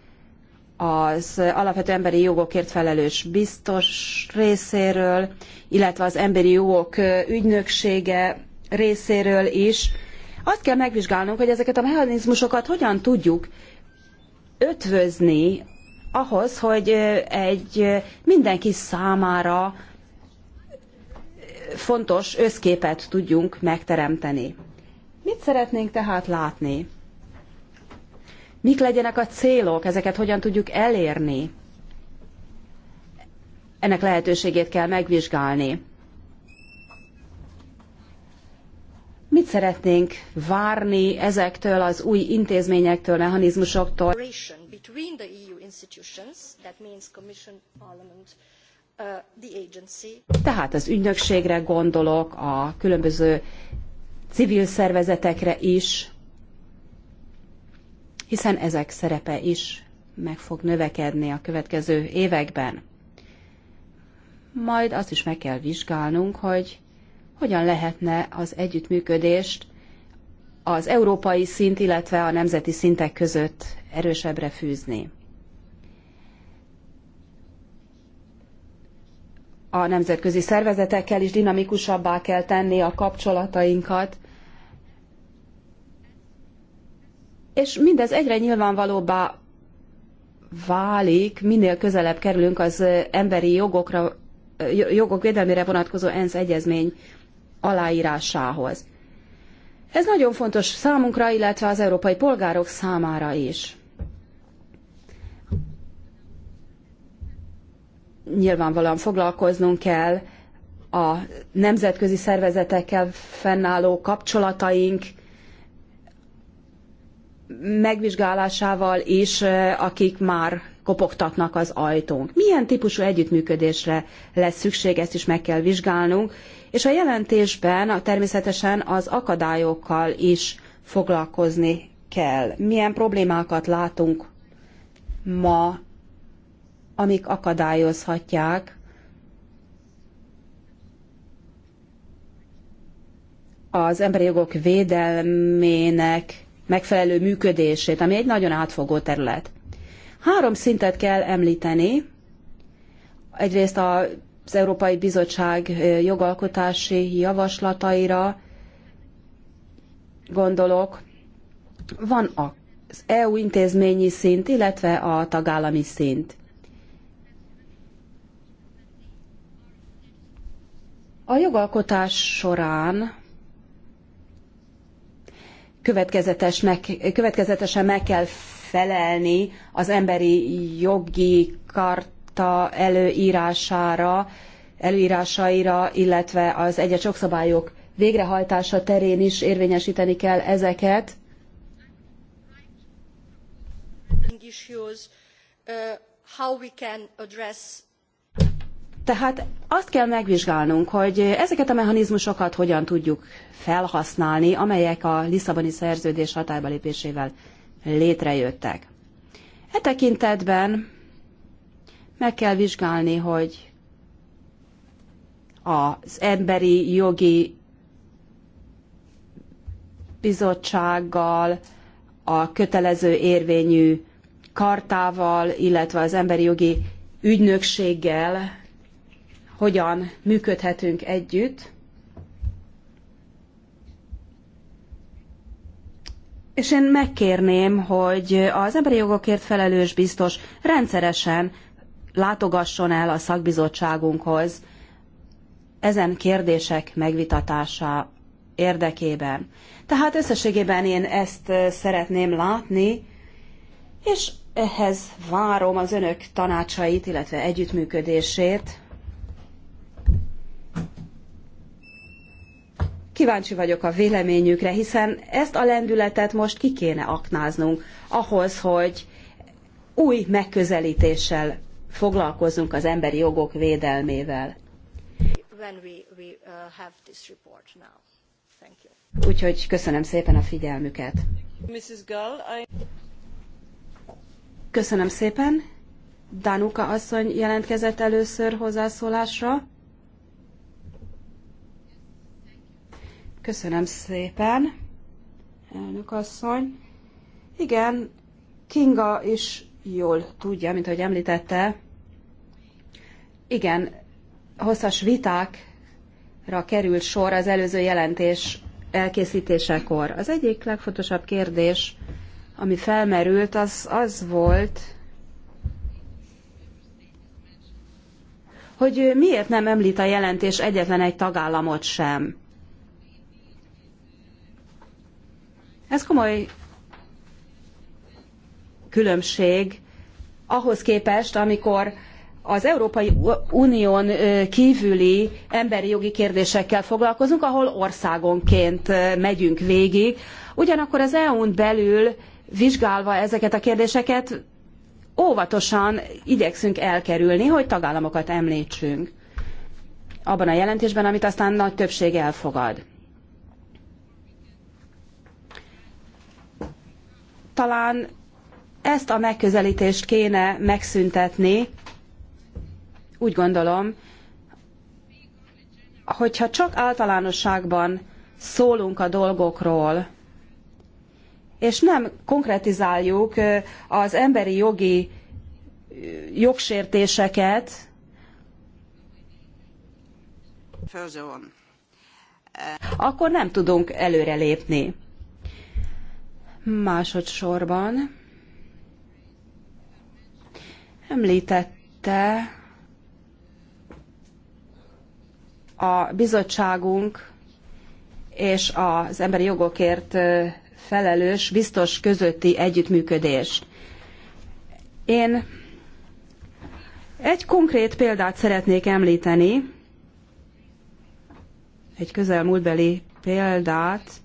az alapvető emberi jogokért felelős biztos részéről, illetve az emberi jogok ügynöksége részéről is. Azt kell megvizsgálnunk, hogy ezeket a mechanizmusokat hogyan tudjuk ötvözni ahhoz, hogy egy mindenki számára fontos összképet tudjunk megteremteni. Mit szeretnénk tehát látni? Mik legyenek a célok, ezeket hogyan tudjuk elérni? Ennek lehetőségét kell megvizsgálni. Mit szeretnénk várni ezektől az új intézményektől, mechanizmusoktól? Tehát az ügynökségre gondolok, a különböző civil szervezetekre is, hiszen ezek szerepe is meg fog növekedni a következő években. Majd azt is meg kell vizsgálnunk, hogy hogyan lehetne az együttműködést az európai szint, illetve a nemzeti szintek között erősebbre fűzni. a nemzetközi szervezetekkel is dinamikusabbá kell tenni a kapcsolatainkat. És mindez egyre nyilvánvalóbbá válik, minél közelebb kerülünk az emberi jogokra, jogok védelmére vonatkozó ENSZ egyezmény aláírásához. Ez nagyon fontos számunkra, illetve az európai polgárok számára is. nyilvánvalóan foglalkoznunk kell a nemzetközi szervezetekkel fennálló kapcsolataink megvizsgálásával is, akik már kopogtatnak az ajtónk. Milyen típusú együttműködésre lesz szükség, ezt is meg kell vizsgálnunk, és a jelentésben a, természetesen az akadályokkal is foglalkozni kell. Milyen problémákat látunk ma amik akadályozhatják az emberi jogok védelmének megfelelő működését, ami egy nagyon átfogó terület. Három szintet kell említeni. Egyrészt az Európai Bizottság jogalkotási javaslataira gondolok. Van az EU intézményi szint, illetve a tagállami szint. A jogalkotás során következetesnek, következetesen meg kell felelni az emberi jogi karta előírására, előírásaira, illetve az egyes jogszabályok végrehajtása terén is érvényesíteni kell ezeket. Uh, how we can address tehát azt kell megvizsgálnunk, hogy ezeket a mechanizmusokat hogyan tudjuk felhasználni, amelyek a Lisszaboni szerződés hatályba lépésével létrejöttek. E tekintetben meg kell vizsgálni, hogy az emberi jogi bizottsággal, a kötelező érvényű kartával, illetve az emberi jogi ügynökséggel hogyan működhetünk együtt. És én megkérném, hogy az emberi jogokért felelős biztos rendszeresen látogasson el a szakbizottságunkhoz ezen kérdések megvitatása érdekében. Tehát összességében én ezt szeretném látni, és ehhez várom az önök tanácsait, illetve együttműködését. Kíváncsi vagyok a véleményükre, hiszen ezt a lendületet most ki kéne aknáznunk ahhoz, hogy új megközelítéssel foglalkozzunk az emberi jogok védelmével. Uh, Úgyhogy köszönöm szépen a figyelmüket. Köszönöm szépen. Danuka asszony jelentkezett először hozzászólásra. Köszönöm szépen, elnök asszony. Igen, Kinga is jól tudja, mint ahogy említette. Igen, hosszas vitákra került sor az előző jelentés elkészítésekor. Az egyik legfontosabb kérdés, ami felmerült, az az volt, hogy miért nem említ a jelentés egyetlen egy tagállamot sem. Ez komoly különbség ahhoz képest, amikor az Európai Unión kívüli emberi jogi kérdésekkel foglalkozunk, ahol országonként megyünk végig. Ugyanakkor az EU-n belül vizsgálva ezeket a kérdéseket óvatosan igyekszünk elkerülni, hogy tagállamokat említsünk abban a jelentésben, amit aztán nagy többség elfogad. Talán ezt a megközelítést kéne megszüntetni, úgy gondolom, hogyha csak általánosságban szólunk a dolgokról, és nem konkretizáljuk az emberi jogi jogsértéseket, akkor nem tudunk előrelépni. Másodszorban említette a bizottságunk és az emberi jogokért felelős, biztos közötti együttműködést. Én egy konkrét példát szeretnék említeni, egy közelmúltbeli példát,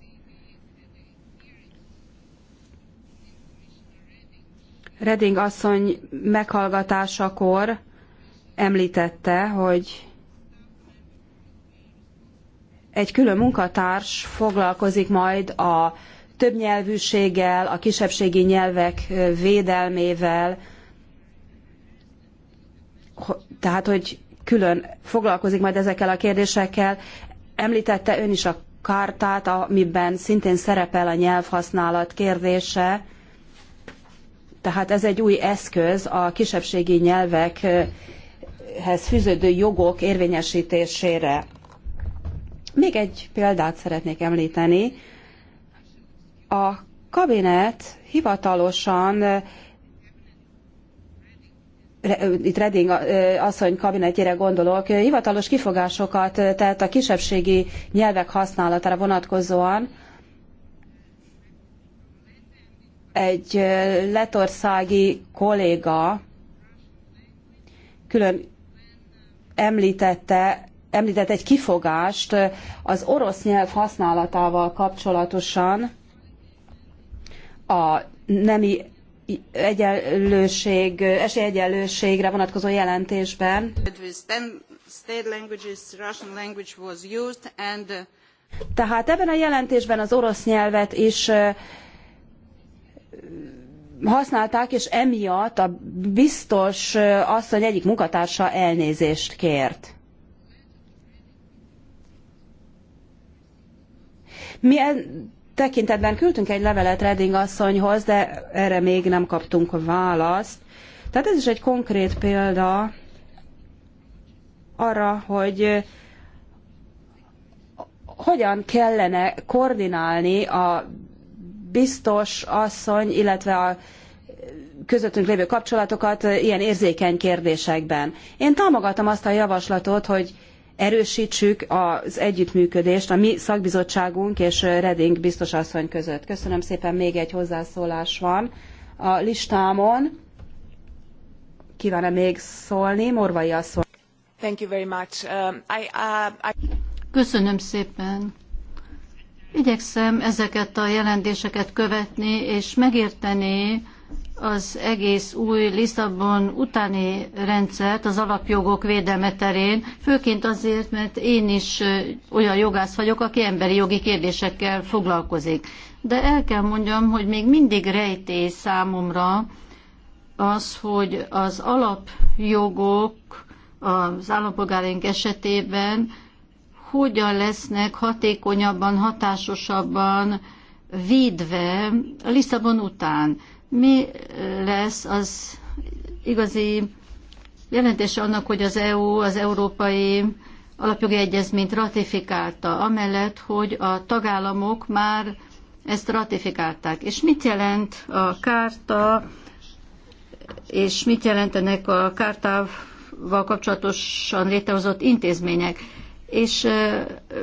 Reding asszony meghallgatásakor említette, hogy egy külön munkatárs foglalkozik majd a többnyelvűséggel, a kisebbségi nyelvek védelmével, tehát hogy külön foglalkozik majd ezekkel a kérdésekkel. Említette ön is a kártát, amiben szintén szerepel a nyelvhasználat kérdése. Tehát ez egy új eszköz a kisebbségi nyelvekhez fűződő jogok érvényesítésére. Még egy példát szeretnék említeni. A kabinet hivatalosan itt Reding asszony kabinetjére gondolok, hivatalos kifogásokat tett a kisebbségi nyelvek használatára vonatkozóan, egy letországi kolléga külön említette, említett egy kifogást az orosz nyelv használatával kapcsolatosan a nemi egyenlőség, esélyegyenlőségre vonatkozó jelentésben. Tehát ebben a jelentésben az orosz nyelvet is használták, és emiatt a biztos asszony egyik munkatársa elnézést kért. Mi e tekintetben küldtünk egy levelet Redding asszonyhoz, de erre még nem kaptunk választ. Tehát ez is egy konkrét példa arra, hogy hogyan kellene koordinálni a biztos asszony, illetve a közöttünk lévő kapcsolatokat ilyen érzékeny kérdésekben. Én támogatom azt a javaslatot, hogy erősítsük az együttműködést a mi szakbizottságunk és Reding biztos asszony között. Köszönöm szépen, még egy hozzászólás van a listámon. Kíván-e még szólni? Morvai asszony. Thank you very much. Um, I, uh, I... Köszönöm szépen. Igyekszem ezeket a jelentéseket követni és megérteni az egész új Lisszabon utáni rendszert az alapjogok védelme terén, főként azért, mert én is olyan jogász vagyok, aki emberi jogi kérdésekkel foglalkozik. De el kell mondjam, hogy még mindig rejtély számomra az, hogy az alapjogok az állampolgáraink esetében hogyan lesznek hatékonyabban, hatásosabban védve Lisszabon után. Mi lesz az igazi jelentése annak, hogy az EU az európai alapjogi egyezményt ratifikálta, amellett, hogy a tagállamok már ezt ratifikálták. És mit jelent a kárta, és mit jelentenek a kártával kapcsolatosan létrehozott intézmények? és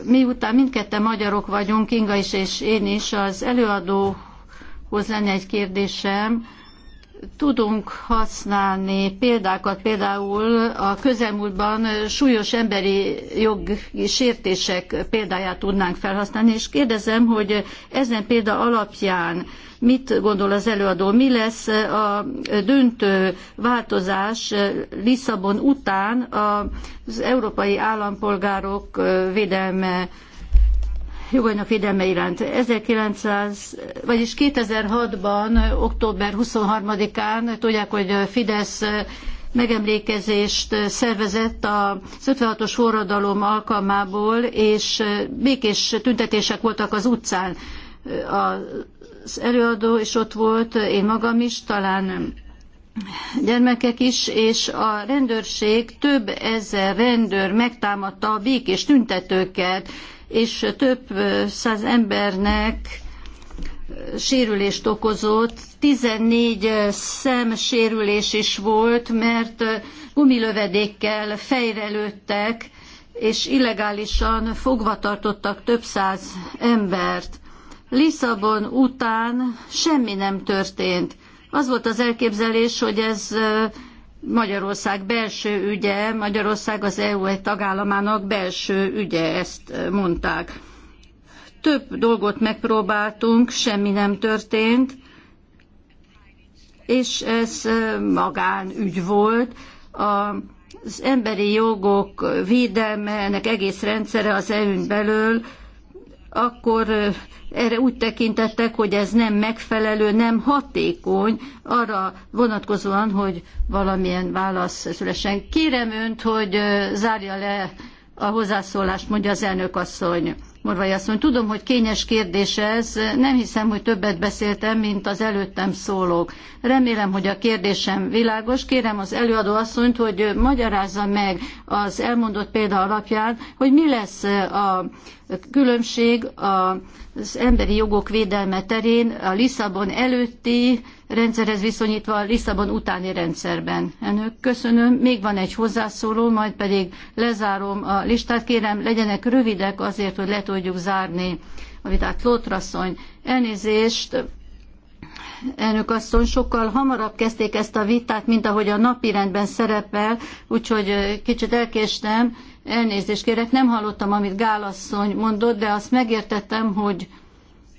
miután mindketten magyarok vagyunk, Inga is és én is, az előadóhoz lenne egy kérdésem, tudunk használni példákat, például a közelmúltban súlyos emberi jogi sértések példáját tudnánk felhasználni, és kérdezem, hogy ezen példa alapján mit gondol az előadó, mi lesz a döntő változás Lisszabon után az európai állampolgárok védelme jogainak védelme iránt. 1900, vagyis 2006-ban, október 23-án, tudják, hogy Fidesz megemlékezést szervezett az 56-os forradalom alkalmából, és békés tüntetések voltak az utcán. Az előadó is ott volt, én magam is, talán gyermekek is, és a rendőrség több ezer rendőr megtámadta a békés tüntetőket, és több száz embernek sérülést okozott. 14 szemsérülés is volt, mert gumilövedékkel fejre lőttek, és illegálisan fogva tartottak több száz embert. Lisszabon után semmi nem történt. Az volt az elképzelés, hogy ez Magyarország belső ügye, Magyarország az EU egy tagállamának belső ügye, ezt mondták. Több dolgot megpróbáltunk, semmi nem történt, és ez magánügy volt. Az emberi jogok védelme, ennek egész rendszere az EU-n belül akkor erre úgy tekintettek, hogy ez nem megfelelő, nem hatékony arra vonatkozóan, hogy valamilyen válasz szülesen. Kérem önt, hogy zárja le a hozzászólást, mondja az elnök asszony. Morvai asszony, tudom, hogy kényes kérdés ez, nem hiszem, hogy többet beszéltem, mint az előttem szólók. Remélem, hogy a kérdésem világos. Kérem az előadó asszonyt, hogy magyarázza meg az elmondott példa alapján, hogy mi lesz a különbség az emberi jogok védelme terén a Lisszabon előtti rendszerhez viszonyítva a Lisszabon utáni rendszerben. Önök köszönöm. Még van egy hozzászóló, majd pedig lezárom a listát. Kérem, legyenek rövidek azért, hogy le tudjuk zárni a vitát. Lótrasszony, elnézést, elnök asszony, sokkal hamarabb kezdték ezt a vitát, mint ahogy a napirendben szerepel, úgyhogy kicsit elkéstem elnézést kérek, nem hallottam, amit Gálasszony mondott, de azt megértettem, hogy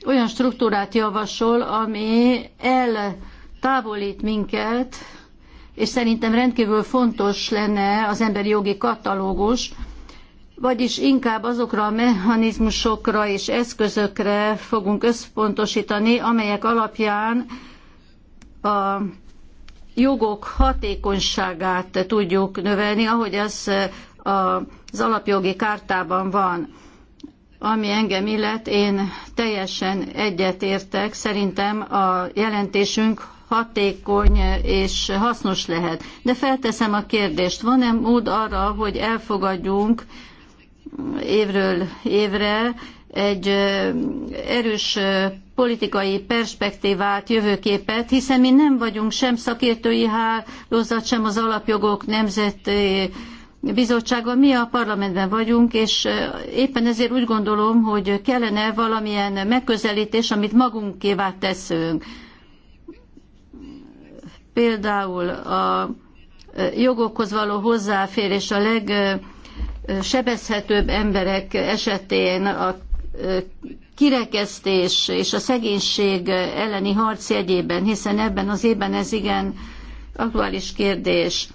olyan struktúrát javasol, ami eltávolít minket, és szerintem rendkívül fontos lenne az emberi jogi katalógus, vagyis inkább azokra a mechanizmusokra és eszközökre fogunk összpontosítani, amelyek alapján a jogok hatékonyságát tudjuk növelni, ahogy ez az alapjogi kártában van. Ami engem illet, én teljesen egyetértek, szerintem a jelentésünk hatékony és hasznos lehet. De felteszem a kérdést, van-e mód arra, hogy elfogadjunk évről évre egy erős politikai perspektívát, jövőképet, hiszen mi nem vagyunk sem szakértői hálózat, sem az alapjogok nemzeti bizottságban, mi a parlamentben vagyunk, és éppen ezért úgy gondolom, hogy kellene valamilyen megközelítés, amit magunkévá teszünk. Például a jogokhoz való hozzáférés a legsebezhetőbb emberek esetén a kirekesztés és a szegénység elleni harc jegyében, hiszen ebben az évben ez igen aktuális kérdés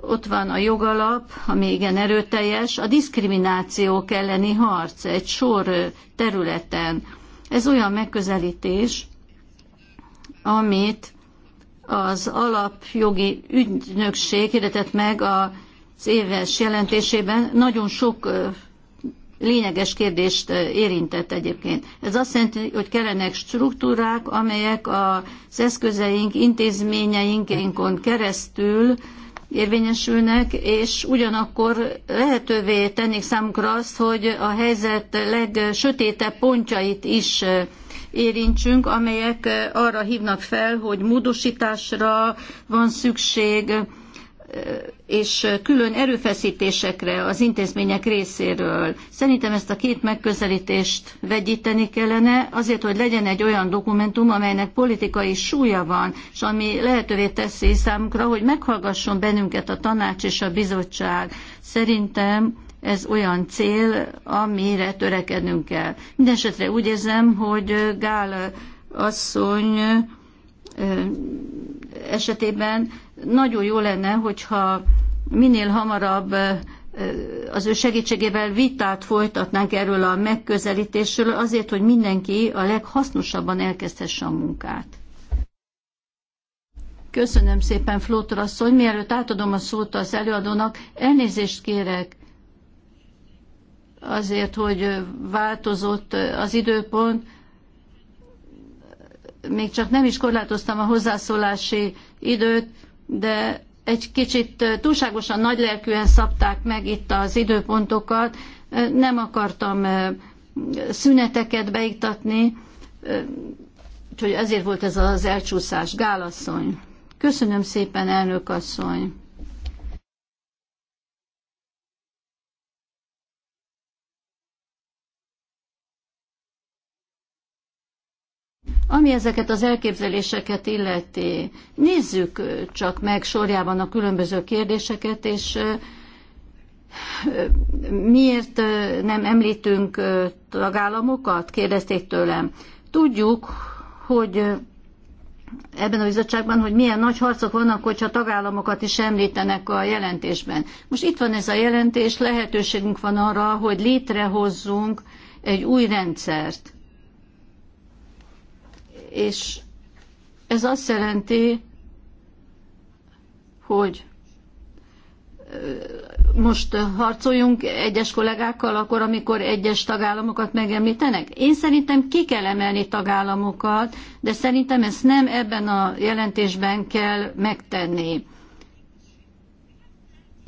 ott van a jogalap, ami igen erőteljes, a diszkriminációk elleni harc egy sor területen. Ez olyan megközelítés, amit az alapjogi ügynökség hirdetett meg az éves jelentésében. Nagyon sok lényeges kérdést érintett egyébként. Ez azt jelenti, hogy kellenek struktúrák, amelyek az eszközeink, intézményeinkénkon keresztül érvényesülnek, és ugyanakkor lehetővé tennék számukra azt, hogy a helyzet legsötétebb pontjait is érintsünk, amelyek arra hívnak fel, hogy módosításra van szükség, és külön erőfeszítésekre az intézmények részéről. Szerintem ezt a két megközelítést vegyíteni kellene, azért, hogy legyen egy olyan dokumentum, amelynek politikai súlya van, és ami lehetővé teszi számunkra, hogy meghallgasson bennünket a tanács és a bizottság. Szerintem ez olyan cél, amire törekednünk kell. Mindenesetre úgy érzem, hogy Gál asszony esetében nagyon jó lenne, hogyha minél hamarabb az ő segítségével vitát folytatnánk erről a megközelítésről, azért, hogy mindenki a leghasznosabban elkezdhesse a munkát. Köszönöm szépen, Flótor asszony. Mielőtt átadom a szót az előadónak, elnézést kérek azért, hogy változott az időpont. Még csak nem is korlátoztam a hozzászólási időt de egy kicsit túlságosan nagylelkűen szabták meg itt az időpontokat. Nem akartam szüneteket beiktatni, úgyhogy ezért volt ez az elcsúszás. Gálasszony. Köszönöm szépen, elnök asszony. Ami ezeket az elképzeléseket illeti, nézzük csak meg sorjában a különböző kérdéseket, és miért nem említünk tagállamokat? Kérdezték tőlem. Tudjuk, hogy ebben a bizottságban, hogy milyen nagy harcok vannak, hogyha tagállamokat is említenek a jelentésben. Most itt van ez a jelentés, lehetőségünk van arra, hogy létrehozzunk egy új rendszert és ez azt jelenti, hogy most harcoljunk egyes kollégákkal, akkor amikor egyes tagállamokat megemlítenek? Én szerintem ki kell emelni tagállamokat, de szerintem ezt nem ebben a jelentésben kell megtenni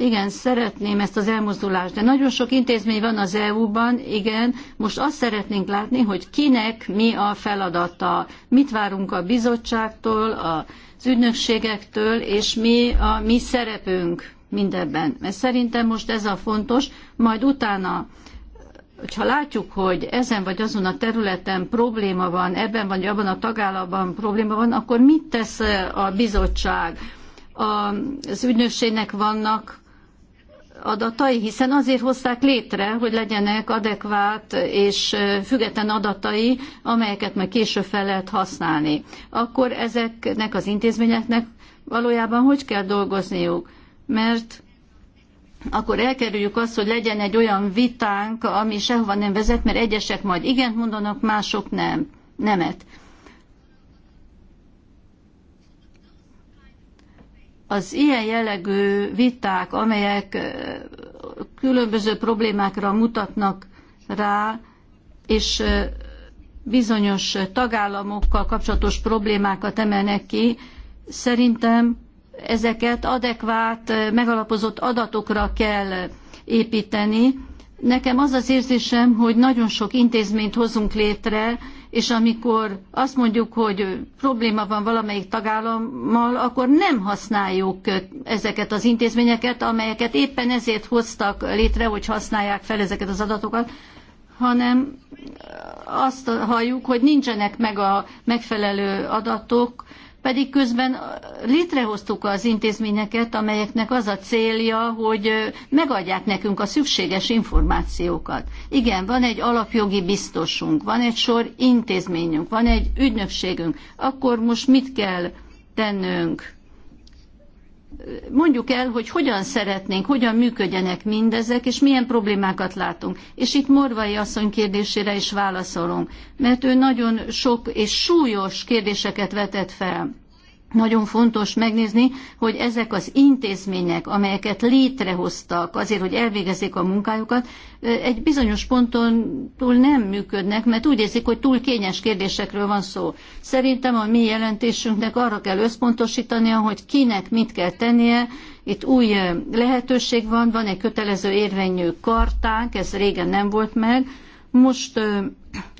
igen, szeretném ezt az elmozdulást, de nagyon sok intézmény van az EU-ban, igen, most azt szeretnénk látni, hogy kinek mi a feladata, mit várunk a bizottságtól, az ügynökségektől, és mi a mi szerepünk mindebben. Mert szerintem most ez a fontos, majd utána ha látjuk, hogy ezen vagy azon a területen probléma van, ebben vagy abban a tagállamban probléma van, akkor mit tesz a bizottság? Az ügynökségnek vannak adatai, hiszen azért hozták létre, hogy legyenek adekvát és független adatai, amelyeket majd később fel lehet használni. Akkor ezeknek az intézményeknek valójában hogy kell dolgozniuk? Mert akkor elkerüljük azt, hogy legyen egy olyan vitánk, ami sehova nem vezet, mert egyesek majd igent mondanak, mások nem, nemet. az ilyen jellegű viták, amelyek különböző problémákra mutatnak rá, és bizonyos tagállamokkal kapcsolatos problémákat emelnek ki, szerintem ezeket adekvát, megalapozott adatokra kell építeni. Nekem az az érzésem, hogy nagyon sok intézményt hozunk létre, és amikor azt mondjuk, hogy probléma van valamelyik tagállammal, akkor nem használjuk ezeket az intézményeket, amelyeket éppen ezért hoztak létre, hogy használják fel ezeket az adatokat, hanem azt halljuk, hogy nincsenek meg a megfelelő adatok, pedig közben létrehoztuk az intézményeket, amelyeknek az a célja, hogy megadják nekünk a szükséges információkat. Igen, van egy alapjogi biztosunk, van egy sor intézményünk, van egy ügynökségünk, akkor most mit kell tennünk? mondjuk el, hogy hogyan szeretnénk, hogyan működjenek mindezek, és milyen problémákat látunk. És itt Morvai asszony kérdésére is válaszolunk, mert ő nagyon sok és súlyos kérdéseket vetett fel nagyon fontos megnézni, hogy ezek az intézmények, amelyeket létrehoztak azért, hogy elvégezzék a munkájukat, egy bizonyos ponton túl nem működnek, mert úgy érzik, hogy túl kényes kérdésekről van szó. Szerintem a mi jelentésünknek arra kell összpontosítania, hogy kinek mit kell tennie, itt új lehetőség van, van egy kötelező érvényű kartánk, ez régen nem volt meg, most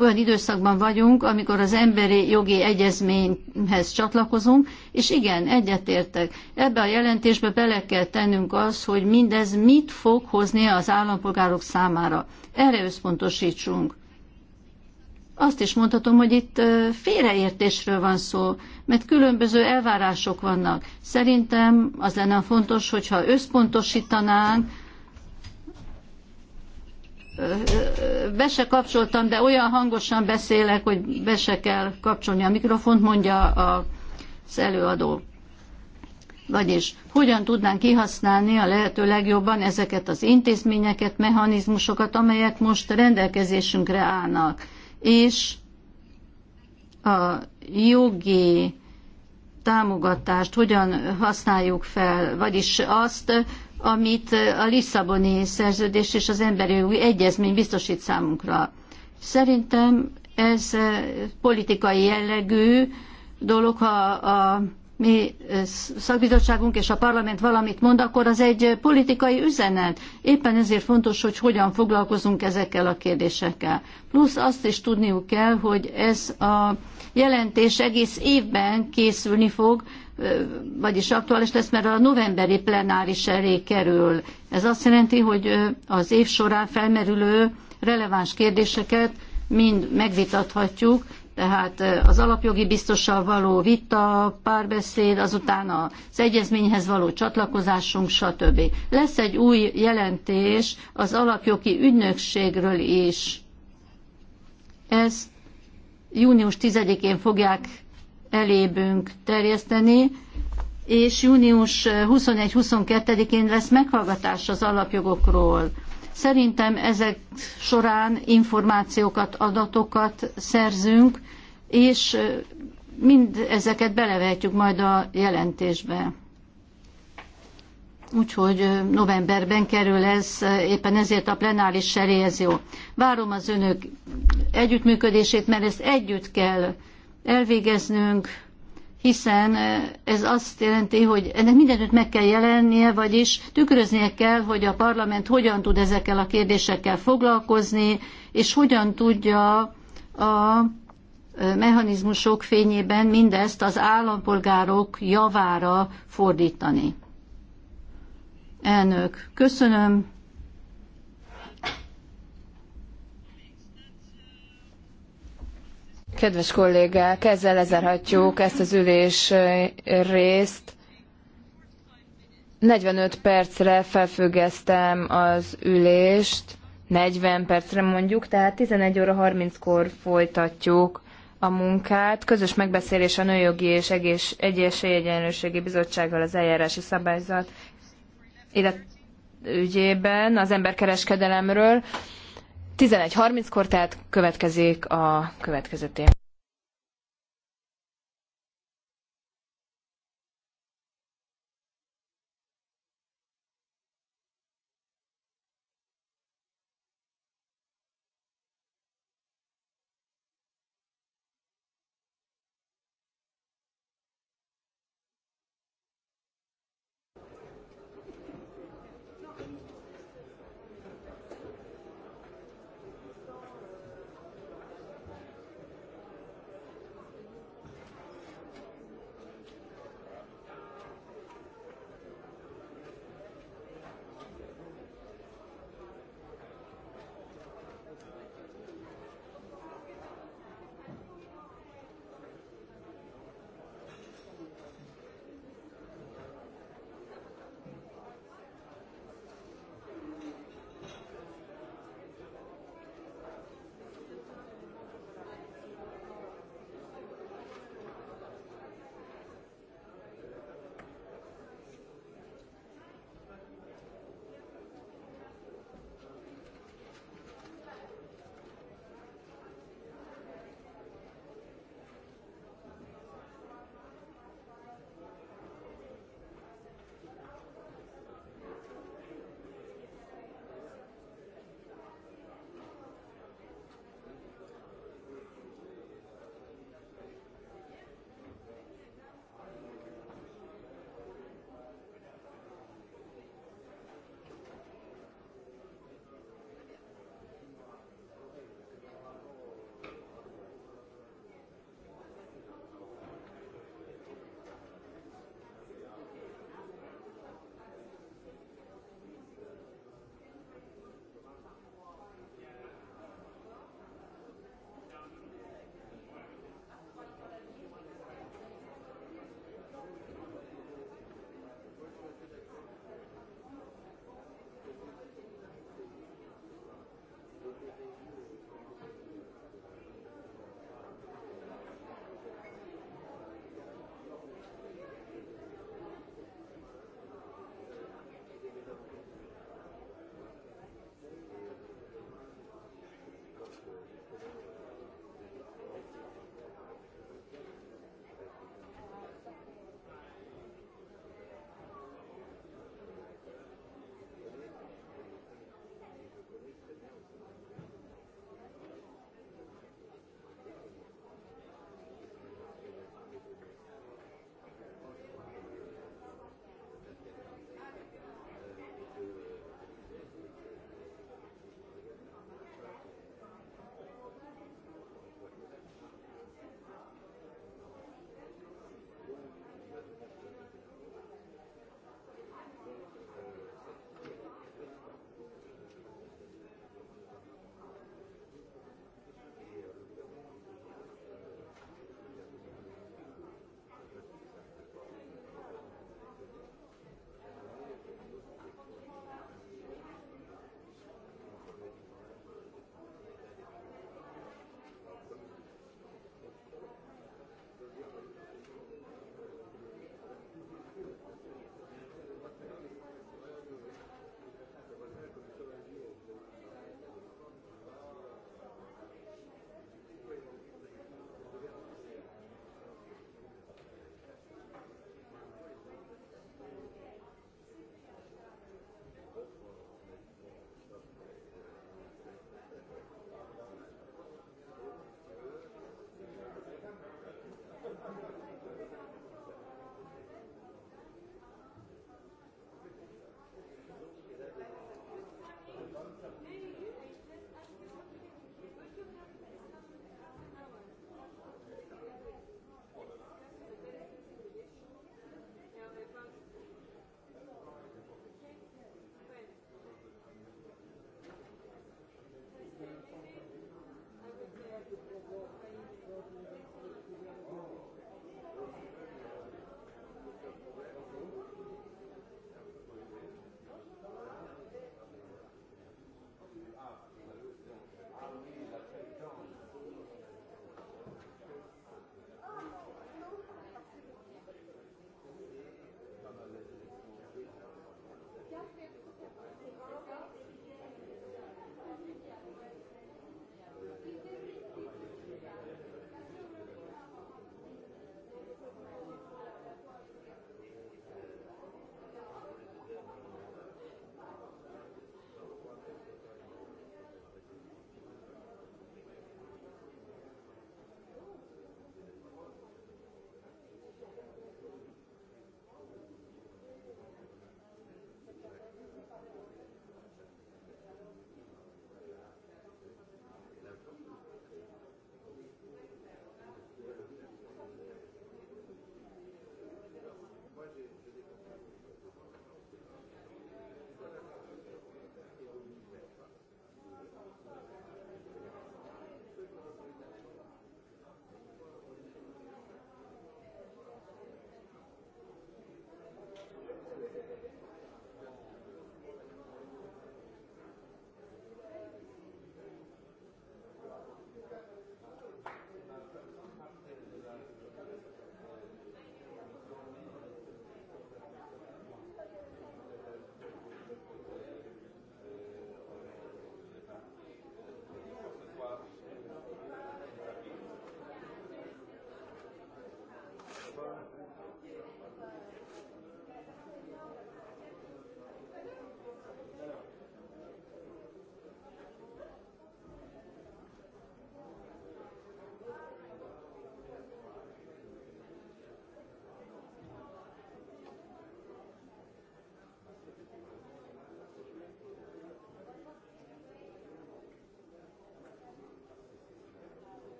olyan időszakban vagyunk, amikor az emberi jogi egyezményhez csatlakozunk, és igen, egyetértek. Ebbe a jelentésbe bele kell tennünk az, hogy mindez mit fog hozni az állampolgárok számára. Erre összpontosítsunk. Azt is mondhatom, hogy itt félreértésről van szó, mert különböző elvárások vannak. Szerintem az lenne fontos, hogyha összpontosítanánk, be se kapcsoltam, de olyan hangosan beszélek, hogy be se kell kapcsolni a mikrofont, mondja az előadó. Vagyis hogyan tudnánk kihasználni a lehető legjobban ezeket az intézményeket, mechanizmusokat, amelyek most rendelkezésünkre állnak, és a jogi támogatást hogyan használjuk fel, vagyis azt, amit a Lisszaboni szerződés és az emberi egyezmény biztosít számunkra. Szerintem ez eh, politikai jellegű dolog, ha a mi eh, szakbizottságunk és a parlament valamit mond, akkor az egy politikai üzenet. Éppen ezért fontos, hogy hogyan foglalkozunk ezekkel a kérdésekkel. Plusz azt is tudniuk kell, hogy ez a jelentés egész évben készülni fog, vagyis aktuális lesz, mert a novemberi plenáris elé kerül. Ez azt jelenti, hogy az év során felmerülő releváns kérdéseket mind megvitathatjuk, tehát az alapjogi biztossal való vita, párbeszéd, azután az egyezményhez való csatlakozásunk, stb. Lesz egy új jelentés az alapjogi ügynökségről is. Ezt június 10-én fogják elébünk terjeszteni, és június 21-22-én lesz meghallgatás az alapjogokról. Szerintem ezek során információkat, adatokat szerzünk, és mind ezeket belevehetjük majd a jelentésbe. Úgyhogy novemberben kerül ez, éppen ezért a plenáris seréhez jó. Várom az önök együttműködését, mert ezt együtt kell elvégeznünk, hiszen eh, ez azt jelenti, hogy ennek mindenütt meg kell jelennie, vagyis tükröznie kell, hogy a parlament hogyan tud ezekkel a kérdésekkel foglalkozni, és hogyan tudja a eh, mechanizmusok fényében mindezt az állampolgárok javára fordítani. Elnök, köszönöm. Kedves kollégák, ezzel lezárhatjuk ezt az ülés részt. 45 percre felfüggesztem az ülést, 40 percre mondjuk, tehát 11 óra 30-kor folytatjuk a munkát. Közös megbeszélés a Nőjogi és Egész, Egyesélyegyenlőségi Bizottsággal az eljárási szabályzat illet, ügyében az emberkereskedelemről. 11.30-kor, tehát következik a következő téma.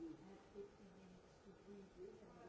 do you have 50 minutes to read it? And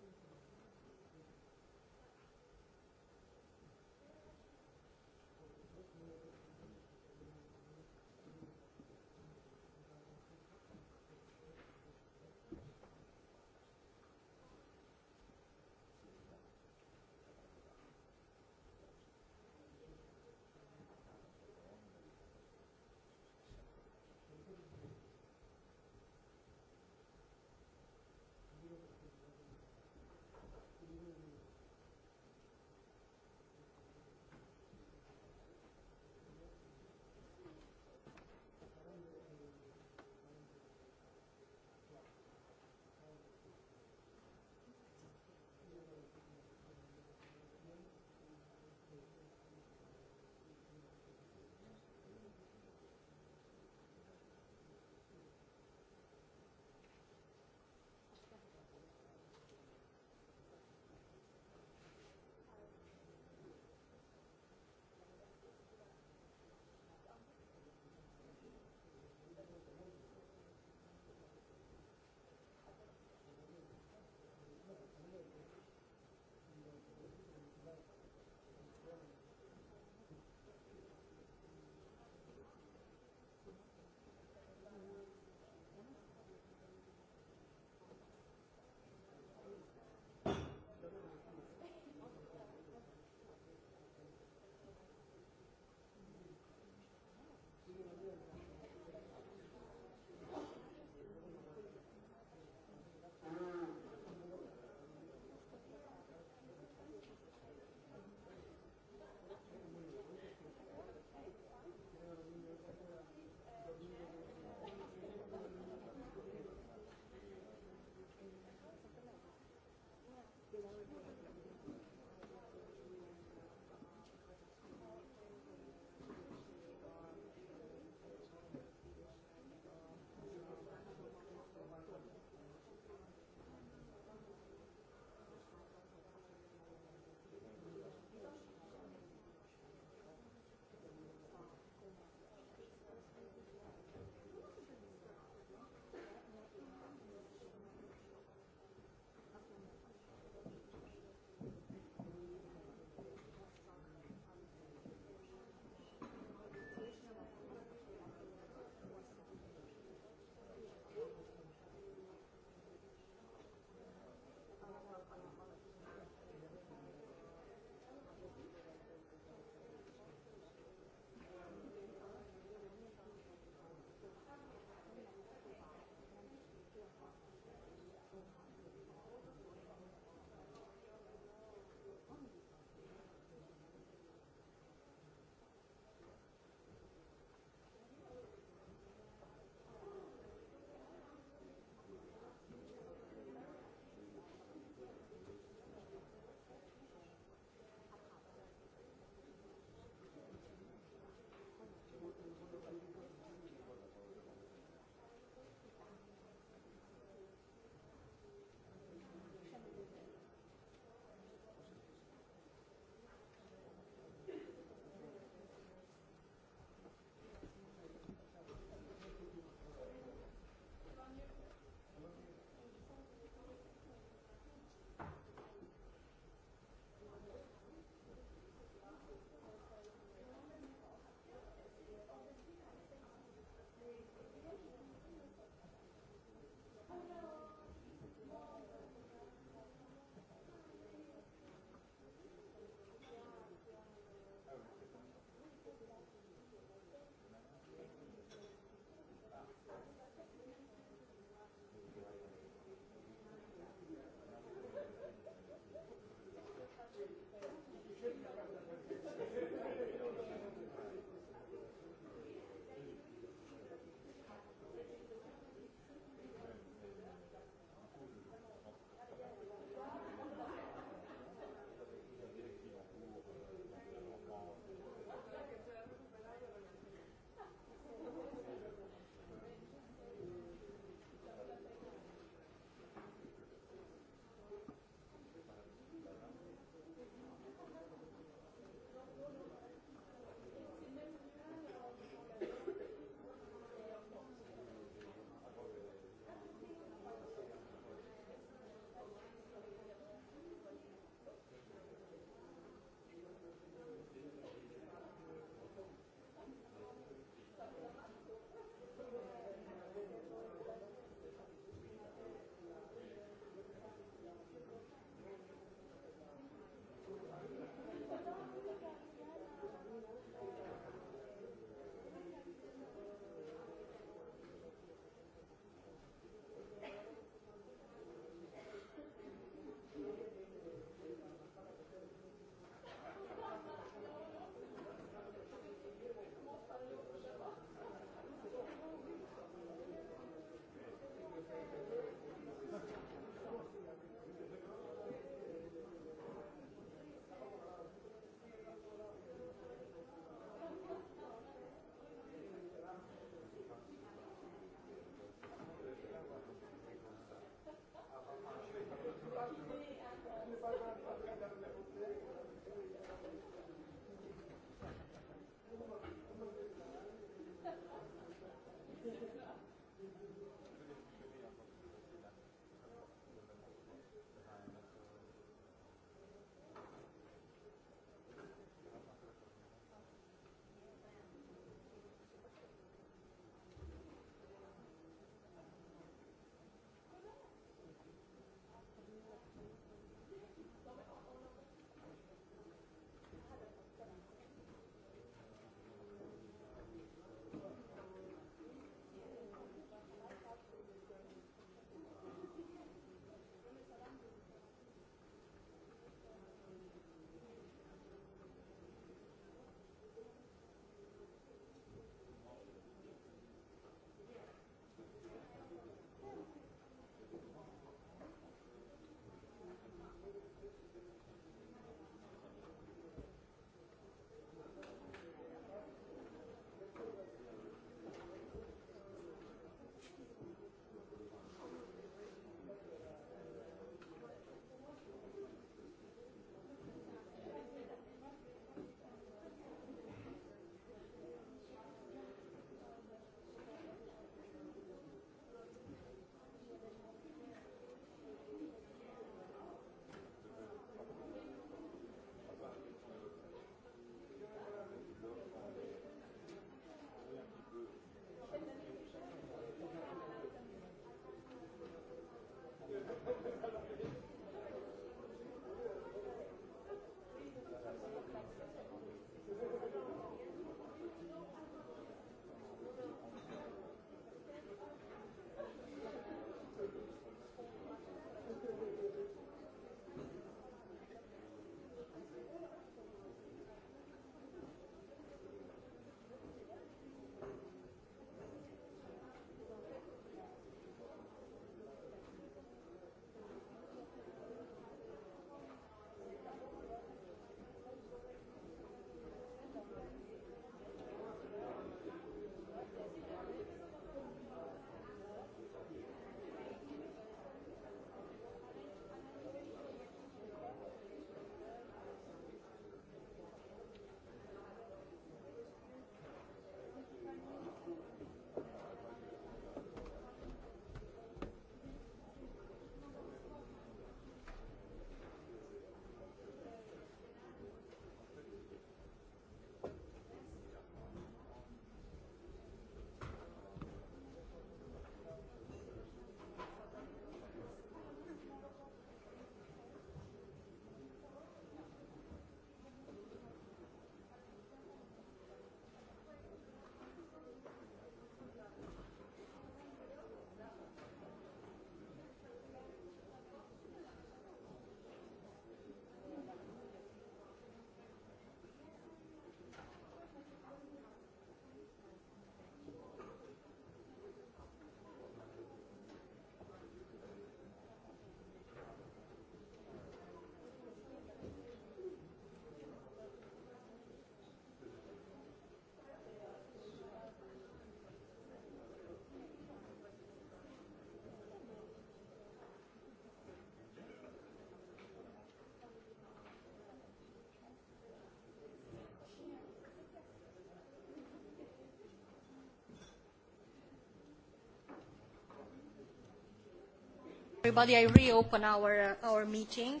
Everybody, I reopen our, uh, our meeting.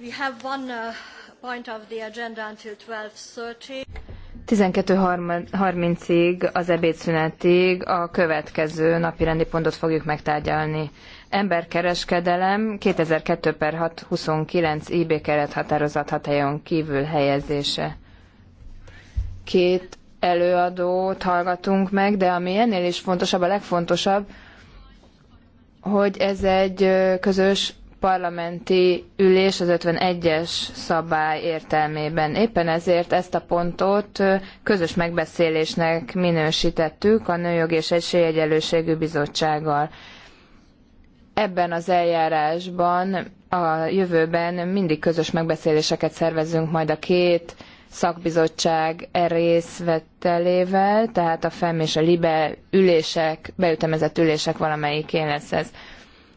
We have one uh, point of the agenda until 12.30. 12.30-ig az ebédszünetig a következő napi rendi pontot fogjuk megtárgyalni. Emberkereskedelem 2002 per 629 IB határozat hatályon kívül helyezése. Két előadót hallgatunk meg, de ami ennél is fontosabb, a legfontosabb, hogy ez egy közös parlamenti ülés az 51-es szabály értelmében. Éppen ezért ezt a pontot közös megbeszélésnek minősítettük a Nőjog és Egységegyelőségű Bizottsággal. Ebben az eljárásban a jövőben mindig közös megbeszéléseket szervezünk majd a két szakbizottság e részvettelével, tehát a FEM és a LIBE ülések, beütemezett ülések valamelyikén lesz ez.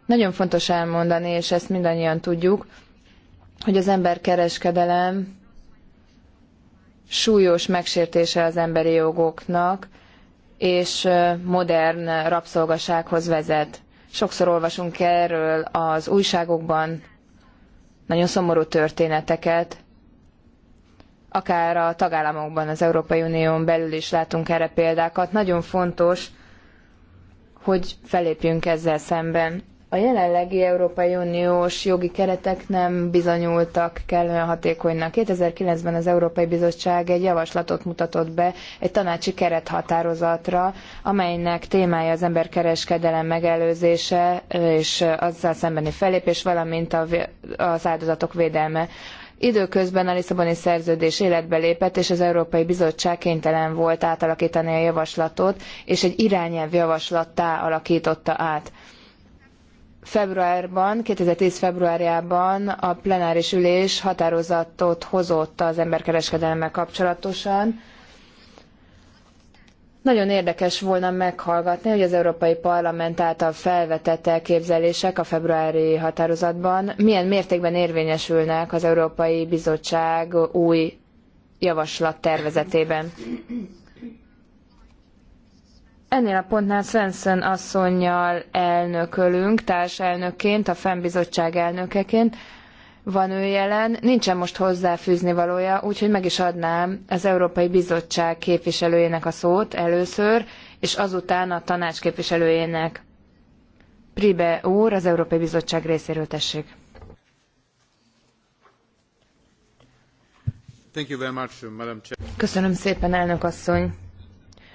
Nagyon fontos elmondani, és ezt mindannyian tudjuk, hogy az emberkereskedelem súlyos megsértése az emberi jogoknak, és modern rabszolgasághoz vezet. Sokszor olvasunk erről az újságokban nagyon szomorú történeteket, akár a tagállamokban, az Európai Unión belül is látunk erre példákat. Nagyon fontos, hogy felépjünk ezzel szemben. A jelenlegi Európai Uniós jogi keretek nem bizonyultak kellően hatékonynak. 2009-ben az Európai Bizottság egy javaslatot mutatott be egy tanácsi kerethatározatra, amelynek témája az emberkereskedelem megelőzése és azzal szembeni fellépés, valamint az áldozatok védelme. Időközben a Lisszaboni szerződés életbe lépett, és az Európai Bizottság kénytelen volt átalakítani a javaslatot, és egy irányelv javaslattá alakította át. Februárban, 2010 februárjában a plenáris ülés határozatot hozott az emberkereskedelemmel kapcsolatosan, nagyon érdekes volna meghallgatni, hogy az Európai Parlament által felvetett elképzelések a februári határozatban milyen mértékben érvényesülnek az Európai Bizottság új javaslat tervezetében. Ennél a pontnál Svensson asszonynal elnökölünk, társelnökként, a fennbizottság elnökeként van ő jelen, nincsen most hozzáfűzni valója, úgyhogy meg is adnám az Európai Bizottság képviselőjének a szót először, és azután a tanács képviselőjének. Pribe úr, az Európai Bizottság részéről tessék. Köszönöm szépen, elnök asszony.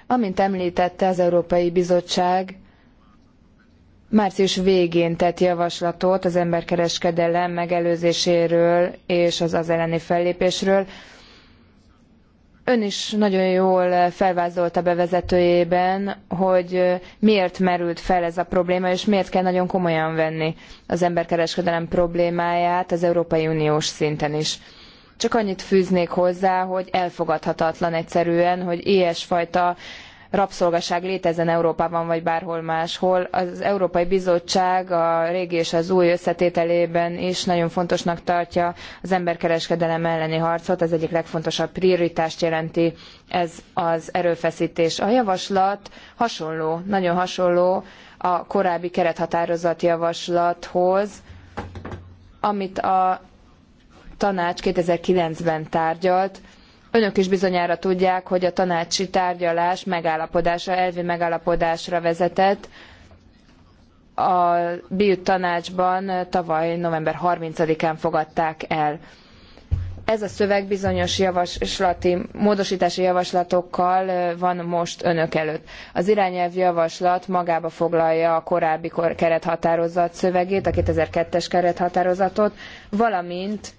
Amint említette az Európai Bizottság, március végén tett javaslatot az emberkereskedelem megelőzéséről és az az elleni fellépésről. Ön is nagyon jól felvázolta bevezetőjében, hogy miért merült fel ez a probléma, és miért kell nagyon komolyan venni az emberkereskedelem problémáját az Európai Uniós szinten is. Csak annyit fűznék hozzá, hogy elfogadhatatlan egyszerűen, hogy ilyesfajta fajta rabszolgaság létezzen Európában vagy bárhol máshol. Az Európai Bizottság a régi és az új összetételében is nagyon fontosnak tartja az emberkereskedelem elleni harcot, ez egyik legfontosabb prioritást jelenti ez az erőfeszítés. A javaslat hasonló, nagyon hasonló a korábbi kerethatározat javaslathoz, amit a tanács 2009-ben tárgyalt, Önök is bizonyára tudják, hogy a tanácsi tárgyalás megállapodása, elvi megállapodásra vezetett. A BIUT tanácsban tavaly november 30-án fogadták el. Ez a szöveg bizonyos javaslati, módosítási javaslatokkal van most önök előtt. Az irányelv javaslat magába foglalja a korábbi kerethatározat szövegét, a 2002-es kerethatározatot, valamint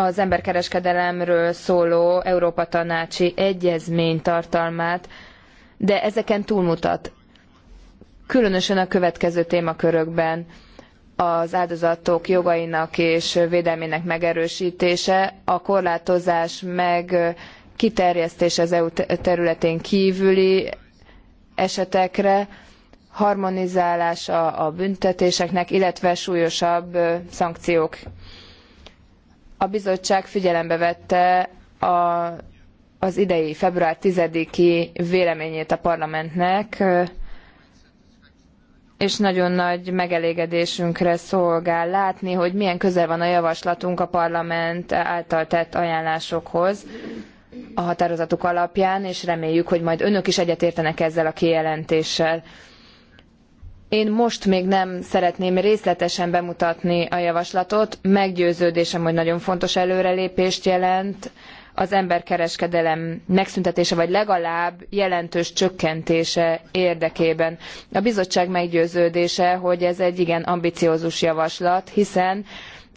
az emberkereskedelemről szóló Európa Tanácsi Egyezmény tartalmát, de ezeken túlmutat. Különösen a következő témakörökben az áldozatok jogainak és védelmének megerősítése, a korlátozás meg kiterjesztése az EU területén kívüli esetekre, harmonizálása a büntetéseknek, illetve súlyosabb szankciók a bizottság figyelembe vette a, az idei február 10-i véleményét a parlamentnek, és nagyon nagy megelégedésünkre szolgál látni, hogy milyen közel van a javaslatunk a parlament által tett ajánlásokhoz a határozatuk alapján, és reméljük, hogy majd önök is egyetértenek ezzel a kijelentéssel. Én most még nem szeretném részletesen bemutatni a javaslatot. Meggyőződésem, hogy nagyon fontos előrelépést jelent az emberkereskedelem megszüntetése, vagy legalább jelentős csökkentése érdekében. A bizottság meggyőződése, hogy ez egy igen ambiciózus javaslat, hiszen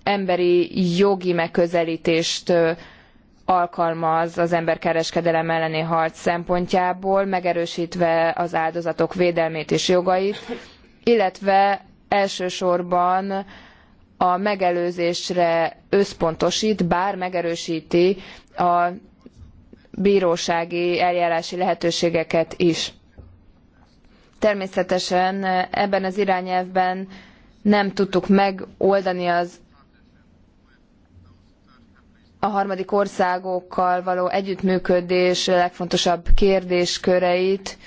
emberi jogi megközelítést alkalmaz az emberkereskedelem elleni harc szempontjából, megerősítve az áldozatok védelmét és jogait, illetve elsősorban a megelőzésre összpontosít, bár megerősíti a bírósági eljárási lehetőségeket is. Természetesen ebben az irányelvben nem tudtuk megoldani az a harmadik országokkal való együttműködés legfontosabb kérdésköreit,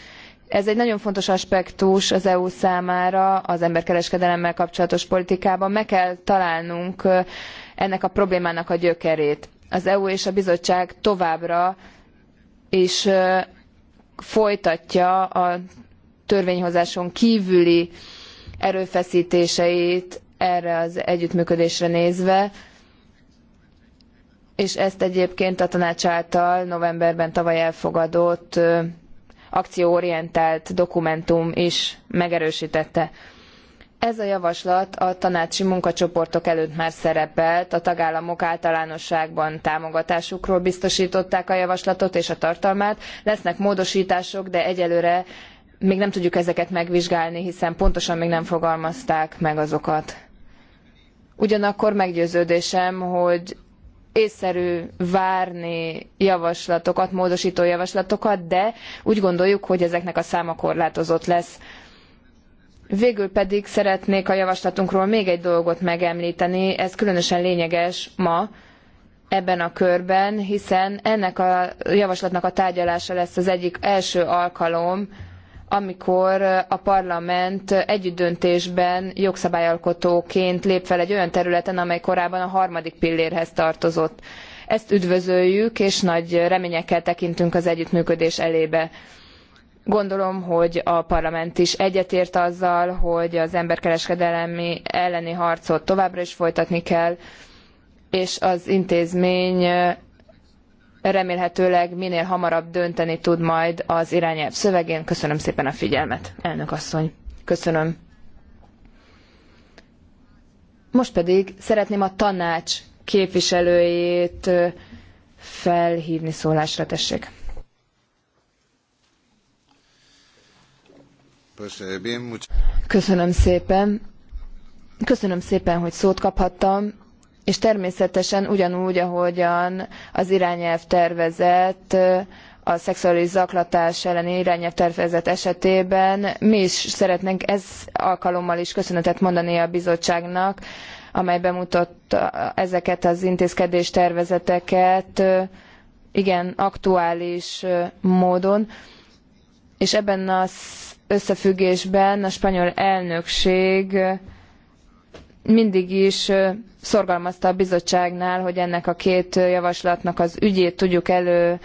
ez egy nagyon fontos aspektus az EU számára az emberkereskedelemmel kapcsolatos politikában. Meg kell találnunk ennek a problémának a gyökerét. Az EU és a bizottság továbbra is folytatja a törvényhozáson kívüli erőfeszítéseit erre az együttműködésre nézve, és ezt egyébként a tanács által novemberben tavaly elfogadott akcióorientált dokumentum is megerősítette. Ez a javaslat a tanácsi munkacsoportok előtt már szerepelt, a tagállamok általánosságban támogatásukról biztosították a javaslatot és a tartalmát. Lesznek módosítások, de egyelőre még nem tudjuk ezeket megvizsgálni, hiszen pontosan még nem fogalmazták meg azokat. Ugyanakkor meggyőződésem, hogy észszerű várni javaslatokat, módosító javaslatokat, de úgy gondoljuk, hogy ezeknek a száma korlátozott lesz. Végül pedig szeretnék a javaslatunkról még egy dolgot megemlíteni, ez különösen lényeges ma ebben a körben, hiszen ennek a javaslatnak a tárgyalása lesz az egyik első alkalom, amikor a parlament együttdöntésben jogszabályalkotóként lép fel egy olyan területen, amely korábban a harmadik pillérhez tartozott. Ezt üdvözöljük, és nagy reményekkel tekintünk az együttműködés elébe. Gondolom, hogy a parlament is egyetért azzal, hogy az emberkereskedelmi elleni harcot továbbra is folytatni kell, és az intézmény remélhetőleg minél hamarabb dönteni tud majd az irányelv szövegén. Köszönöm szépen a figyelmet, elnök asszony. Köszönöm. Most pedig szeretném a tanács képviselőjét felhívni szólásra, tessék. Köszönöm szépen. Köszönöm szépen, hogy szót kaphattam és természetesen ugyanúgy, ahogyan az irányelv tervezett, a szexuális zaklatás elleni irányelv tervezett esetében mi is szeretnénk ez alkalommal is köszönetet mondani a bizottságnak, amely bemutatta ezeket az intézkedés tervezeteket igen aktuális módon, és ebben az összefüggésben a spanyol elnökség mindig is szorgalmazta a bizottságnál, hogy ennek a két javaslatnak az ügyét tudjuk elő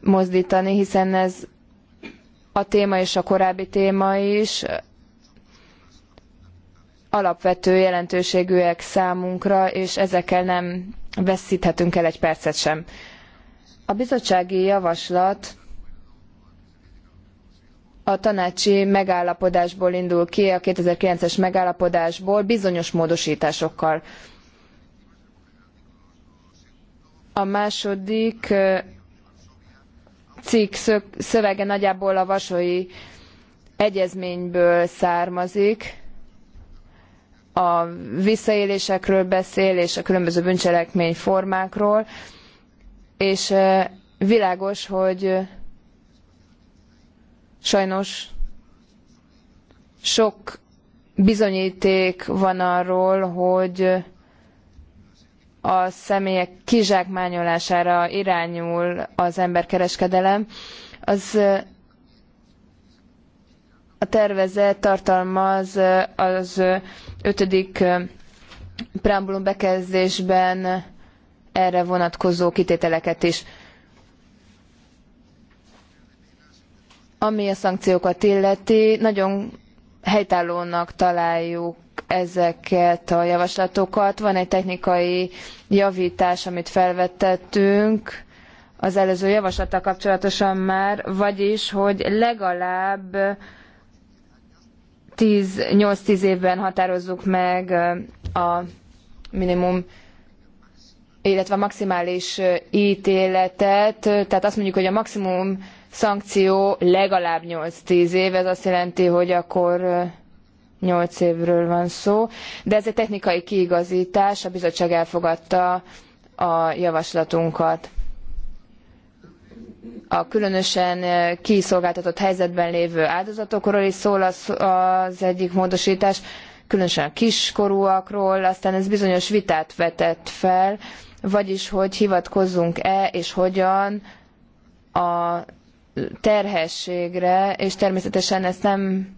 mozdítani, hiszen ez a téma és a korábbi téma is alapvető jelentőségűek számunkra, és ezekkel nem veszíthetünk el egy percet sem. A bizottsági javaslat a tanácsi megállapodásból indul ki, a 2009-es megállapodásból bizonyos módosításokkal. A második cikk szövege nagyjából a vasói egyezményből származik, a visszaélésekről beszél, és a különböző bűncselekmény formákról, és világos, hogy Sajnos sok bizonyíték van arról, hogy a személyek kizsákmányolására irányul az emberkereskedelem, az a tervezet tartalmaz az ötödik preambulum bekezdésben erre vonatkozó kitételeket is. Ami a szankciókat illeti, nagyon helytállónak találjuk ezeket a javaslatokat. Van egy technikai javítás, amit felvetettünk az előző javaslattal kapcsolatosan már, vagyis, hogy legalább 8-10 évben határozzuk meg a minimum illetve a maximális ítéletet, tehát azt mondjuk, hogy a maximum szankció legalább 8-10 év, ez azt jelenti, hogy akkor 8 évről van szó, de ez egy technikai kiigazítás, a bizottság elfogadta a javaslatunkat. A különösen kiszolgáltatott helyzetben lévő áldozatokról is szól az, az egyik módosítás, különösen a kiskorúakról, aztán ez bizonyos vitát vetett fel, vagyis hogy hivatkozzunk-e és hogyan a terhességre, és természetesen ezt nem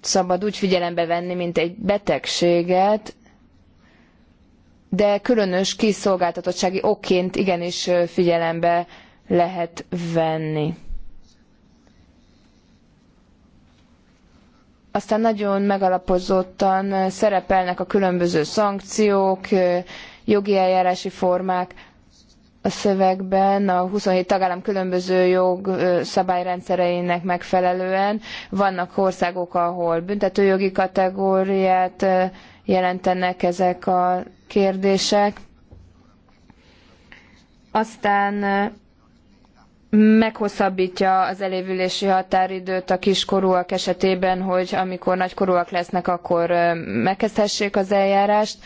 szabad úgy figyelembe venni, mint egy betegséget, de különös kiszolgáltatottsági okként igenis figyelembe lehet venni. Aztán nagyon megalapozottan szerepelnek a különböző szankciók, jogi eljárási formák, a szövegben a 27 tagállam különböző jogszabályrendszereinek megfelelően. Vannak országok, ahol büntetőjogi kategóriát jelentenek ezek a kérdések. Aztán meghosszabbítja az elévülési határidőt a kiskorúak esetében, hogy amikor nagykorúak lesznek, akkor megkezdhessék az eljárást.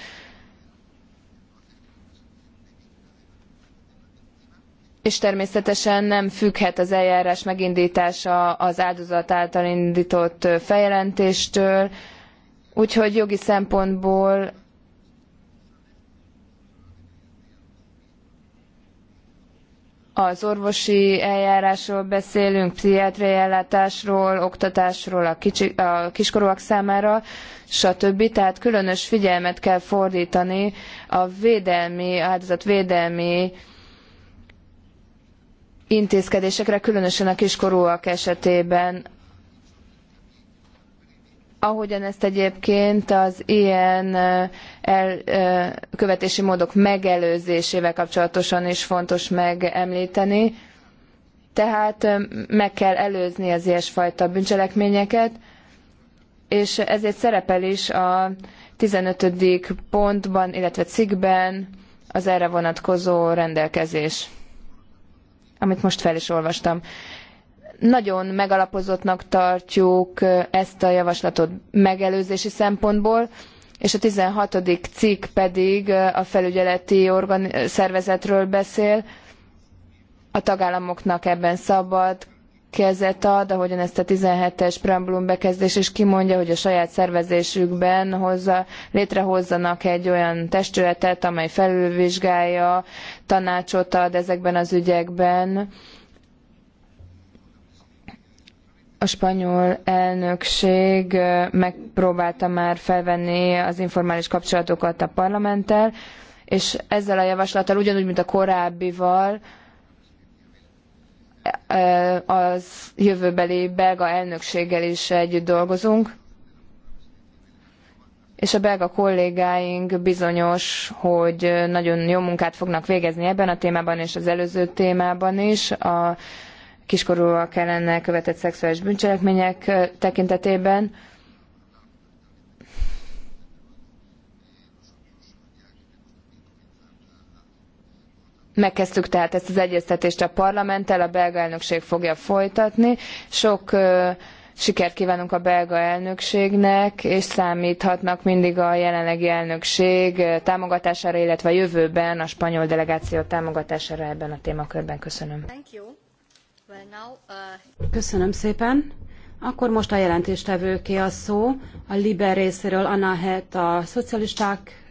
és természetesen nem függhet az eljárás megindítása az áldozat által indított feljelentéstől, úgyhogy jogi szempontból az orvosi eljárásról beszélünk, pszichiátriai ellátásról, oktatásról a, kicsi, a kiskorúak számára, stb. Tehát különös figyelmet kell fordítani a védelmi, áldozat védelmi intézkedésekre, különösen a kiskorúak esetében. Ahogyan ezt egyébként az ilyen elkövetési módok megelőzésével kapcsolatosan is fontos megemlíteni. Tehát meg kell előzni az ilyesfajta bűncselekményeket, és ezért szerepel is a 15. pontban, illetve cikkben az erre vonatkozó rendelkezés amit most fel is olvastam. Nagyon megalapozottnak tartjuk ezt a javaslatot megelőzési szempontból, és a 16. cikk pedig a felügyeleti szervezetről beszél. A tagállamoknak ebben szabad kezet ad, ahogyan ezt a 17-es preambulum bekezdés is kimondja, hogy a saját szervezésükben hozza, létrehozzanak egy olyan testületet, amely felülvizsgálja, tanácsot ad ezekben az ügyekben. A spanyol elnökség megpróbálta már felvenni az informális kapcsolatokat a parlamenttel, és ezzel a javaslattal, ugyanúgy, mint a korábbival, az jövőbeli belga elnökséggel is együtt dolgozunk, és a belga kollégáink bizonyos, hogy nagyon jó munkát fognak végezni ebben a témában és az előző témában is, a kiskorúak ellen követett szexuális bűncselekmények tekintetében. Megkezdtük tehát ezt az egyeztetést a parlamenttel, a belga elnökség fogja folytatni. Sok sikert kívánunk a belga elnökségnek, és számíthatnak mindig a jelenlegi elnökség támogatására, illetve a jövőben a spanyol delegáció támogatására ebben a témakörben. Köszönöm. Uh, Köszönöm szépen. Akkor most a jelentéstevőké a szó, a Liber részéről Anna Het a szocialisták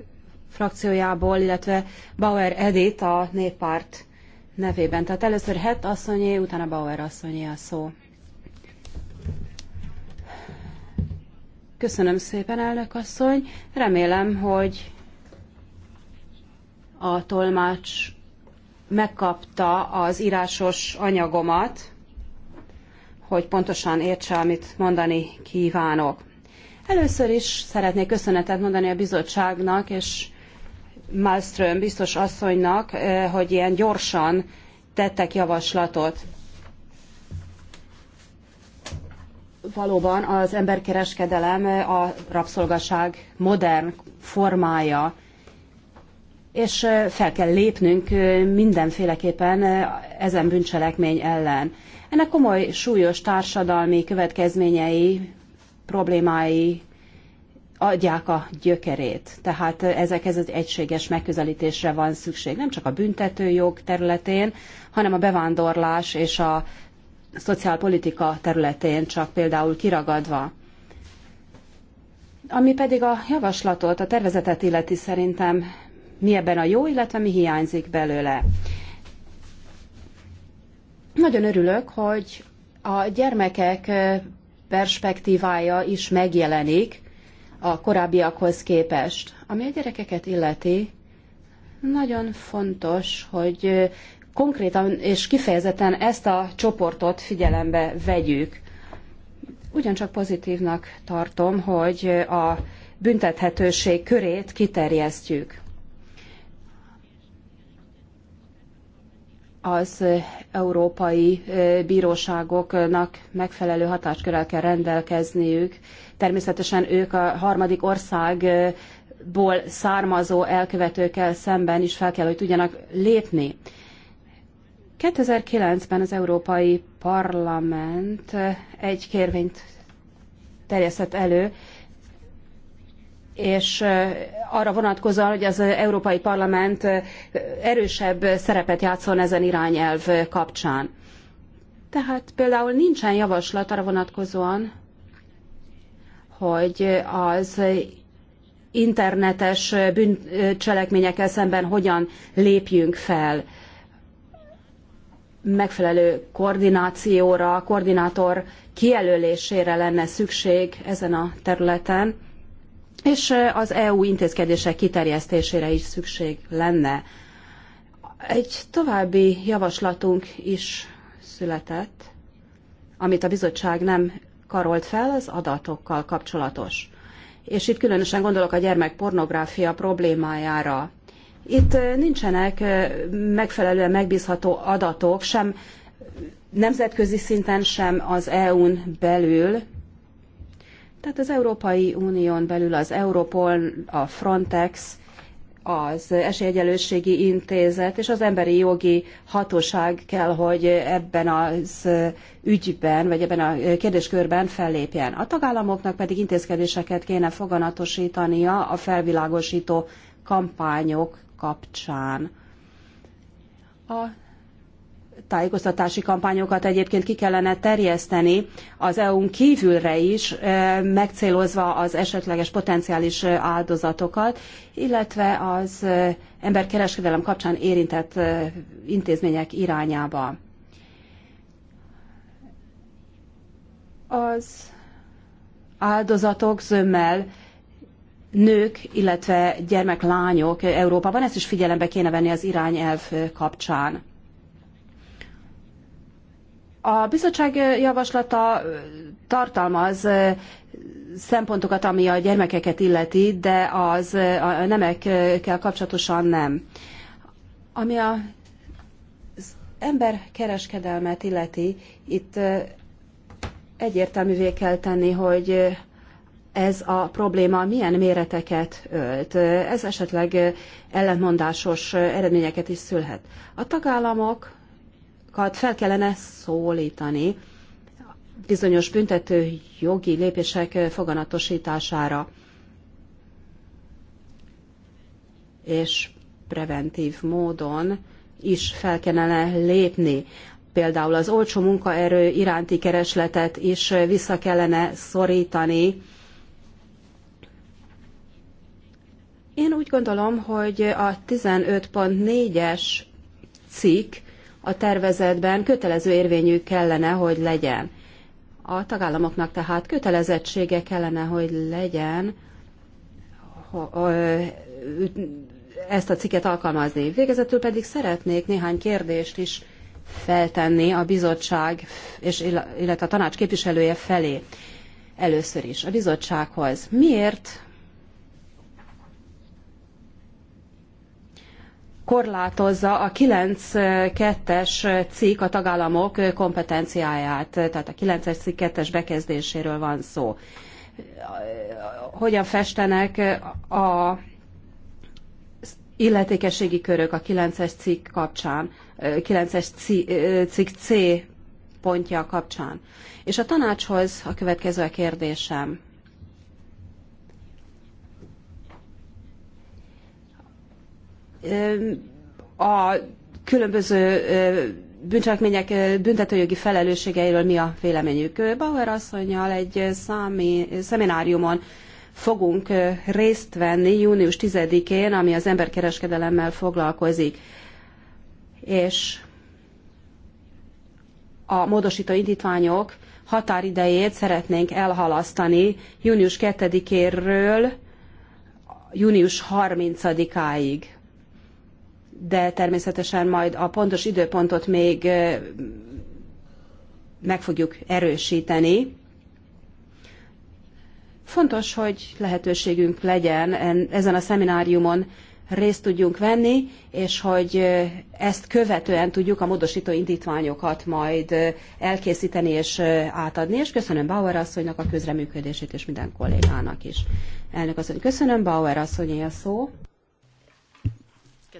frakciójából, illetve Bauer Edith a néppárt nevében. Tehát először Het asszonyé, utána Bauer asszonyé a szó. Köszönöm szépen, elnök asszony. Remélem, hogy a tolmács megkapta az írásos anyagomat, hogy pontosan értse, amit mondani kívánok. Először is szeretnék köszönetet mondani a bizottságnak, és Malmström biztos asszonynak, hogy ilyen gyorsan tettek javaslatot. Valóban az emberkereskedelem a rabszolgaság modern formája, és fel kell lépnünk mindenféleképpen ezen bűncselekmény ellen. Ennek komoly, súlyos társadalmi következményei, problémái adják a gyökerét. Tehát ezekhez az egységes megközelítésre van szükség, nem csak a büntetőjog területén, hanem a bevándorlás és a szociálpolitika területén csak például kiragadva. Ami pedig a javaslatot, a tervezetet illeti szerintem mi ebben a jó, illetve mi hiányzik belőle. Nagyon örülök, hogy a gyermekek perspektívája is megjelenik, a korábbiakhoz képest. Ami a gyerekeket illeti, nagyon fontos, hogy konkrétan és kifejezetten ezt a csoportot figyelembe vegyük. Ugyancsak pozitívnak tartom, hogy a büntethetőség körét kiterjesztjük. az európai bíróságoknak megfelelő hatáskörrel kell rendelkezniük. Természetesen ők a harmadik országból származó elkövetőkkel szemben is fel kell, hogy tudjanak lépni. 2009-ben az Európai Parlament egy kérvényt terjesztett elő, és arra vonatkozóan, hogy az Európai Parlament erősebb szerepet játszon ezen irányelv kapcsán. Tehát például nincsen javaslat arra vonatkozóan, hogy az internetes bűncselekményekkel szemben hogyan lépjünk fel megfelelő koordinációra, koordinátor kijelölésére lenne szükség ezen a területen és az EU intézkedések kiterjesztésére is szükség lenne. Egy további javaslatunk is született, amit a bizottság nem karolt fel, az adatokkal kapcsolatos. És itt különösen gondolok a gyermekpornográfia problémájára. Itt nincsenek megfelelően megbízható adatok, sem nemzetközi szinten, sem az EU-n belül, tehát az Európai Unión belül az Europol, a Frontex, az Esélyegyelősségi Intézet és az Emberi Jogi Hatóság kell, hogy ebben az ügyben, vagy ebben a kérdéskörben fellépjen. A tagállamoknak pedig intézkedéseket kéne foganatosítania a felvilágosító kampányok kapcsán. A tájékoztatási kampányokat egyébként ki kellene terjeszteni az EU-n kívülre is, megcélozva az esetleges potenciális áldozatokat, illetve az emberkereskedelem kapcsán érintett intézmények irányába. Az áldozatok zömmel nők, illetve gyermeklányok Európában, ezt is figyelembe kéne venni az irányelv kapcsán. A bizottság javaslata tartalmaz szempontokat, ami a gyermekeket illeti, de az a nemekkel kapcsolatosan nem. Ami a emberkereskedelmet illeti, itt egyértelművé kell tenni, hogy ez a probléma milyen méreteket ölt. Ez esetleg ellentmondásos eredményeket is szülhet. A tagállamok fel kellene szólítani bizonyos büntető jogi lépések foganatosítására és preventív módon is fel kellene lépni. Például az olcsó munkaerő iránti keresletet is vissza kellene szorítani. Én úgy gondolom, hogy a 15.4-es cikk a tervezetben kötelező érvényű kellene, hogy legyen. A tagállamoknak tehát kötelezettsége kellene, hogy legyen ezt a cikket alkalmazni. Végezetül pedig szeretnék néhány kérdést is feltenni a bizottság, és illetve a tanács képviselője felé először is, a bizottsághoz. Miért korlátozza a 9.2-es cikk a tagállamok kompetenciáját, tehát a 9-es cikk 2-es bekezdéséről van szó. Hogyan festenek a illetékességi körök a 9-es cikk kapcsán, 9-es cikk C pontja kapcsán. És a tanácshoz a következő a kérdésem. a különböző bűncselekmények büntetőjogi felelősségeiről mi a véleményük. Bauer asszonynal egy számi, szemináriumon fogunk részt venni június 10-én, ami az emberkereskedelemmel foglalkozik. És a módosító indítványok határidejét szeretnénk elhalasztani június 2-éről június 30-áig de természetesen majd a pontos időpontot még meg fogjuk erősíteni. Fontos, hogy lehetőségünk legyen ezen a szemináriumon részt tudjunk venni, és hogy ezt követően tudjuk a módosító indítványokat majd elkészíteni és átadni, és köszönöm Bauer asszonynak a közreműködését és minden kollégának is. Elnök asszony, köszönöm Bauer asszonyé a szó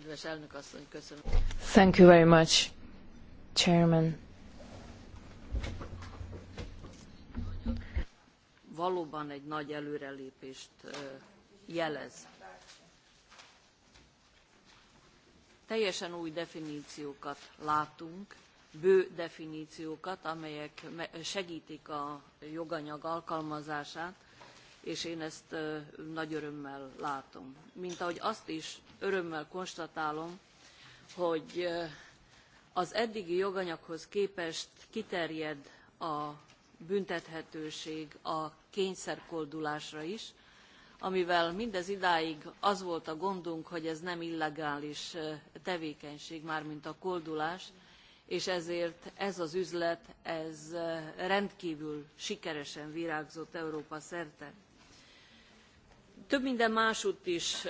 kedves elnök asszony, köszönöm. Thank you very much, Chairman. Valóban egy nagy előrelépést jelez. Teljesen új definíciókat látunk, bő definíciókat, amelyek segítik a joganyag alkalmazását, és én ezt nagy örömmel látom. Mint ahogy azt is örömmel konstatálom, hogy az eddigi joganyaghoz képest kiterjed a büntethetőség a kényszerkoldulásra is, amivel mindez idáig az volt a gondunk, hogy ez nem illegális tevékenység, mármint a koldulás, és ezért ez az üzlet ez rendkívül sikeresen virágzott Európa szerte. Több minden másutt is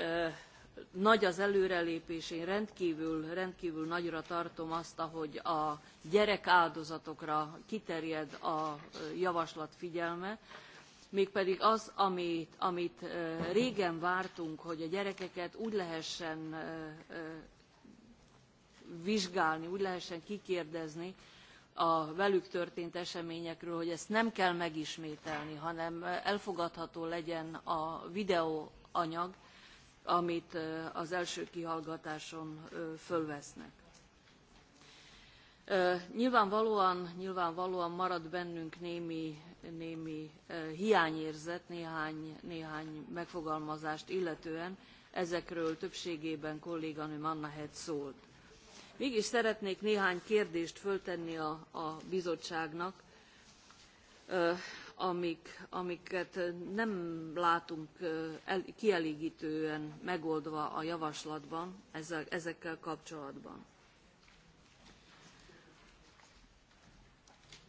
nagy az előrelépés, én rendkívül, rendkívül nagyra tartom azt, ahogy a gyerek áldozatokra kiterjed a javaslat figyelme, mégpedig az, amit, amit régen vártunk, hogy a gyerekeket úgy lehessen vizsgálni, úgy lehessen kikérdezni, a velük történt eseményekről, hogy ezt nem kell megismételni, hanem elfogadható legyen a videóanyag, amit az első kihallgatáson fölvesznek. Nyilvánvalóan, nyilvánvalóan marad bennünk némi, némi hiányérzet néhány, néhány megfogalmazást illetően, ezekről többségében kolléganőm Anna Head szólt. Mégis szeretnék néhány kérdést föltenni a, a bizottságnak, amik, amiket nem látunk kielégítően megoldva a javaslatban ezzel, ezekkel kapcsolatban.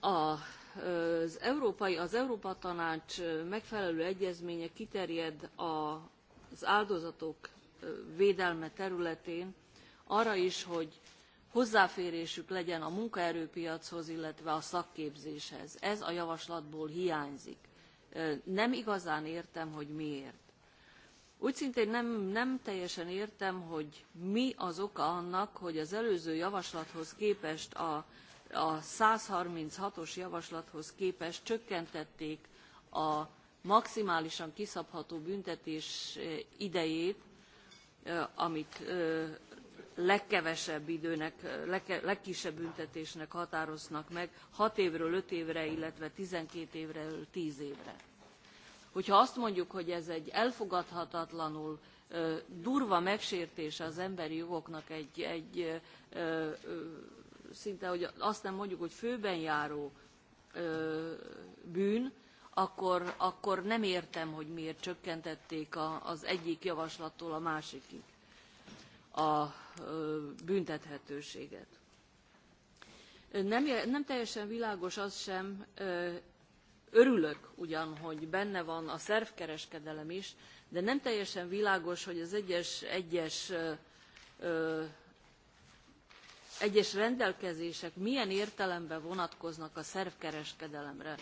A az, Európai, az Európa Tanács megfelelő egyezménye kiterjed az áldozatok védelme területén arra is, hogy hozzáférésük legyen a munkaerőpiachoz, illetve a szakképzéshez. Ez a javaslatból hiányzik. Nem igazán értem, hogy miért. Úgy szintén nem, nem teljesen értem, hogy mi az oka annak, hogy az előző javaslathoz képest, a, a 136-os javaslathoz képest csökkentették a maximálisan kiszabható büntetés idejét, amit legkevesebb időnek, legkisebb büntetésnek határoznak meg, hat évről öt évre, illetve 12 évről 10 évre. Hogyha azt mondjuk, hogy ez egy elfogadhatatlanul durva megsértése az emberi jogoknak egy, egy szinte, hogy azt nem mondjuk, hogy főben járó bűn, akkor, akkor nem értem, hogy miért csökkentették a, az egyik javaslattól a másikig a büntethetőséget. Nem, nem teljesen világos az sem, örülök ugyan, hogy benne van a szervkereskedelem is, de nem teljesen világos, hogy az egyes, egyes, egyes rendelkezések milyen értelemben vonatkoznak a szervkereskedelemre.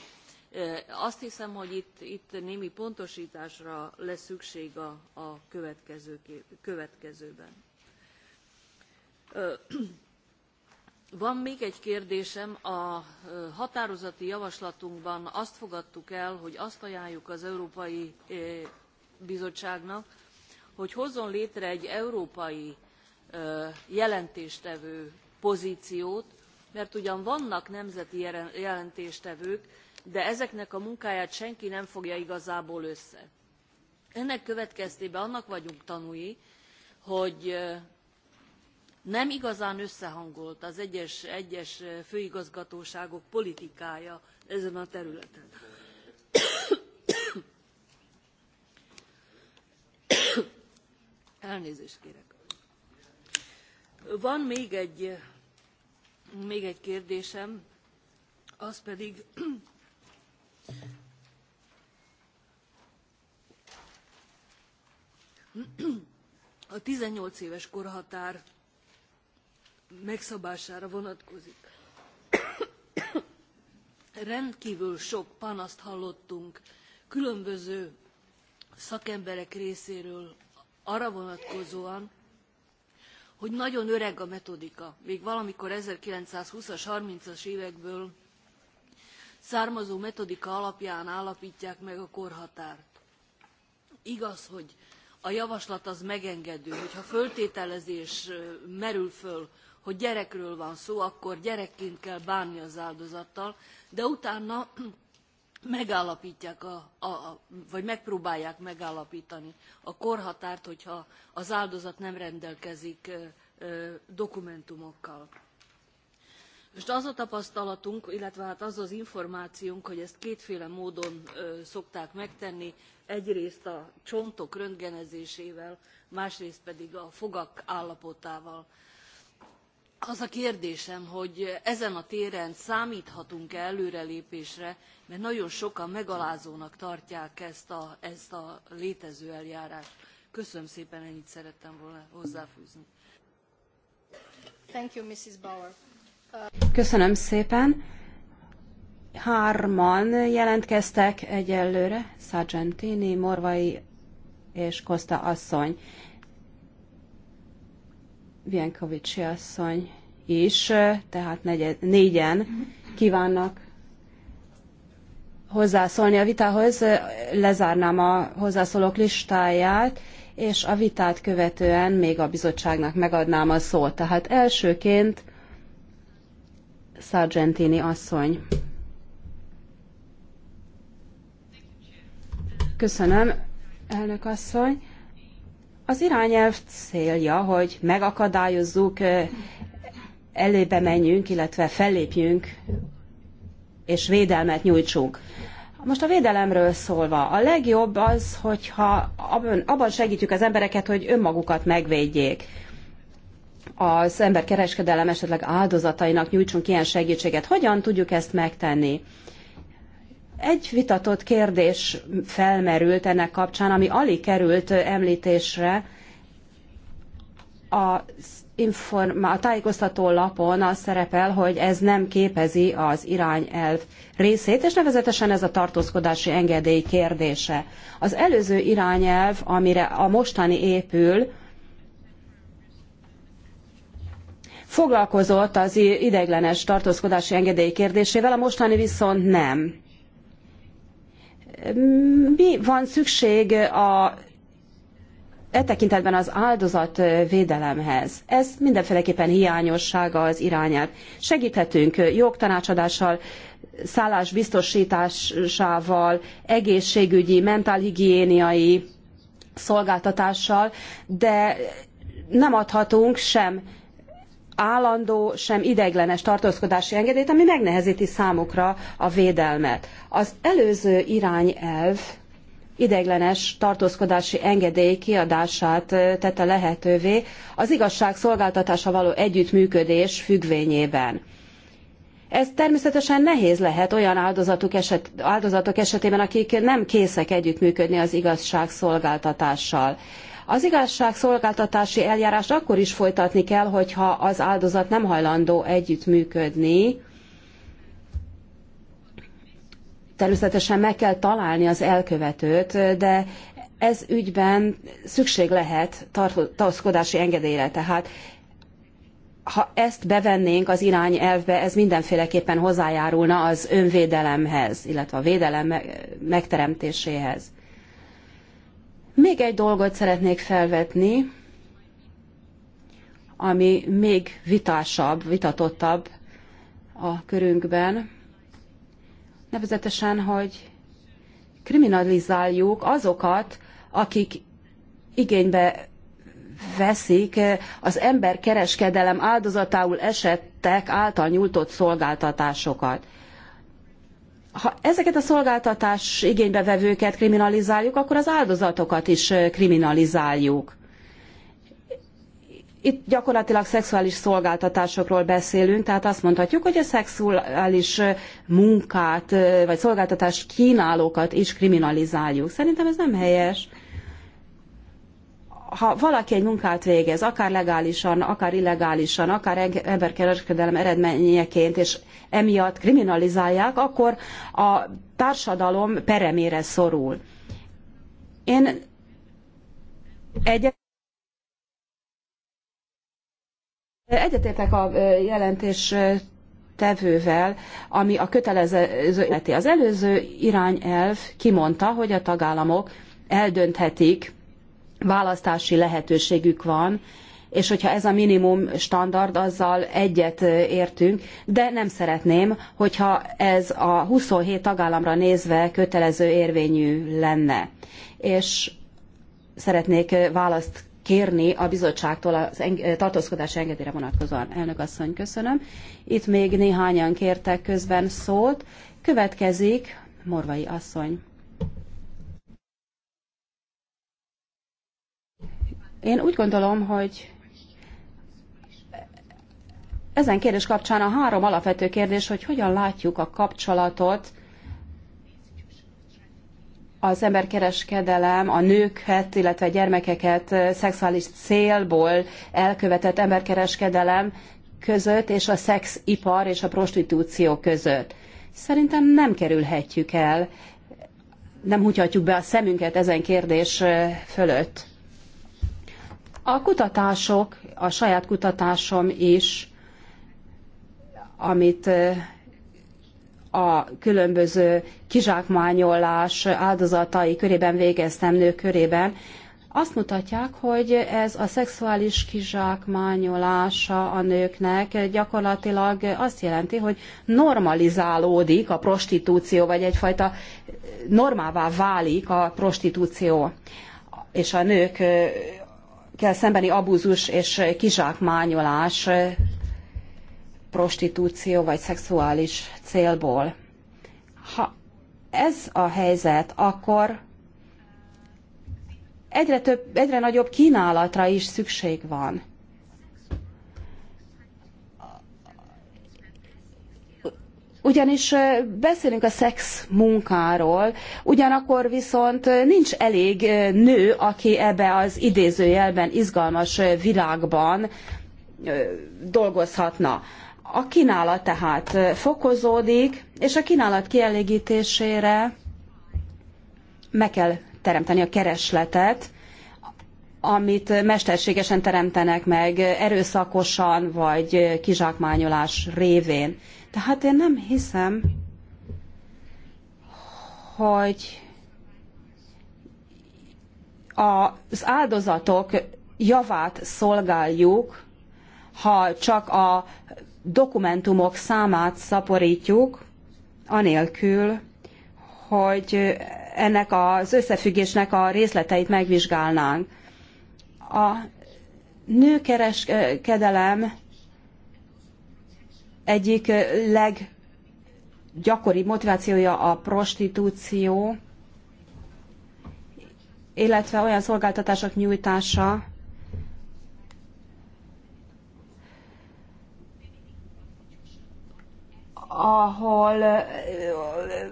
Azt hiszem, hogy itt, itt némi pontosításra lesz szükség a, a következő, következőben Van még egy kérdésem, a határozati javaslatunkban azt fogadtuk el, hogy azt ajánljuk az Európai Bizottságnak, hogy hozzon létre egy európai jelentéstevő pozíciót, mert ugyan vannak nemzeti jelentéstevők, de ezeknek a munkáját senki nem fogja igazából össze. Ennek következtében annak vagyunk tanúi, hogy nem igazán összehangolt az egyes, egyes főigazgatóságok politikája ezen a területen. Elnézést kérek. Van még egy, még egy kérdésem, az pedig a 18 éves korhatár megszabására vonatkozik. Rendkívül sok panaszt hallottunk különböző szakemberek részéről arra vonatkozóan, hogy nagyon öreg a metodika. Még valamikor 1920-as, 30-as évekből származó metodika alapján állapítják meg a korhatárt. Igaz, hogy a javaslat az megengedő, hogyha föltételezés merül föl, hogy gyerekről van szó, akkor gyerekként kell bánni az áldozattal, de utána megállapítják, a, a, a, vagy megpróbálják megállapítani a korhatárt, hogyha az áldozat nem rendelkezik ö, dokumentumokkal. Most az a tapasztalatunk, illetve hát az az információnk, hogy ezt kétféle módon ö, szokták megtenni, egyrészt a csontok röntgenezésével, másrészt pedig a fogak állapotával az a kérdésem, hogy ezen a téren számíthatunk-e előrelépésre, mert nagyon sokan megalázónak tartják ezt a, ezt a létező eljárást. Köszönöm szépen, ennyit szerettem volna hozzáfűzni. Thank you, Mrs. Bauer. Uh, Köszönöm szépen. Hárman jelentkeztek egyelőre, Sargentini, Morvai és Costa asszony. Vienkovicsi asszony is, tehát negyed, négyen kívánnak hozzászólni a vitához. Lezárnám a hozzászólók listáját, és a vitát követően még a bizottságnak megadnám a szót. Tehát elsőként Sargentini asszony. Köszönöm, elnök asszony. Az irányelv célja, hogy megakadályozzuk, elébe menjünk, illetve fellépjünk, és védelmet nyújtsunk. Most a védelemről szólva, a legjobb az, hogyha abban segítjük az embereket, hogy önmagukat megvédjék. Az emberkereskedelem esetleg áldozatainak nyújtsunk ilyen segítséget. Hogyan tudjuk ezt megtenni? Egy vitatott kérdés felmerült ennek kapcsán, ami alig került említésre, a, informa- a tájékoztató lapon az szerepel, hogy ez nem képezi az irányelv részét, és nevezetesen ez a tartózkodási engedély kérdése. Az előző irányelv, amire a mostani épül, foglalkozott az ideiglenes tartózkodási engedély kérdésével, a mostani viszont nem mi van szükség a e tekintetben az áldozatvédelemhez. Ez mindenféleképpen hiányossága az irányelv. Segíthetünk jogtanácsadással, szállás biztosításával, egészségügyi, mentálhigiéniai szolgáltatással, de nem adhatunk sem állandó, sem ideiglenes tartózkodási engedélyt, ami megnehezíti számukra a védelmet. Az előző irányelv ideiglenes tartózkodási engedély kiadását eh, tette lehetővé az szolgáltatása való együttműködés függvényében. Ez természetesen nehéz lehet olyan áldozatok, eset, áldozatok esetében, akik nem készek együttműködni az igazságszolgáltatással. Az igazságszolgáltatási eljárást akkor is folytatni kell, hogyha az áldozat nem hajlandó együttműködni. Természetesen meg kell találni az elkövetőt, de ez ügyben szükség lehet tartózkodási engedélyre. Tehát ha ezt bevennénk az irányelvbe, ez mindenféleképpen hozzájárulna az önvédelemhez, illetve a védelem megteremtéséhez. Még egy dolgot szeretnék felvetni, ami még vitásabb, vitatottabb a körünkben, nevezetesen, hogy kriminalizáljuk azokat, akik igénybe veszik az emberkereskedelem áldozatául esettek által nyújtott szolgáltatásokat ha ezeket a szolgáltatás igénybevevőket kriminalizáljuk, akkor az áldozatokat is kriminalizáljuk. Itt gyakorlatilag szexuális szolgáltatásokról beszélünk, tehát azt mondhatjuk, hogy a szexuális munkát vagy szolgáltatást kínálókat is kriminalizáljuk. Szerintem ez nem helyes ha valaki egy munkát végez, akár legálisan, akár illegálisan, akár emberkereskedelem eredményeként, és emiatt kriminalizálják, akkor a társadalom peremére szorul. Én egyet Egyetértek a jelentés tevővel, ami a kötelező Az előző irányelv kimondta, hogy a tagállamok eldönthetik, választási lehetőségük van, és hogyha ez a minimum standard, azzal egyet értünk, de nem szeretném, hogyha ez a 27 tagállamra nézve kötelező érvényű lenne. És szeretnék választ kérni a bizottságtól az eng- tartózkodási engedélyre vonatkozóan. Elnök asszony, köszönöm. Itt még néhányan kértek közben szót. Következik Morvai asszony. Én úgy gondolom, hogy ezen kérdés kapcsán a három alapvető kérdés, hogy hogyan látjuk a kapcsolatot az emberkereskedelem, a nőket, illetve gyermekeket szexuális célból elkövetett emberkereskedelem között, és a szexipar és a prostitúció között. Szerintem nem kerülhetjük el, nem húgyhatjuk be a szemünket ezen kérdés fölött. A kutatások, a saját kutatásom is, amit a különböző kizsákmányolás áldozatai körében végeztem, nők körében, azt mutatják, hogy ez a szexuális kizsákmányolása a nőknek gyakorlatilag azt jelenti, hogy normalizálódik a prostitúció, vagy egyfajta normává válik a prostitúció. És a nők kell szembeni abúzus és kizsákmányolás prostitúció vagy szexuális célból. Ha ez a helyzet, akkor egyre, több, egyre nagyobb kínálatra is szükség van. Ugyanis beszélünk a szex munkáról, ugyanakkor viszont nincs elég nő, aki ebbe az idézőjelben izgalmas világban dolgozhatna. A kínálat tehát fokozódik, és a kínálat kielégítésére meg kell teremteni a keresletet, amit mesterségesen teremtenek meg erőszakosan vagy kizsákmányolás révén. Tehát én nem hiszem, hogy az áldozatok javát szolgáljuk, ha csak a dokumentumok számát szaporítjuk, anélkül, hogy ennek az összefüggésnek a részleteit megvizsgálnánk. A nőkereskedelem egyik leggyakori motivációja a prostitúció, illetve olyan szolgáltatások nyújtása, ahol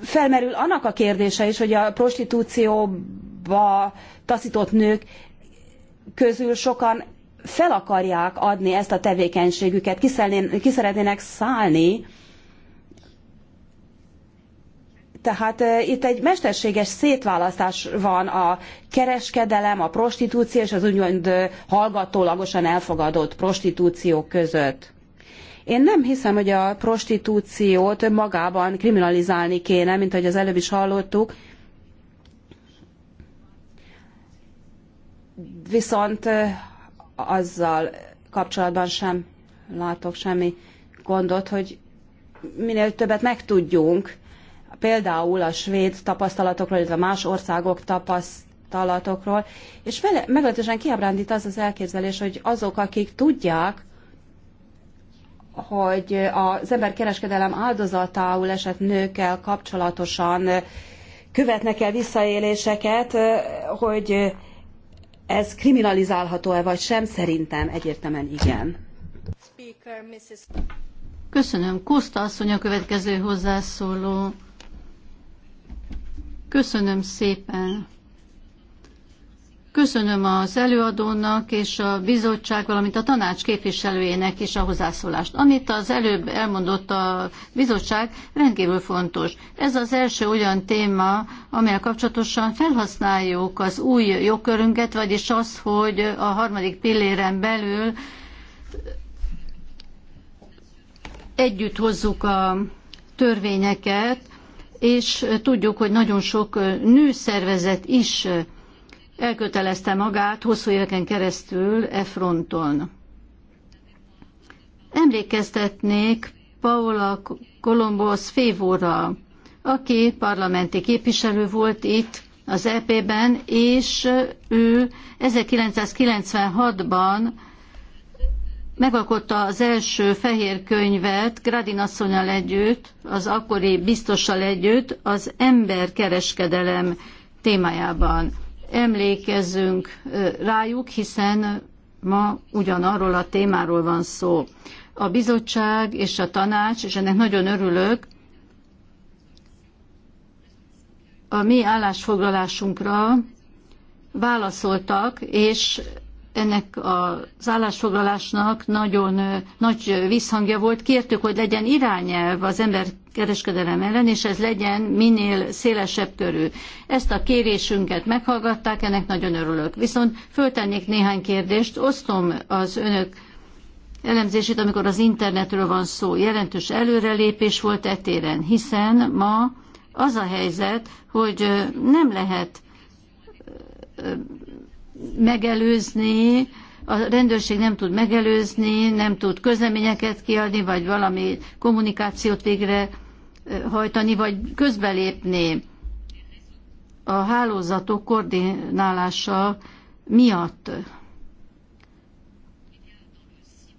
felmerül annak a kérdése is, hogy a prostitúcióba taszított nők közül sokan fel akarják adni ezt a tevékenységüket, ki szeretnének szállni, tehát itt egy mesterséges szétválasztás van a kereskedelem, a prostitúció és az úgymond hallgatólagosan elfogadott prostitúció között. Én nem hiszem, hogy a prostitúciót magában kriminalizálni kéne, mint ahogy az előbb is hallottuk, viszont azzal kapcsolatban sem látok semmi gondot, hogy minél többet megtudjunk, például a svéd tapasztalatokról, illetve más országok tapasztalatokról, és vele, meglehetősen kiábrándít az az elképzelés, hogy azok, akik tudják, hogy az emberkereskedelem áldozatául esett nőkkel kapcsolatosan követnek el visszaéléseket, hogy ez kriminalizálható-e vagy sem, szerintem egyértelműen igen. Köszönöm. Kosta asszony a következő hozzászóló. Köszönöm szépen. Köszönöm az előadónak és a bizottság, valamint a tanács képviselőjének is a hozzászólást. Amit az előbb elmondott a bizottság, rendkívül fontos. Ez az első olyan téma, amelyel kapcsolatosan felhasználjuk az új jogkörünket, vagyis az, hogy a harmadik pilléren belül együtt hozzuk a törvényeket, és tudjuk, hogy nagyon sok nőszervezet is elkötelezte magát hosszú éveken keresztül e fronton. Emlékeztetnék Paola Kolombosz Févóra, aki parlamenti képviselő volt itt az EP-ben, és ő 1996-ban megalkotta az első fehér könyvet Gradin asszonyal együtt, az akkori biztossal együtt az emberkereskedelem témájában emlékezzünk rájuk, hiszen ma ugyanarról a témáról van szó. A bizottság és a tanács, és ennek nagyon örülök, a mi állásfoglalásunkra válaszoltak, és ennek az állásfoglalásnak nagyon nagy visszhangja volt. Kértük, hogy legyen irányelv az ember kereskedelem ellen, és ez legyen minél szélesebb körű. Ezt a kérésünket meghallgatták, ennek nagyon örülök. Viszont föltennék néhány kérdést, osztom az önök elemzését, amikor az internetről van szó. Jelentős előrelépés volt etéren, hiszen ma az a helyzet, hogy nem lehet megelőzni, a rendőrség nem tud megelőzni, nem tud közleményeket kiadni, vagy valami kommunikációt végre hajtani, vagy közbelépni a hálózatok koordinálása miatt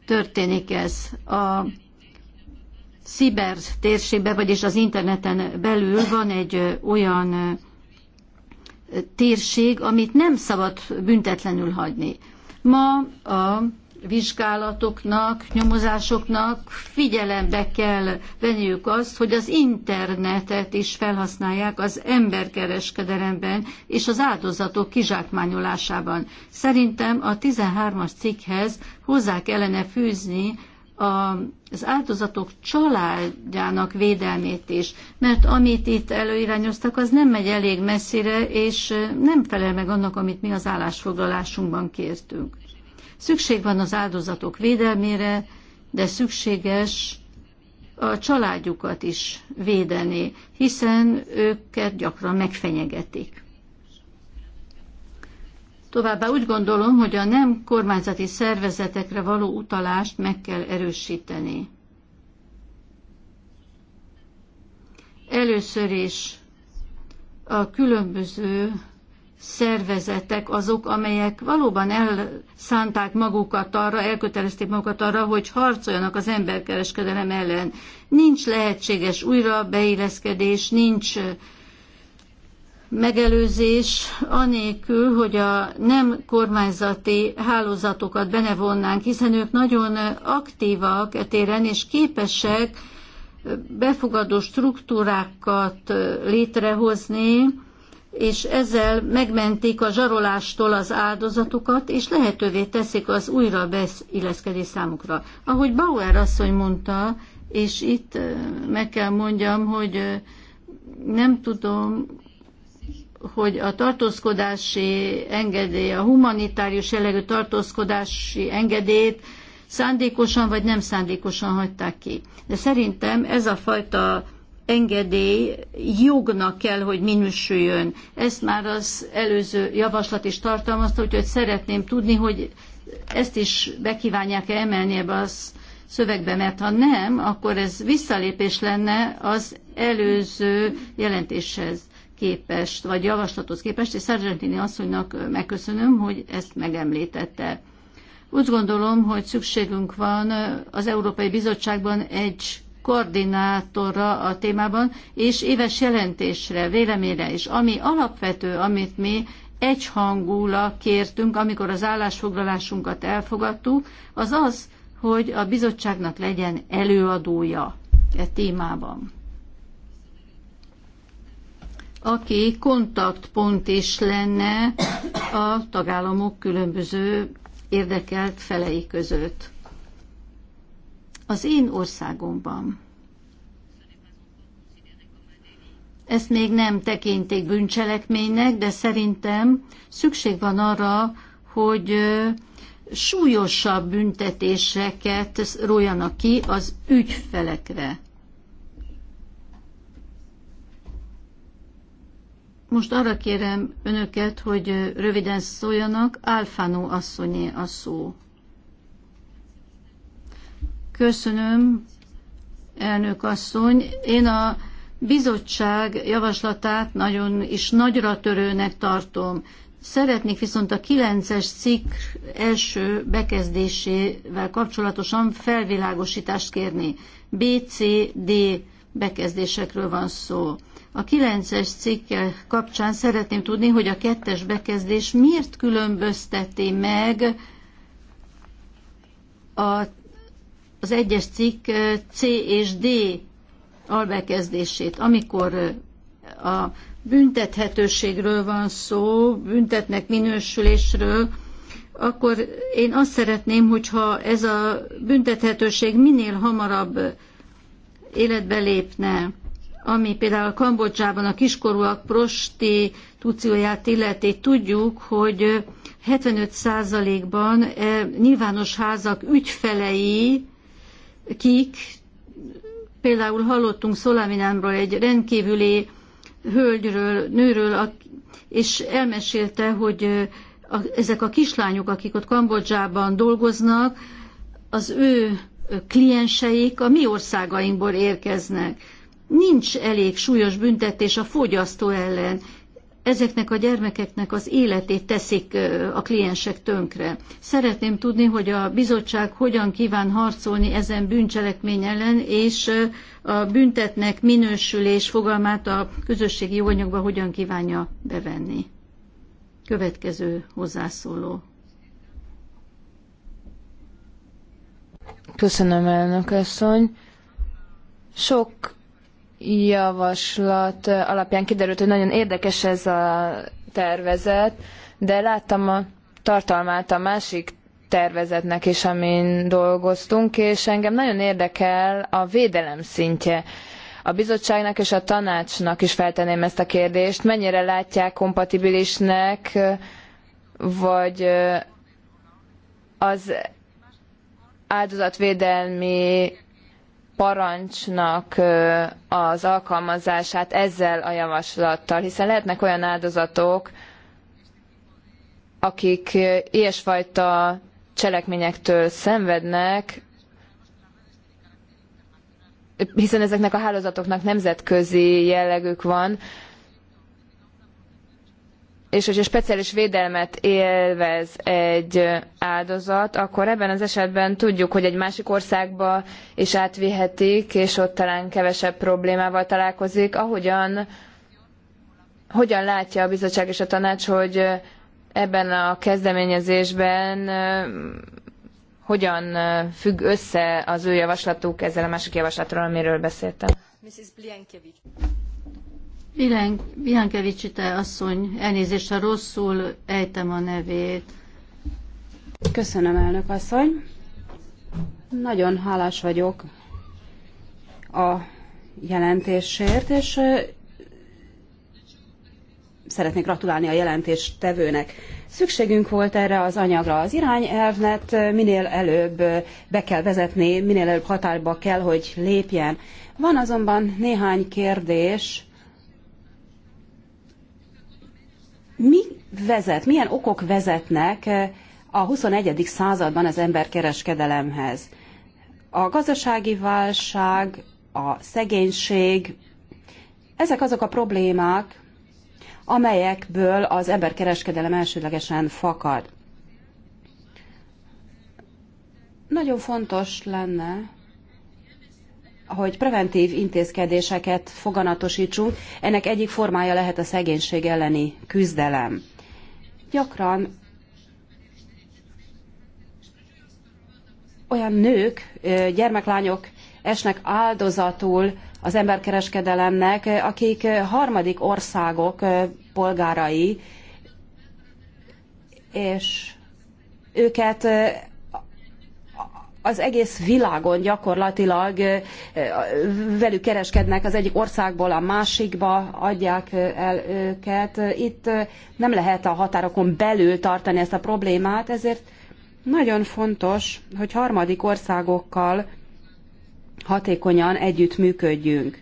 történik ez. A sziber térségben, vagyis az interneten belül van egy olyan térség, amit nem szabad büntetlenül hagyni. Ma a vizsgálatoknak, nyomozásoknak figyelembe kell venniük azt, hogy az internetet is felhasználják az emberkereskedelemben és az áldozatok kizsákmányolásában. Szerintem a 13-as cikkhez hozzá kellene fűzni az áldozatok családjának védelmét is, mert amit itt előirányoztak, az nem megy elég messzire, és nem felel meg annak, amit mi az állásfoglalásunkban kértünk. Szükség van az áldozatok védelmére, de szükséges a családjukat is védeni, hiszen őket gyakran megfenyegetik. Továbbá úgy gondolom, hogy a nem kormányzati szervezetekre való utalást meg kell erősíteni. Először is a különböző szervezetek azok, amelyek valóban elszánták magukat arra, elkötelezték magukat arra, hogy harcoljanak az emberkereskedelem ellen. Nincs lehetséges újra beilleszkedés, nincs megelőzés anélkül, hogy a nem kormányzati hálózatokat benevonnánk, hiszen ők nagyon aktívak etéren, és képesek befogadó struktúrákat létrehozni, és ezzel megmentik a zsarolástól az áldozatokat, és lehetővé teszik az újra beilleszkedés számukra. Ahogy Bauer asszony mondta, és itt meg kell mondjam, hogy nem tudom, hogy a tartózkodási engedély, a humanitárius jellegű tartózkodási engedélyt szándékosan vagy nem szándékosan hagyták ki. De szerintem ez a fajta engedély jognak kell, hogy minősüljön. Ezt már az előző javaslat is tartalmazta, úgyhogy szeretném tudni, hogy ezt is bekívánják-e emelni ebbe a szövegbe, mert ha nem, akkor ez visszalépés lenne az előző jelentéshez képest, vagy javaslathoz képest, és Szerzsentini asszonynak megköszönöm, hogy ezt megemlítette. Úgy gondolom, hogy szükségünk van az Európai Bizottságban egy koordinátorra a témában, és éves jelentésre, véleményre is, ami alapvető, amit mi egyhangúla kértünk, amikor az állásfoglalásunkat elfogadtuk, az az, hogy a bizottságnak legyen előadója e témában aki kontaktpont is lenne a tagállamok különböző érdekelt felei között. Az én országomban ezt még nem tekintik bűncselekménynek, de szerintem szükség van arra, hogy súlyosabb büntetéseket rójanak ki az ügyfelekre. Most arra kérem önöket, hogy röviden szóljanak. Alfano asszonyé a szó. Köszönöm, elnök asszony. Én a bizottság javaslatát nagyon is nagyra törőnek tartom. Szeretnék viszont a 9-es cikk első bekezdésével kapcsolatosan felvilágosítást kérni. B, C, D bekezdésekről van szó. A kilences es cikke kapcsán szeretném tudni, hogy a kettes bekezdés miért különbözteti meg a, az egyes cikk eh, C és D albekezdését. Amikor eh, a büntethetőségről van szó, büntetnek minősülésről, akkor én azt szeretném, hogyha ez a büntethetőség minél hamarabb életbe lépne ami például Kambodzsában a kiskorúak prostitúcióját illeti, tudjuk, hogy 75%-ban eh, nyilvános házak ügyfelei, kik, például hallottunk Szolaminámról egy rendkívüli hölgyről, nőről, és elmesélte, hogy eh, ezek a kislányok, akik ott Kambodzsában dolgoznak, az ő klienseik a mi országainkból érkeznek nincs elég súlyos büntetés a fogyasztó ellen. Ezeknek a gyermekeknek az életét teszik a kliensek tönkre. Szeretném tudni, hogy a bizottság hogyan kíván harcolni ezen bűncselekmény ellen, és a büntetnek minősülés fogalmát a közösségi joganyagba hogyan kívánja bevenni. Következő hozzászóló. Köszönöm, elnök asszony. Sok javaslat alapján kiderült, hogy nagyon érdekes ez a tervezet, de láttam a tartalmát a másik tervezetnek is, amin dolgoztunk, és engem nagyon érdekel a védelem szintje. A bizottságnak és a tanácsnak is feltenném ezt a kérdést, mennyire látják kompatibilisnek, vagy az áldozatvédelmi parancsnak az alkalmazását ezzel a javaslattal, hiszen lehetnek olyan áldozatok, akik ilyesfajta cselekményektől szenvednek, hiszen ezeknek a hálózatoknak nemzetközi jellegük van, és hogyha speciális védelmet élvez egy áldozat, akkor ebben az esetben tudjuk, hogy egy másik országba is átvihetik, és ott talán kevesebb problémával találkozik. Ahogyan hogyan látja a bizottság és a tanács, hogy ebben a kezdeményezésben hogyan függ össze az ő javaslatuk ezzel a másik javaslatról, amiről beszéltem. Mrs. Biankevicsite asszony, elnézést, ha rosszul ejtem a nevét. Köszönöm, elnök asszony. Nagyon hálás vagyok a jelentésért, és szeretnék gratulálni a jelentéstevőnek. Szükségünk volt erre az anyagra. Az irányelvnet minél előbb be kell vezetni, minél előbb határba kell, hogy lépjen. Van azonban néhány kérdés, mi vezet, milyen okok vezetnek eh, a 21. században az emberkereskedelemhez? A gazdasági válság, a szegénység, ezek azok a problémák, amelyekből az emberkereskedelem elsődlegesen fakad. Nagyon fontos lenne, hogy preventív intézkedéseket foganatosítsunk, ennek egyik formája lehet a szegénység elleni küzdelem. Gyakran olyan nők, gyermeklányok esnek áldozatul az emberkereskedelemnek, akik harmadik országok polgárai, és őket az egész világon gyakorlatilag velük kereskednek az egyik országból a másikba, adják el őket. Itt nem lehet a határokon belül tartani ezt a problémát, ezért nagyon fontos, hogy harmadik országokkal hatékonyan együttműködjünk.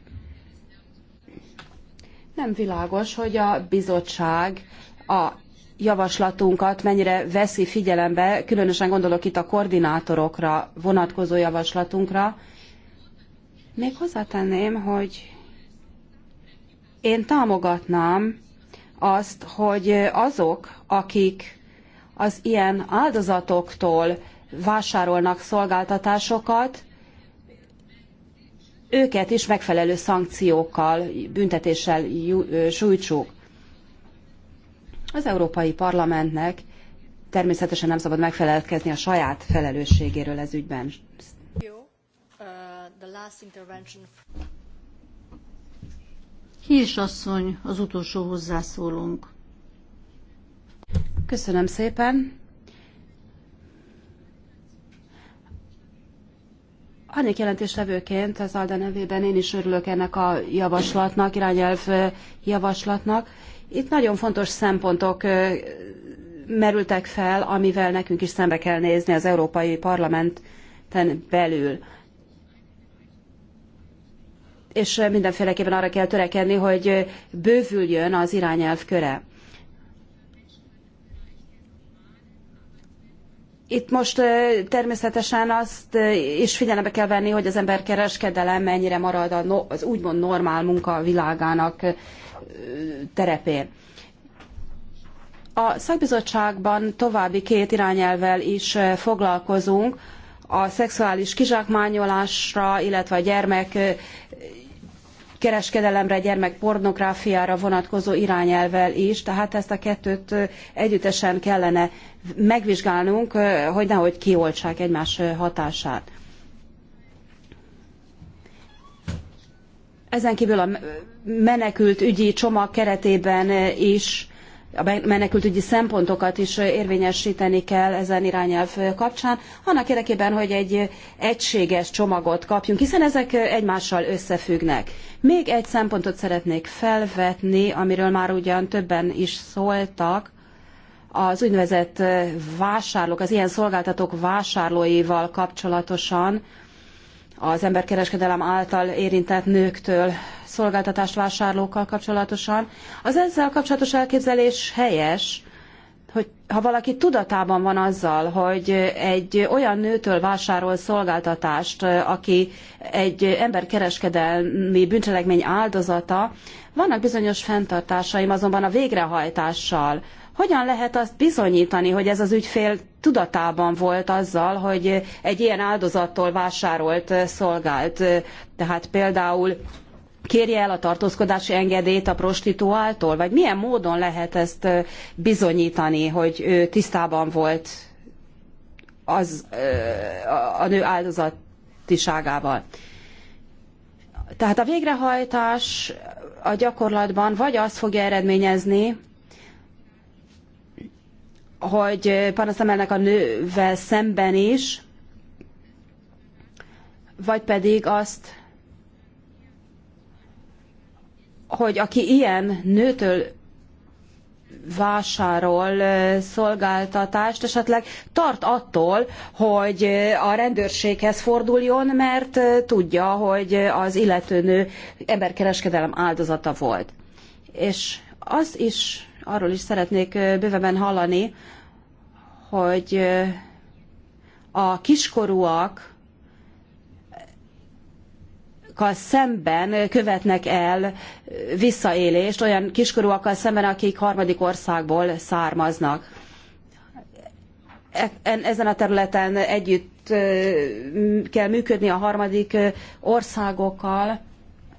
Nem világos, hogy a bizottság a javaslatunkat mennyire veszi figyelembe, különösen gondolok itt a koordinátorokra vonatkozó javaslatunkra. Még hozzátenném, hogy én támogatnám azt, hogy azok, akik az ilyen áldozatoktól vásárolnak szolgáltatásokat, őket is megfelelő szankciókkal, büntetéssel sújtsuk. Az Európai Parlamentnek természetesen nem szabad megfelelkezni a saját felelősségéről ez ügyben. Hírs asszony, az utolsó hozzászólunk. Köszönöm szépen. Annék jelentéstevőként az Alda nevében én is örülök ennek a javaslatnak, irányelv javaslatnak itt nagyon fontos szempontok merültek fel, amivel nekünk is szembe kell nézni az Európai Parlamenten belül. És mindenféleképpen arra kell törekedni, hogy bővüljön az irányelv köre. Itt most természetesen azt is figyelembe kell venni, hogy az emberkereskedelem mennyire marad az úgymond normál munka világának terepén. A szakbizottságban további két irányelvel is eh, foglalkozunk, a szexuális kizsákmányolásra, illetve a gyermek eh, kereskedelemre, pornográfiára vonatkozó irányelvel is, tehát ezt a kettőt eh, együttesen kellene megvizsgálnunk, hogy nehogy kioltsák egymás hatását. Ezen kívül a menekült ügyi csomag keretében is a menekültügyi szempontokat is érvényesíteni kell ezen irányelv kapcsán, annak érdekében, hogy egy egységes csomagot kapjunk, hiszen ezek egymással összefüggnek. Még egy szempontot szeretnék felvetni, amiről már ugyan többen is szóltak, az úgynevezett vásárlók, az ilyen szolgáltatók vásárlóival kapcsolatosan, az emberkereskedelem által érintett nőktől szolgáltatást vásárlókkal kapcsolatosan. Az ezzel kapcsolatos elképzelés helyes, hogy ha valaki tudatában van azzal, hogy egy olyan nőtől vásárol szolgáltatást, aki egy emberkereskedelmi bűncselekmény áldozata, vannak bizonyos fenntartásaim azonban a végrehajtással. Hogyan lehet azt bizonyítani, hogy ez az ügyfél tudatában volt azzal, hogy egy ilyen áldozattól vásárolt szolgált? Tehát például kérje el a tartózkodási engedélyt a prostituáltól? Vagy milyen módon lehet ezt bizonyítani, hogy ő tisztában volt az, a nő áldozatiságával? Tehát a végrehajtás a gyakorlatban vagy azt fogja eredményezni, hogy panaszt a nővel szemben is, vagy pedig azt hogy aki ilyen nőtől vásárol szolgáltatást, esetleg tart attól, hogy a rendőrséghez forduljon, mert tudja, hogy az illető nő emberkereskedelem áldozata volt. És az is, arról is szeretnék bővebben hallani, hogy a kiskorúak szemben követnek el visszaélést, olyan kiskorúakkal szemben, akik harmadik országból származnak. E-, ezen a területen együtt kell működni a harmadik országokkal,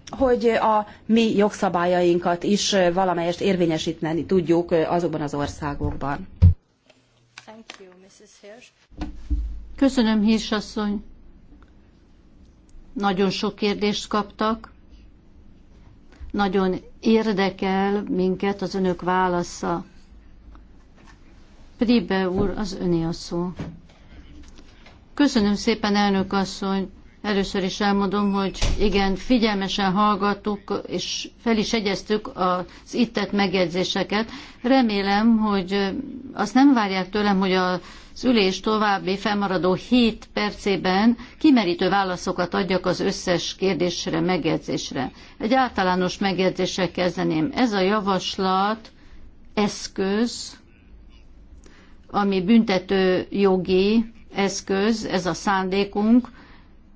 hogy a mi jogszabályainkat is valamelyest érvényesíteni tudjuk azokban az országokban. Köszönöm, Hírsasszony. Nagyon sok kérdést kaptak. Nagyon érdekel minket az önök válasza. Pribe úr, az öné a szó. Köszönöm szépen, elnök asszony. Először is elmondom, hogy igen, figyelmesen hallgattuk, és fel is egyeztük az ittet megjegyzéseket. Remélem, hogy azt nem várják tőlem, hogy a az ülés további felmaradó 7 percében kimerítő válaszokat adjak az összes kérdésre, megjegyzésre. Egy általános megjegyzéssel kezdeném. Ez a javaslat eszköz, ami büntető jogi eszköz, ez a szándékunk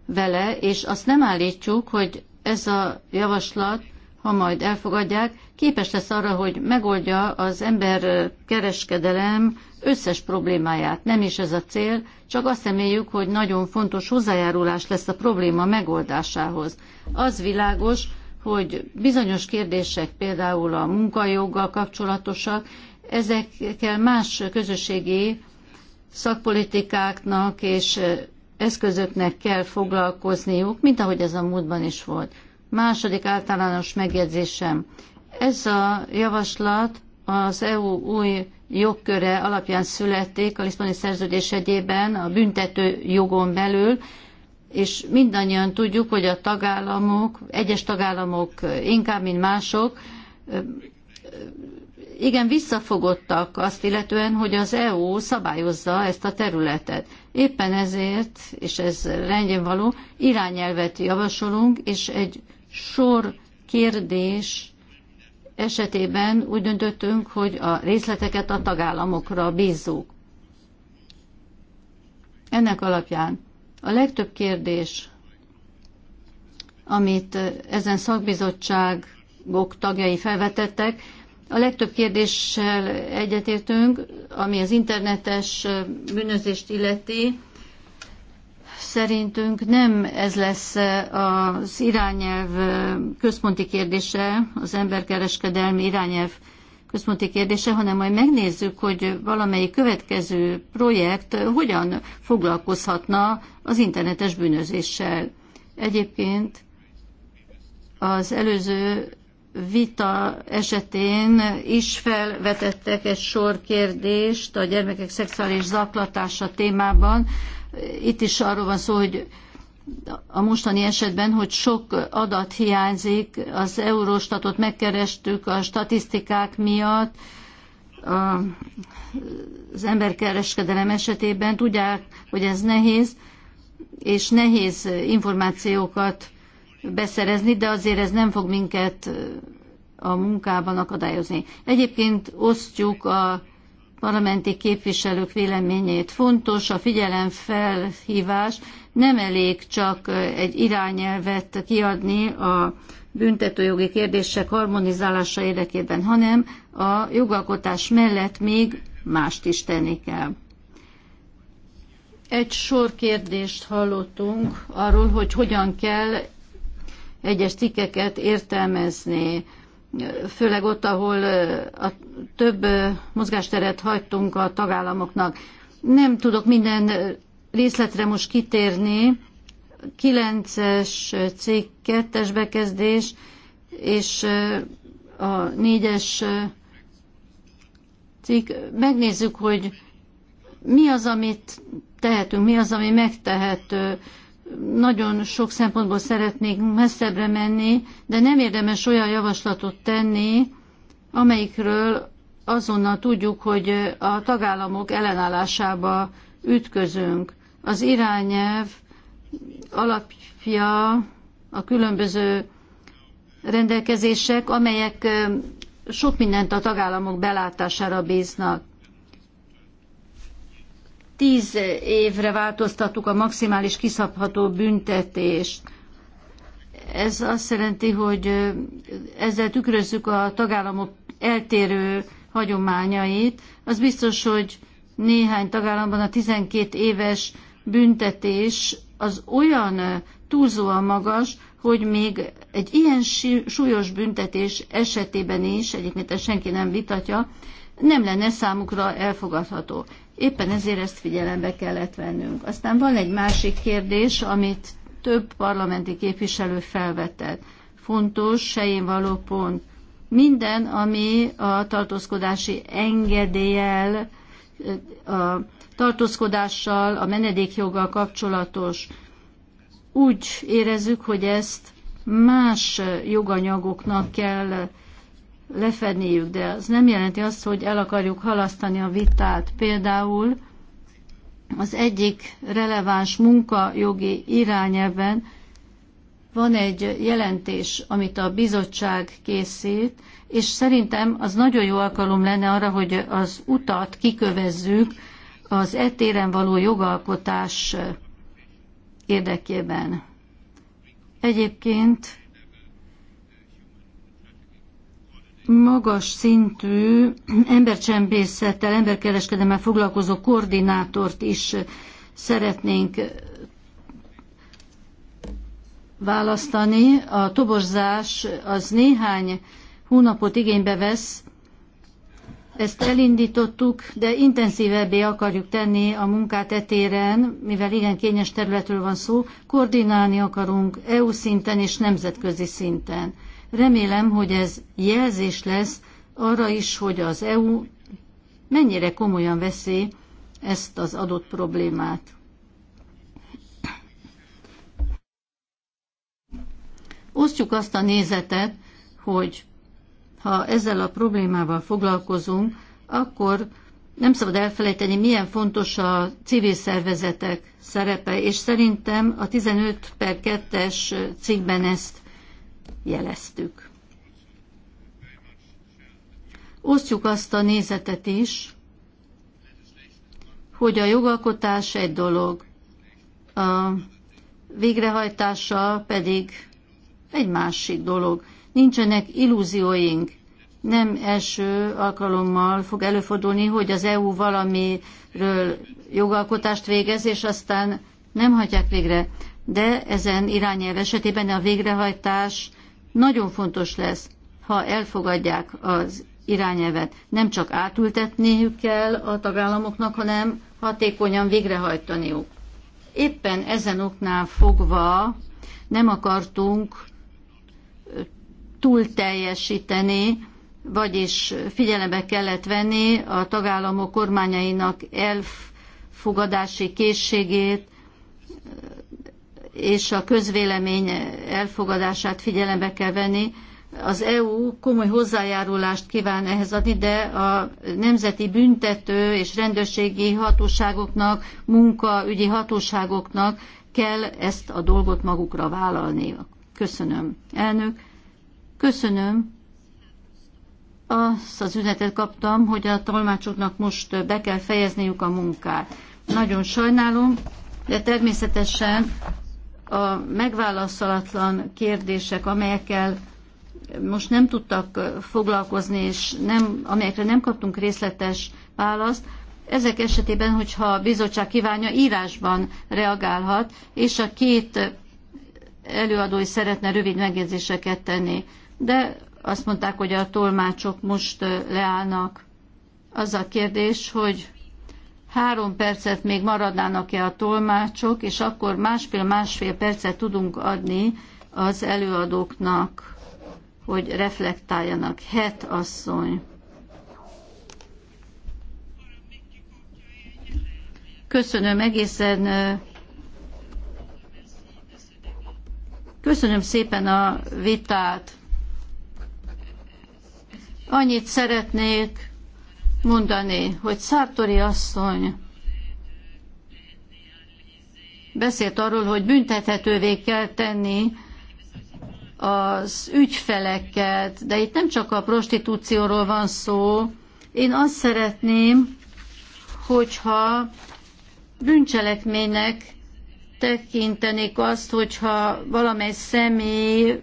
vele, és azt nem állítjuk, hogy ez a javaslat ha majd elfogadják, képes lesz arra, hogy megoldja az ember kereskedelem összes problémáját. Nem is ez a cél, csak azt reméljük, hogy nagyon fontos hozzájárulás lesz a probléma megoldásához. Az világos, hogy bizonyos kérdések, például a munkajoggal kapcsolatosak, ezekkel más közösségi szakpolitikáknak és eszközöknek kell foglalkozniuk, mint ahogy ez a múltban is volt. Második általános megjegyzésem. Ez a javaslat az EU új jogköre alapján születik a Lisztoni szerződés egyében a büntető jogon belül, és mindannyian tudjuk, hogy a tagállamok, egyes tagállamok inkább, mint mások, igen visszafogottak azt illetően, hogy az EU szabályozza ezt a területet. Éppen ezért, és ez rendjén való, irányelvet javasolunk, és egy sor kérdés esetében úgy döntöttünk, hogy a részleteket a tagállamokra bízzuk. Ennek alapján a legtöbb kérdés, amit ezen szakbizottságok tagjai felvetettek, a legtöbb kérdéssel egyetértünk, ami az internetes bűnözést illeti, szerintünk nem ez lesz eh, az irányelv eh, központi kérdése, az emberkereskedelmi irányelv központi kérdése, hanem majd megnézzük, hogy valamelyik következő projekt hogyan foglalkozhatna az internetes bűnözéssel. Egyébként az előző vita esetén is felvetettek egy sor kérdést a gyermekek szexuális zaklatása témában, itt is arról van szó, hogy a mostani esetben, hogy sok adat hiányzik, az Euróstatot megkerestük a statisztikák miatt, az emberkereskedelem esetében tudják, hogy ez nehéz, és nehéz információkat beszerezni, de azért ez nem fog minket a munkában akadályozni. Egyébként osztjuk a parlamenti képviselők véleményét. Fontos a figyelemfelhívás, nem elég csak egy irányelvet kiadni a büntetőjogi kérdések harmonizálása érdekében, hanem a jogalkotás mellett még mást is tenni kell. Egy sor kérdést hallottunk arról, hogy hogyan kell egyes cikkeket értelmezni, főleg ott, ahol a több mozgásteret hagytunk a tagállamoknak. Nem tudok minden részletre most kitérni. 9-es cég, 2-es bekezdés és a 4-es cikk. Megnézzük, hogy mi az, amit tehetünk, mi az, ami megtehető nagyon sok szempontból szeretnék messzebbre menni, de nem érdemes olyan javaslatot tenni, amelyikről azonnal tudjuk, hogy a tagállamok ellenállásába ütközünk. Az irányelv alapja a különböző rendelkezések, amelyek sok mindent a tagállamok belátására bíznak. Tíz évre változtattuk a maximális kiszabható büntetést. Ez azt jelenti, hogy ezzel tükrözzük a tagállamok eltérő hagyományait. Az biztos, hogy néhány tagállamban a 12 éves büntetés az olyan túlzóan magas, hogy még egy ilyen súlyos büntetés esetében is, egyébként ezt senki nem vitatja, nem lenne számukra elfogadható. Éppen ezért ezt figyelembe kellett vennünk. Aztán van egy másik kérdés, amit több parlamenti képviselő felvetett. Fontos, sején való pont. Minden, ami a tartózkodási engedéllyel, a tartózkodással, a menedékjoggal kapcsolatos, úgy érezzük, hogy ezt más joganyagoknak kell lefedniük, de az nem jelenti azt, hogy el akarjuk halasztani a vitát. Például az egyik releváns munkajogi irányelven van egy jelentés, amit a bizottság készít, és szerintem az nagyon jó alkalom lenne arra, hogy az utat kikövezzük az etéren való jogalkotás érdekében. Egyébként magas szintű embercsempészettel, emberkereskedemmel foglalkozó koordinátort is szeretnénk választani. A toborzás az néhány hónapot igénybe vesz, ezt elindítottuk, de intenzívebbé akarjuk tenni a munkát etéren, mivel igen kényes területről van szó, koordinálni akarunk EU szinten és nemzetközi szinten. Remélem, hogy ez jelzés lesz arra is, hogy az EU mennyire komolyan veszi ezt az adott problémát. Osztjuk azt a nézetet, hogy ha ezzel a problémával foglalkozunk, akkor nem szabad elfelejteni, milyen fontos a civil szervezetek szerepe, és szerintem a 15 per 2-es cikkben ezt jeleztük. Osztjuk azt a nézetet is, hogy a jogalkotás egy dolog, a végrehajtása pedig egy másik dolog. Nincsenek illúzióink. Nem első alkalommal fog előfordulni, hogy az EU valamiről jogalkotást végez, és aztán nem hagyják végre. De ezen irányelv esetében a végrehajtás nagyon fontos lesz, ha elfogadják az irányelvet. Nem csak átültetniük kell a tagállamoknak, hanem hatékonyan végrehajtaniuk. Éppen ezen oknál fogva nem akartunk túl teljesíteni, vagyis figyelembe kellett venni a tagállamok kormányainak elfogadási készségét, és a közvélemény elfogadását figyelembe kell venni. Az EU komoly hozzájárulást kíván ehhez adni, de a nemzeti büntető és rendőrségi hatóságoknak, munkaügyi hatóságoknak kell ezt a dolgot magukra vállalni. Köszönöm, elnök. Köszönöm. Azt az üzenetet kaptam, hogy a tolmácsoknak most be kell fejezniük a munkát. Nagyon sajnálom, de természetesen a megválaszolatlan kérdések, amelyekkel most nem tudtak foglalkozni, és nem, amelyekre nem kaptunk részletes választ, ezek esetében, hogyha a bizottság kívánja, írásban reagálhat, és a két előadó is szeretne rövid megjegyzéseket tenni de azt mondták, hogy a tolmácsok most leállnak. Az a kérdés, hogy három percet még maradnának-e a tolmácsok, és akkor másfél-másfél percet tudunk adni az előadóknak, hogy reflektáljanak. Het asszony. Köszönöm egészen Köszönöm szépen a vitát. Annyit szeretnék mondani, hogy Szártori asszony beszélt arról, hogy büntethetővé kell tenni az ügyfeleket, de itt nem csak a prostitúcióról van szó. Én azt szeretném, hogyha bűncselekménynek tekintenék azt, hogyha valamely személy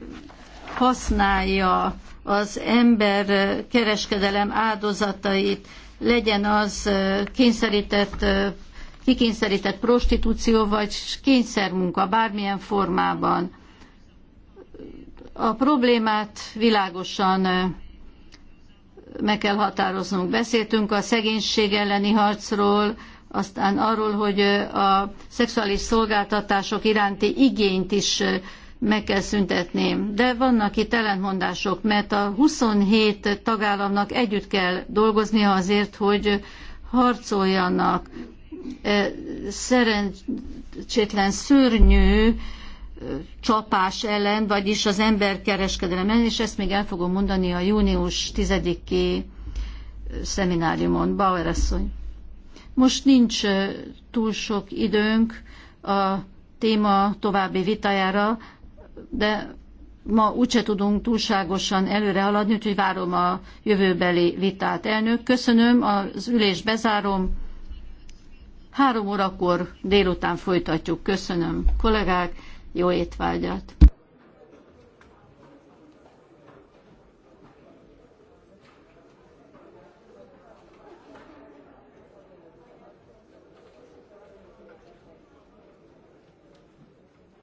használja az ember kereskedelem áldozatait, legyen az kényszerített, kikényszerített prostitúció, vagy kényszermunka bármilyen formában. A problémát világosan meg kell határoznunk. Beszéltünk a szegénység elleni harcról, aztán arról, hogy a szexuális szolgáltatások iránti igényt is meg kell szüntetni. De vannak itt ellentmondások, mert a 27 tagállamnak együtt kell dolgoznia azért, hogy harcoljanak. E, szerencsétlen szörnyű e, csapás ellen, vagyis az emberkereskedelem ellen, és ezt még el fogom mondani a június 10-i szemináriumon. Bauer asszony. Most nincs e, túl sok időnk a téma további vitájára, de ma úgyse tudunk túlságosan előre haladni, úgyhogy várom a jövőbeli vitát. Elnök, köszönöm, az ülés bezárom. Három órakor délután folytatjuk. Köszönöm, kollégák, jó étvágyat!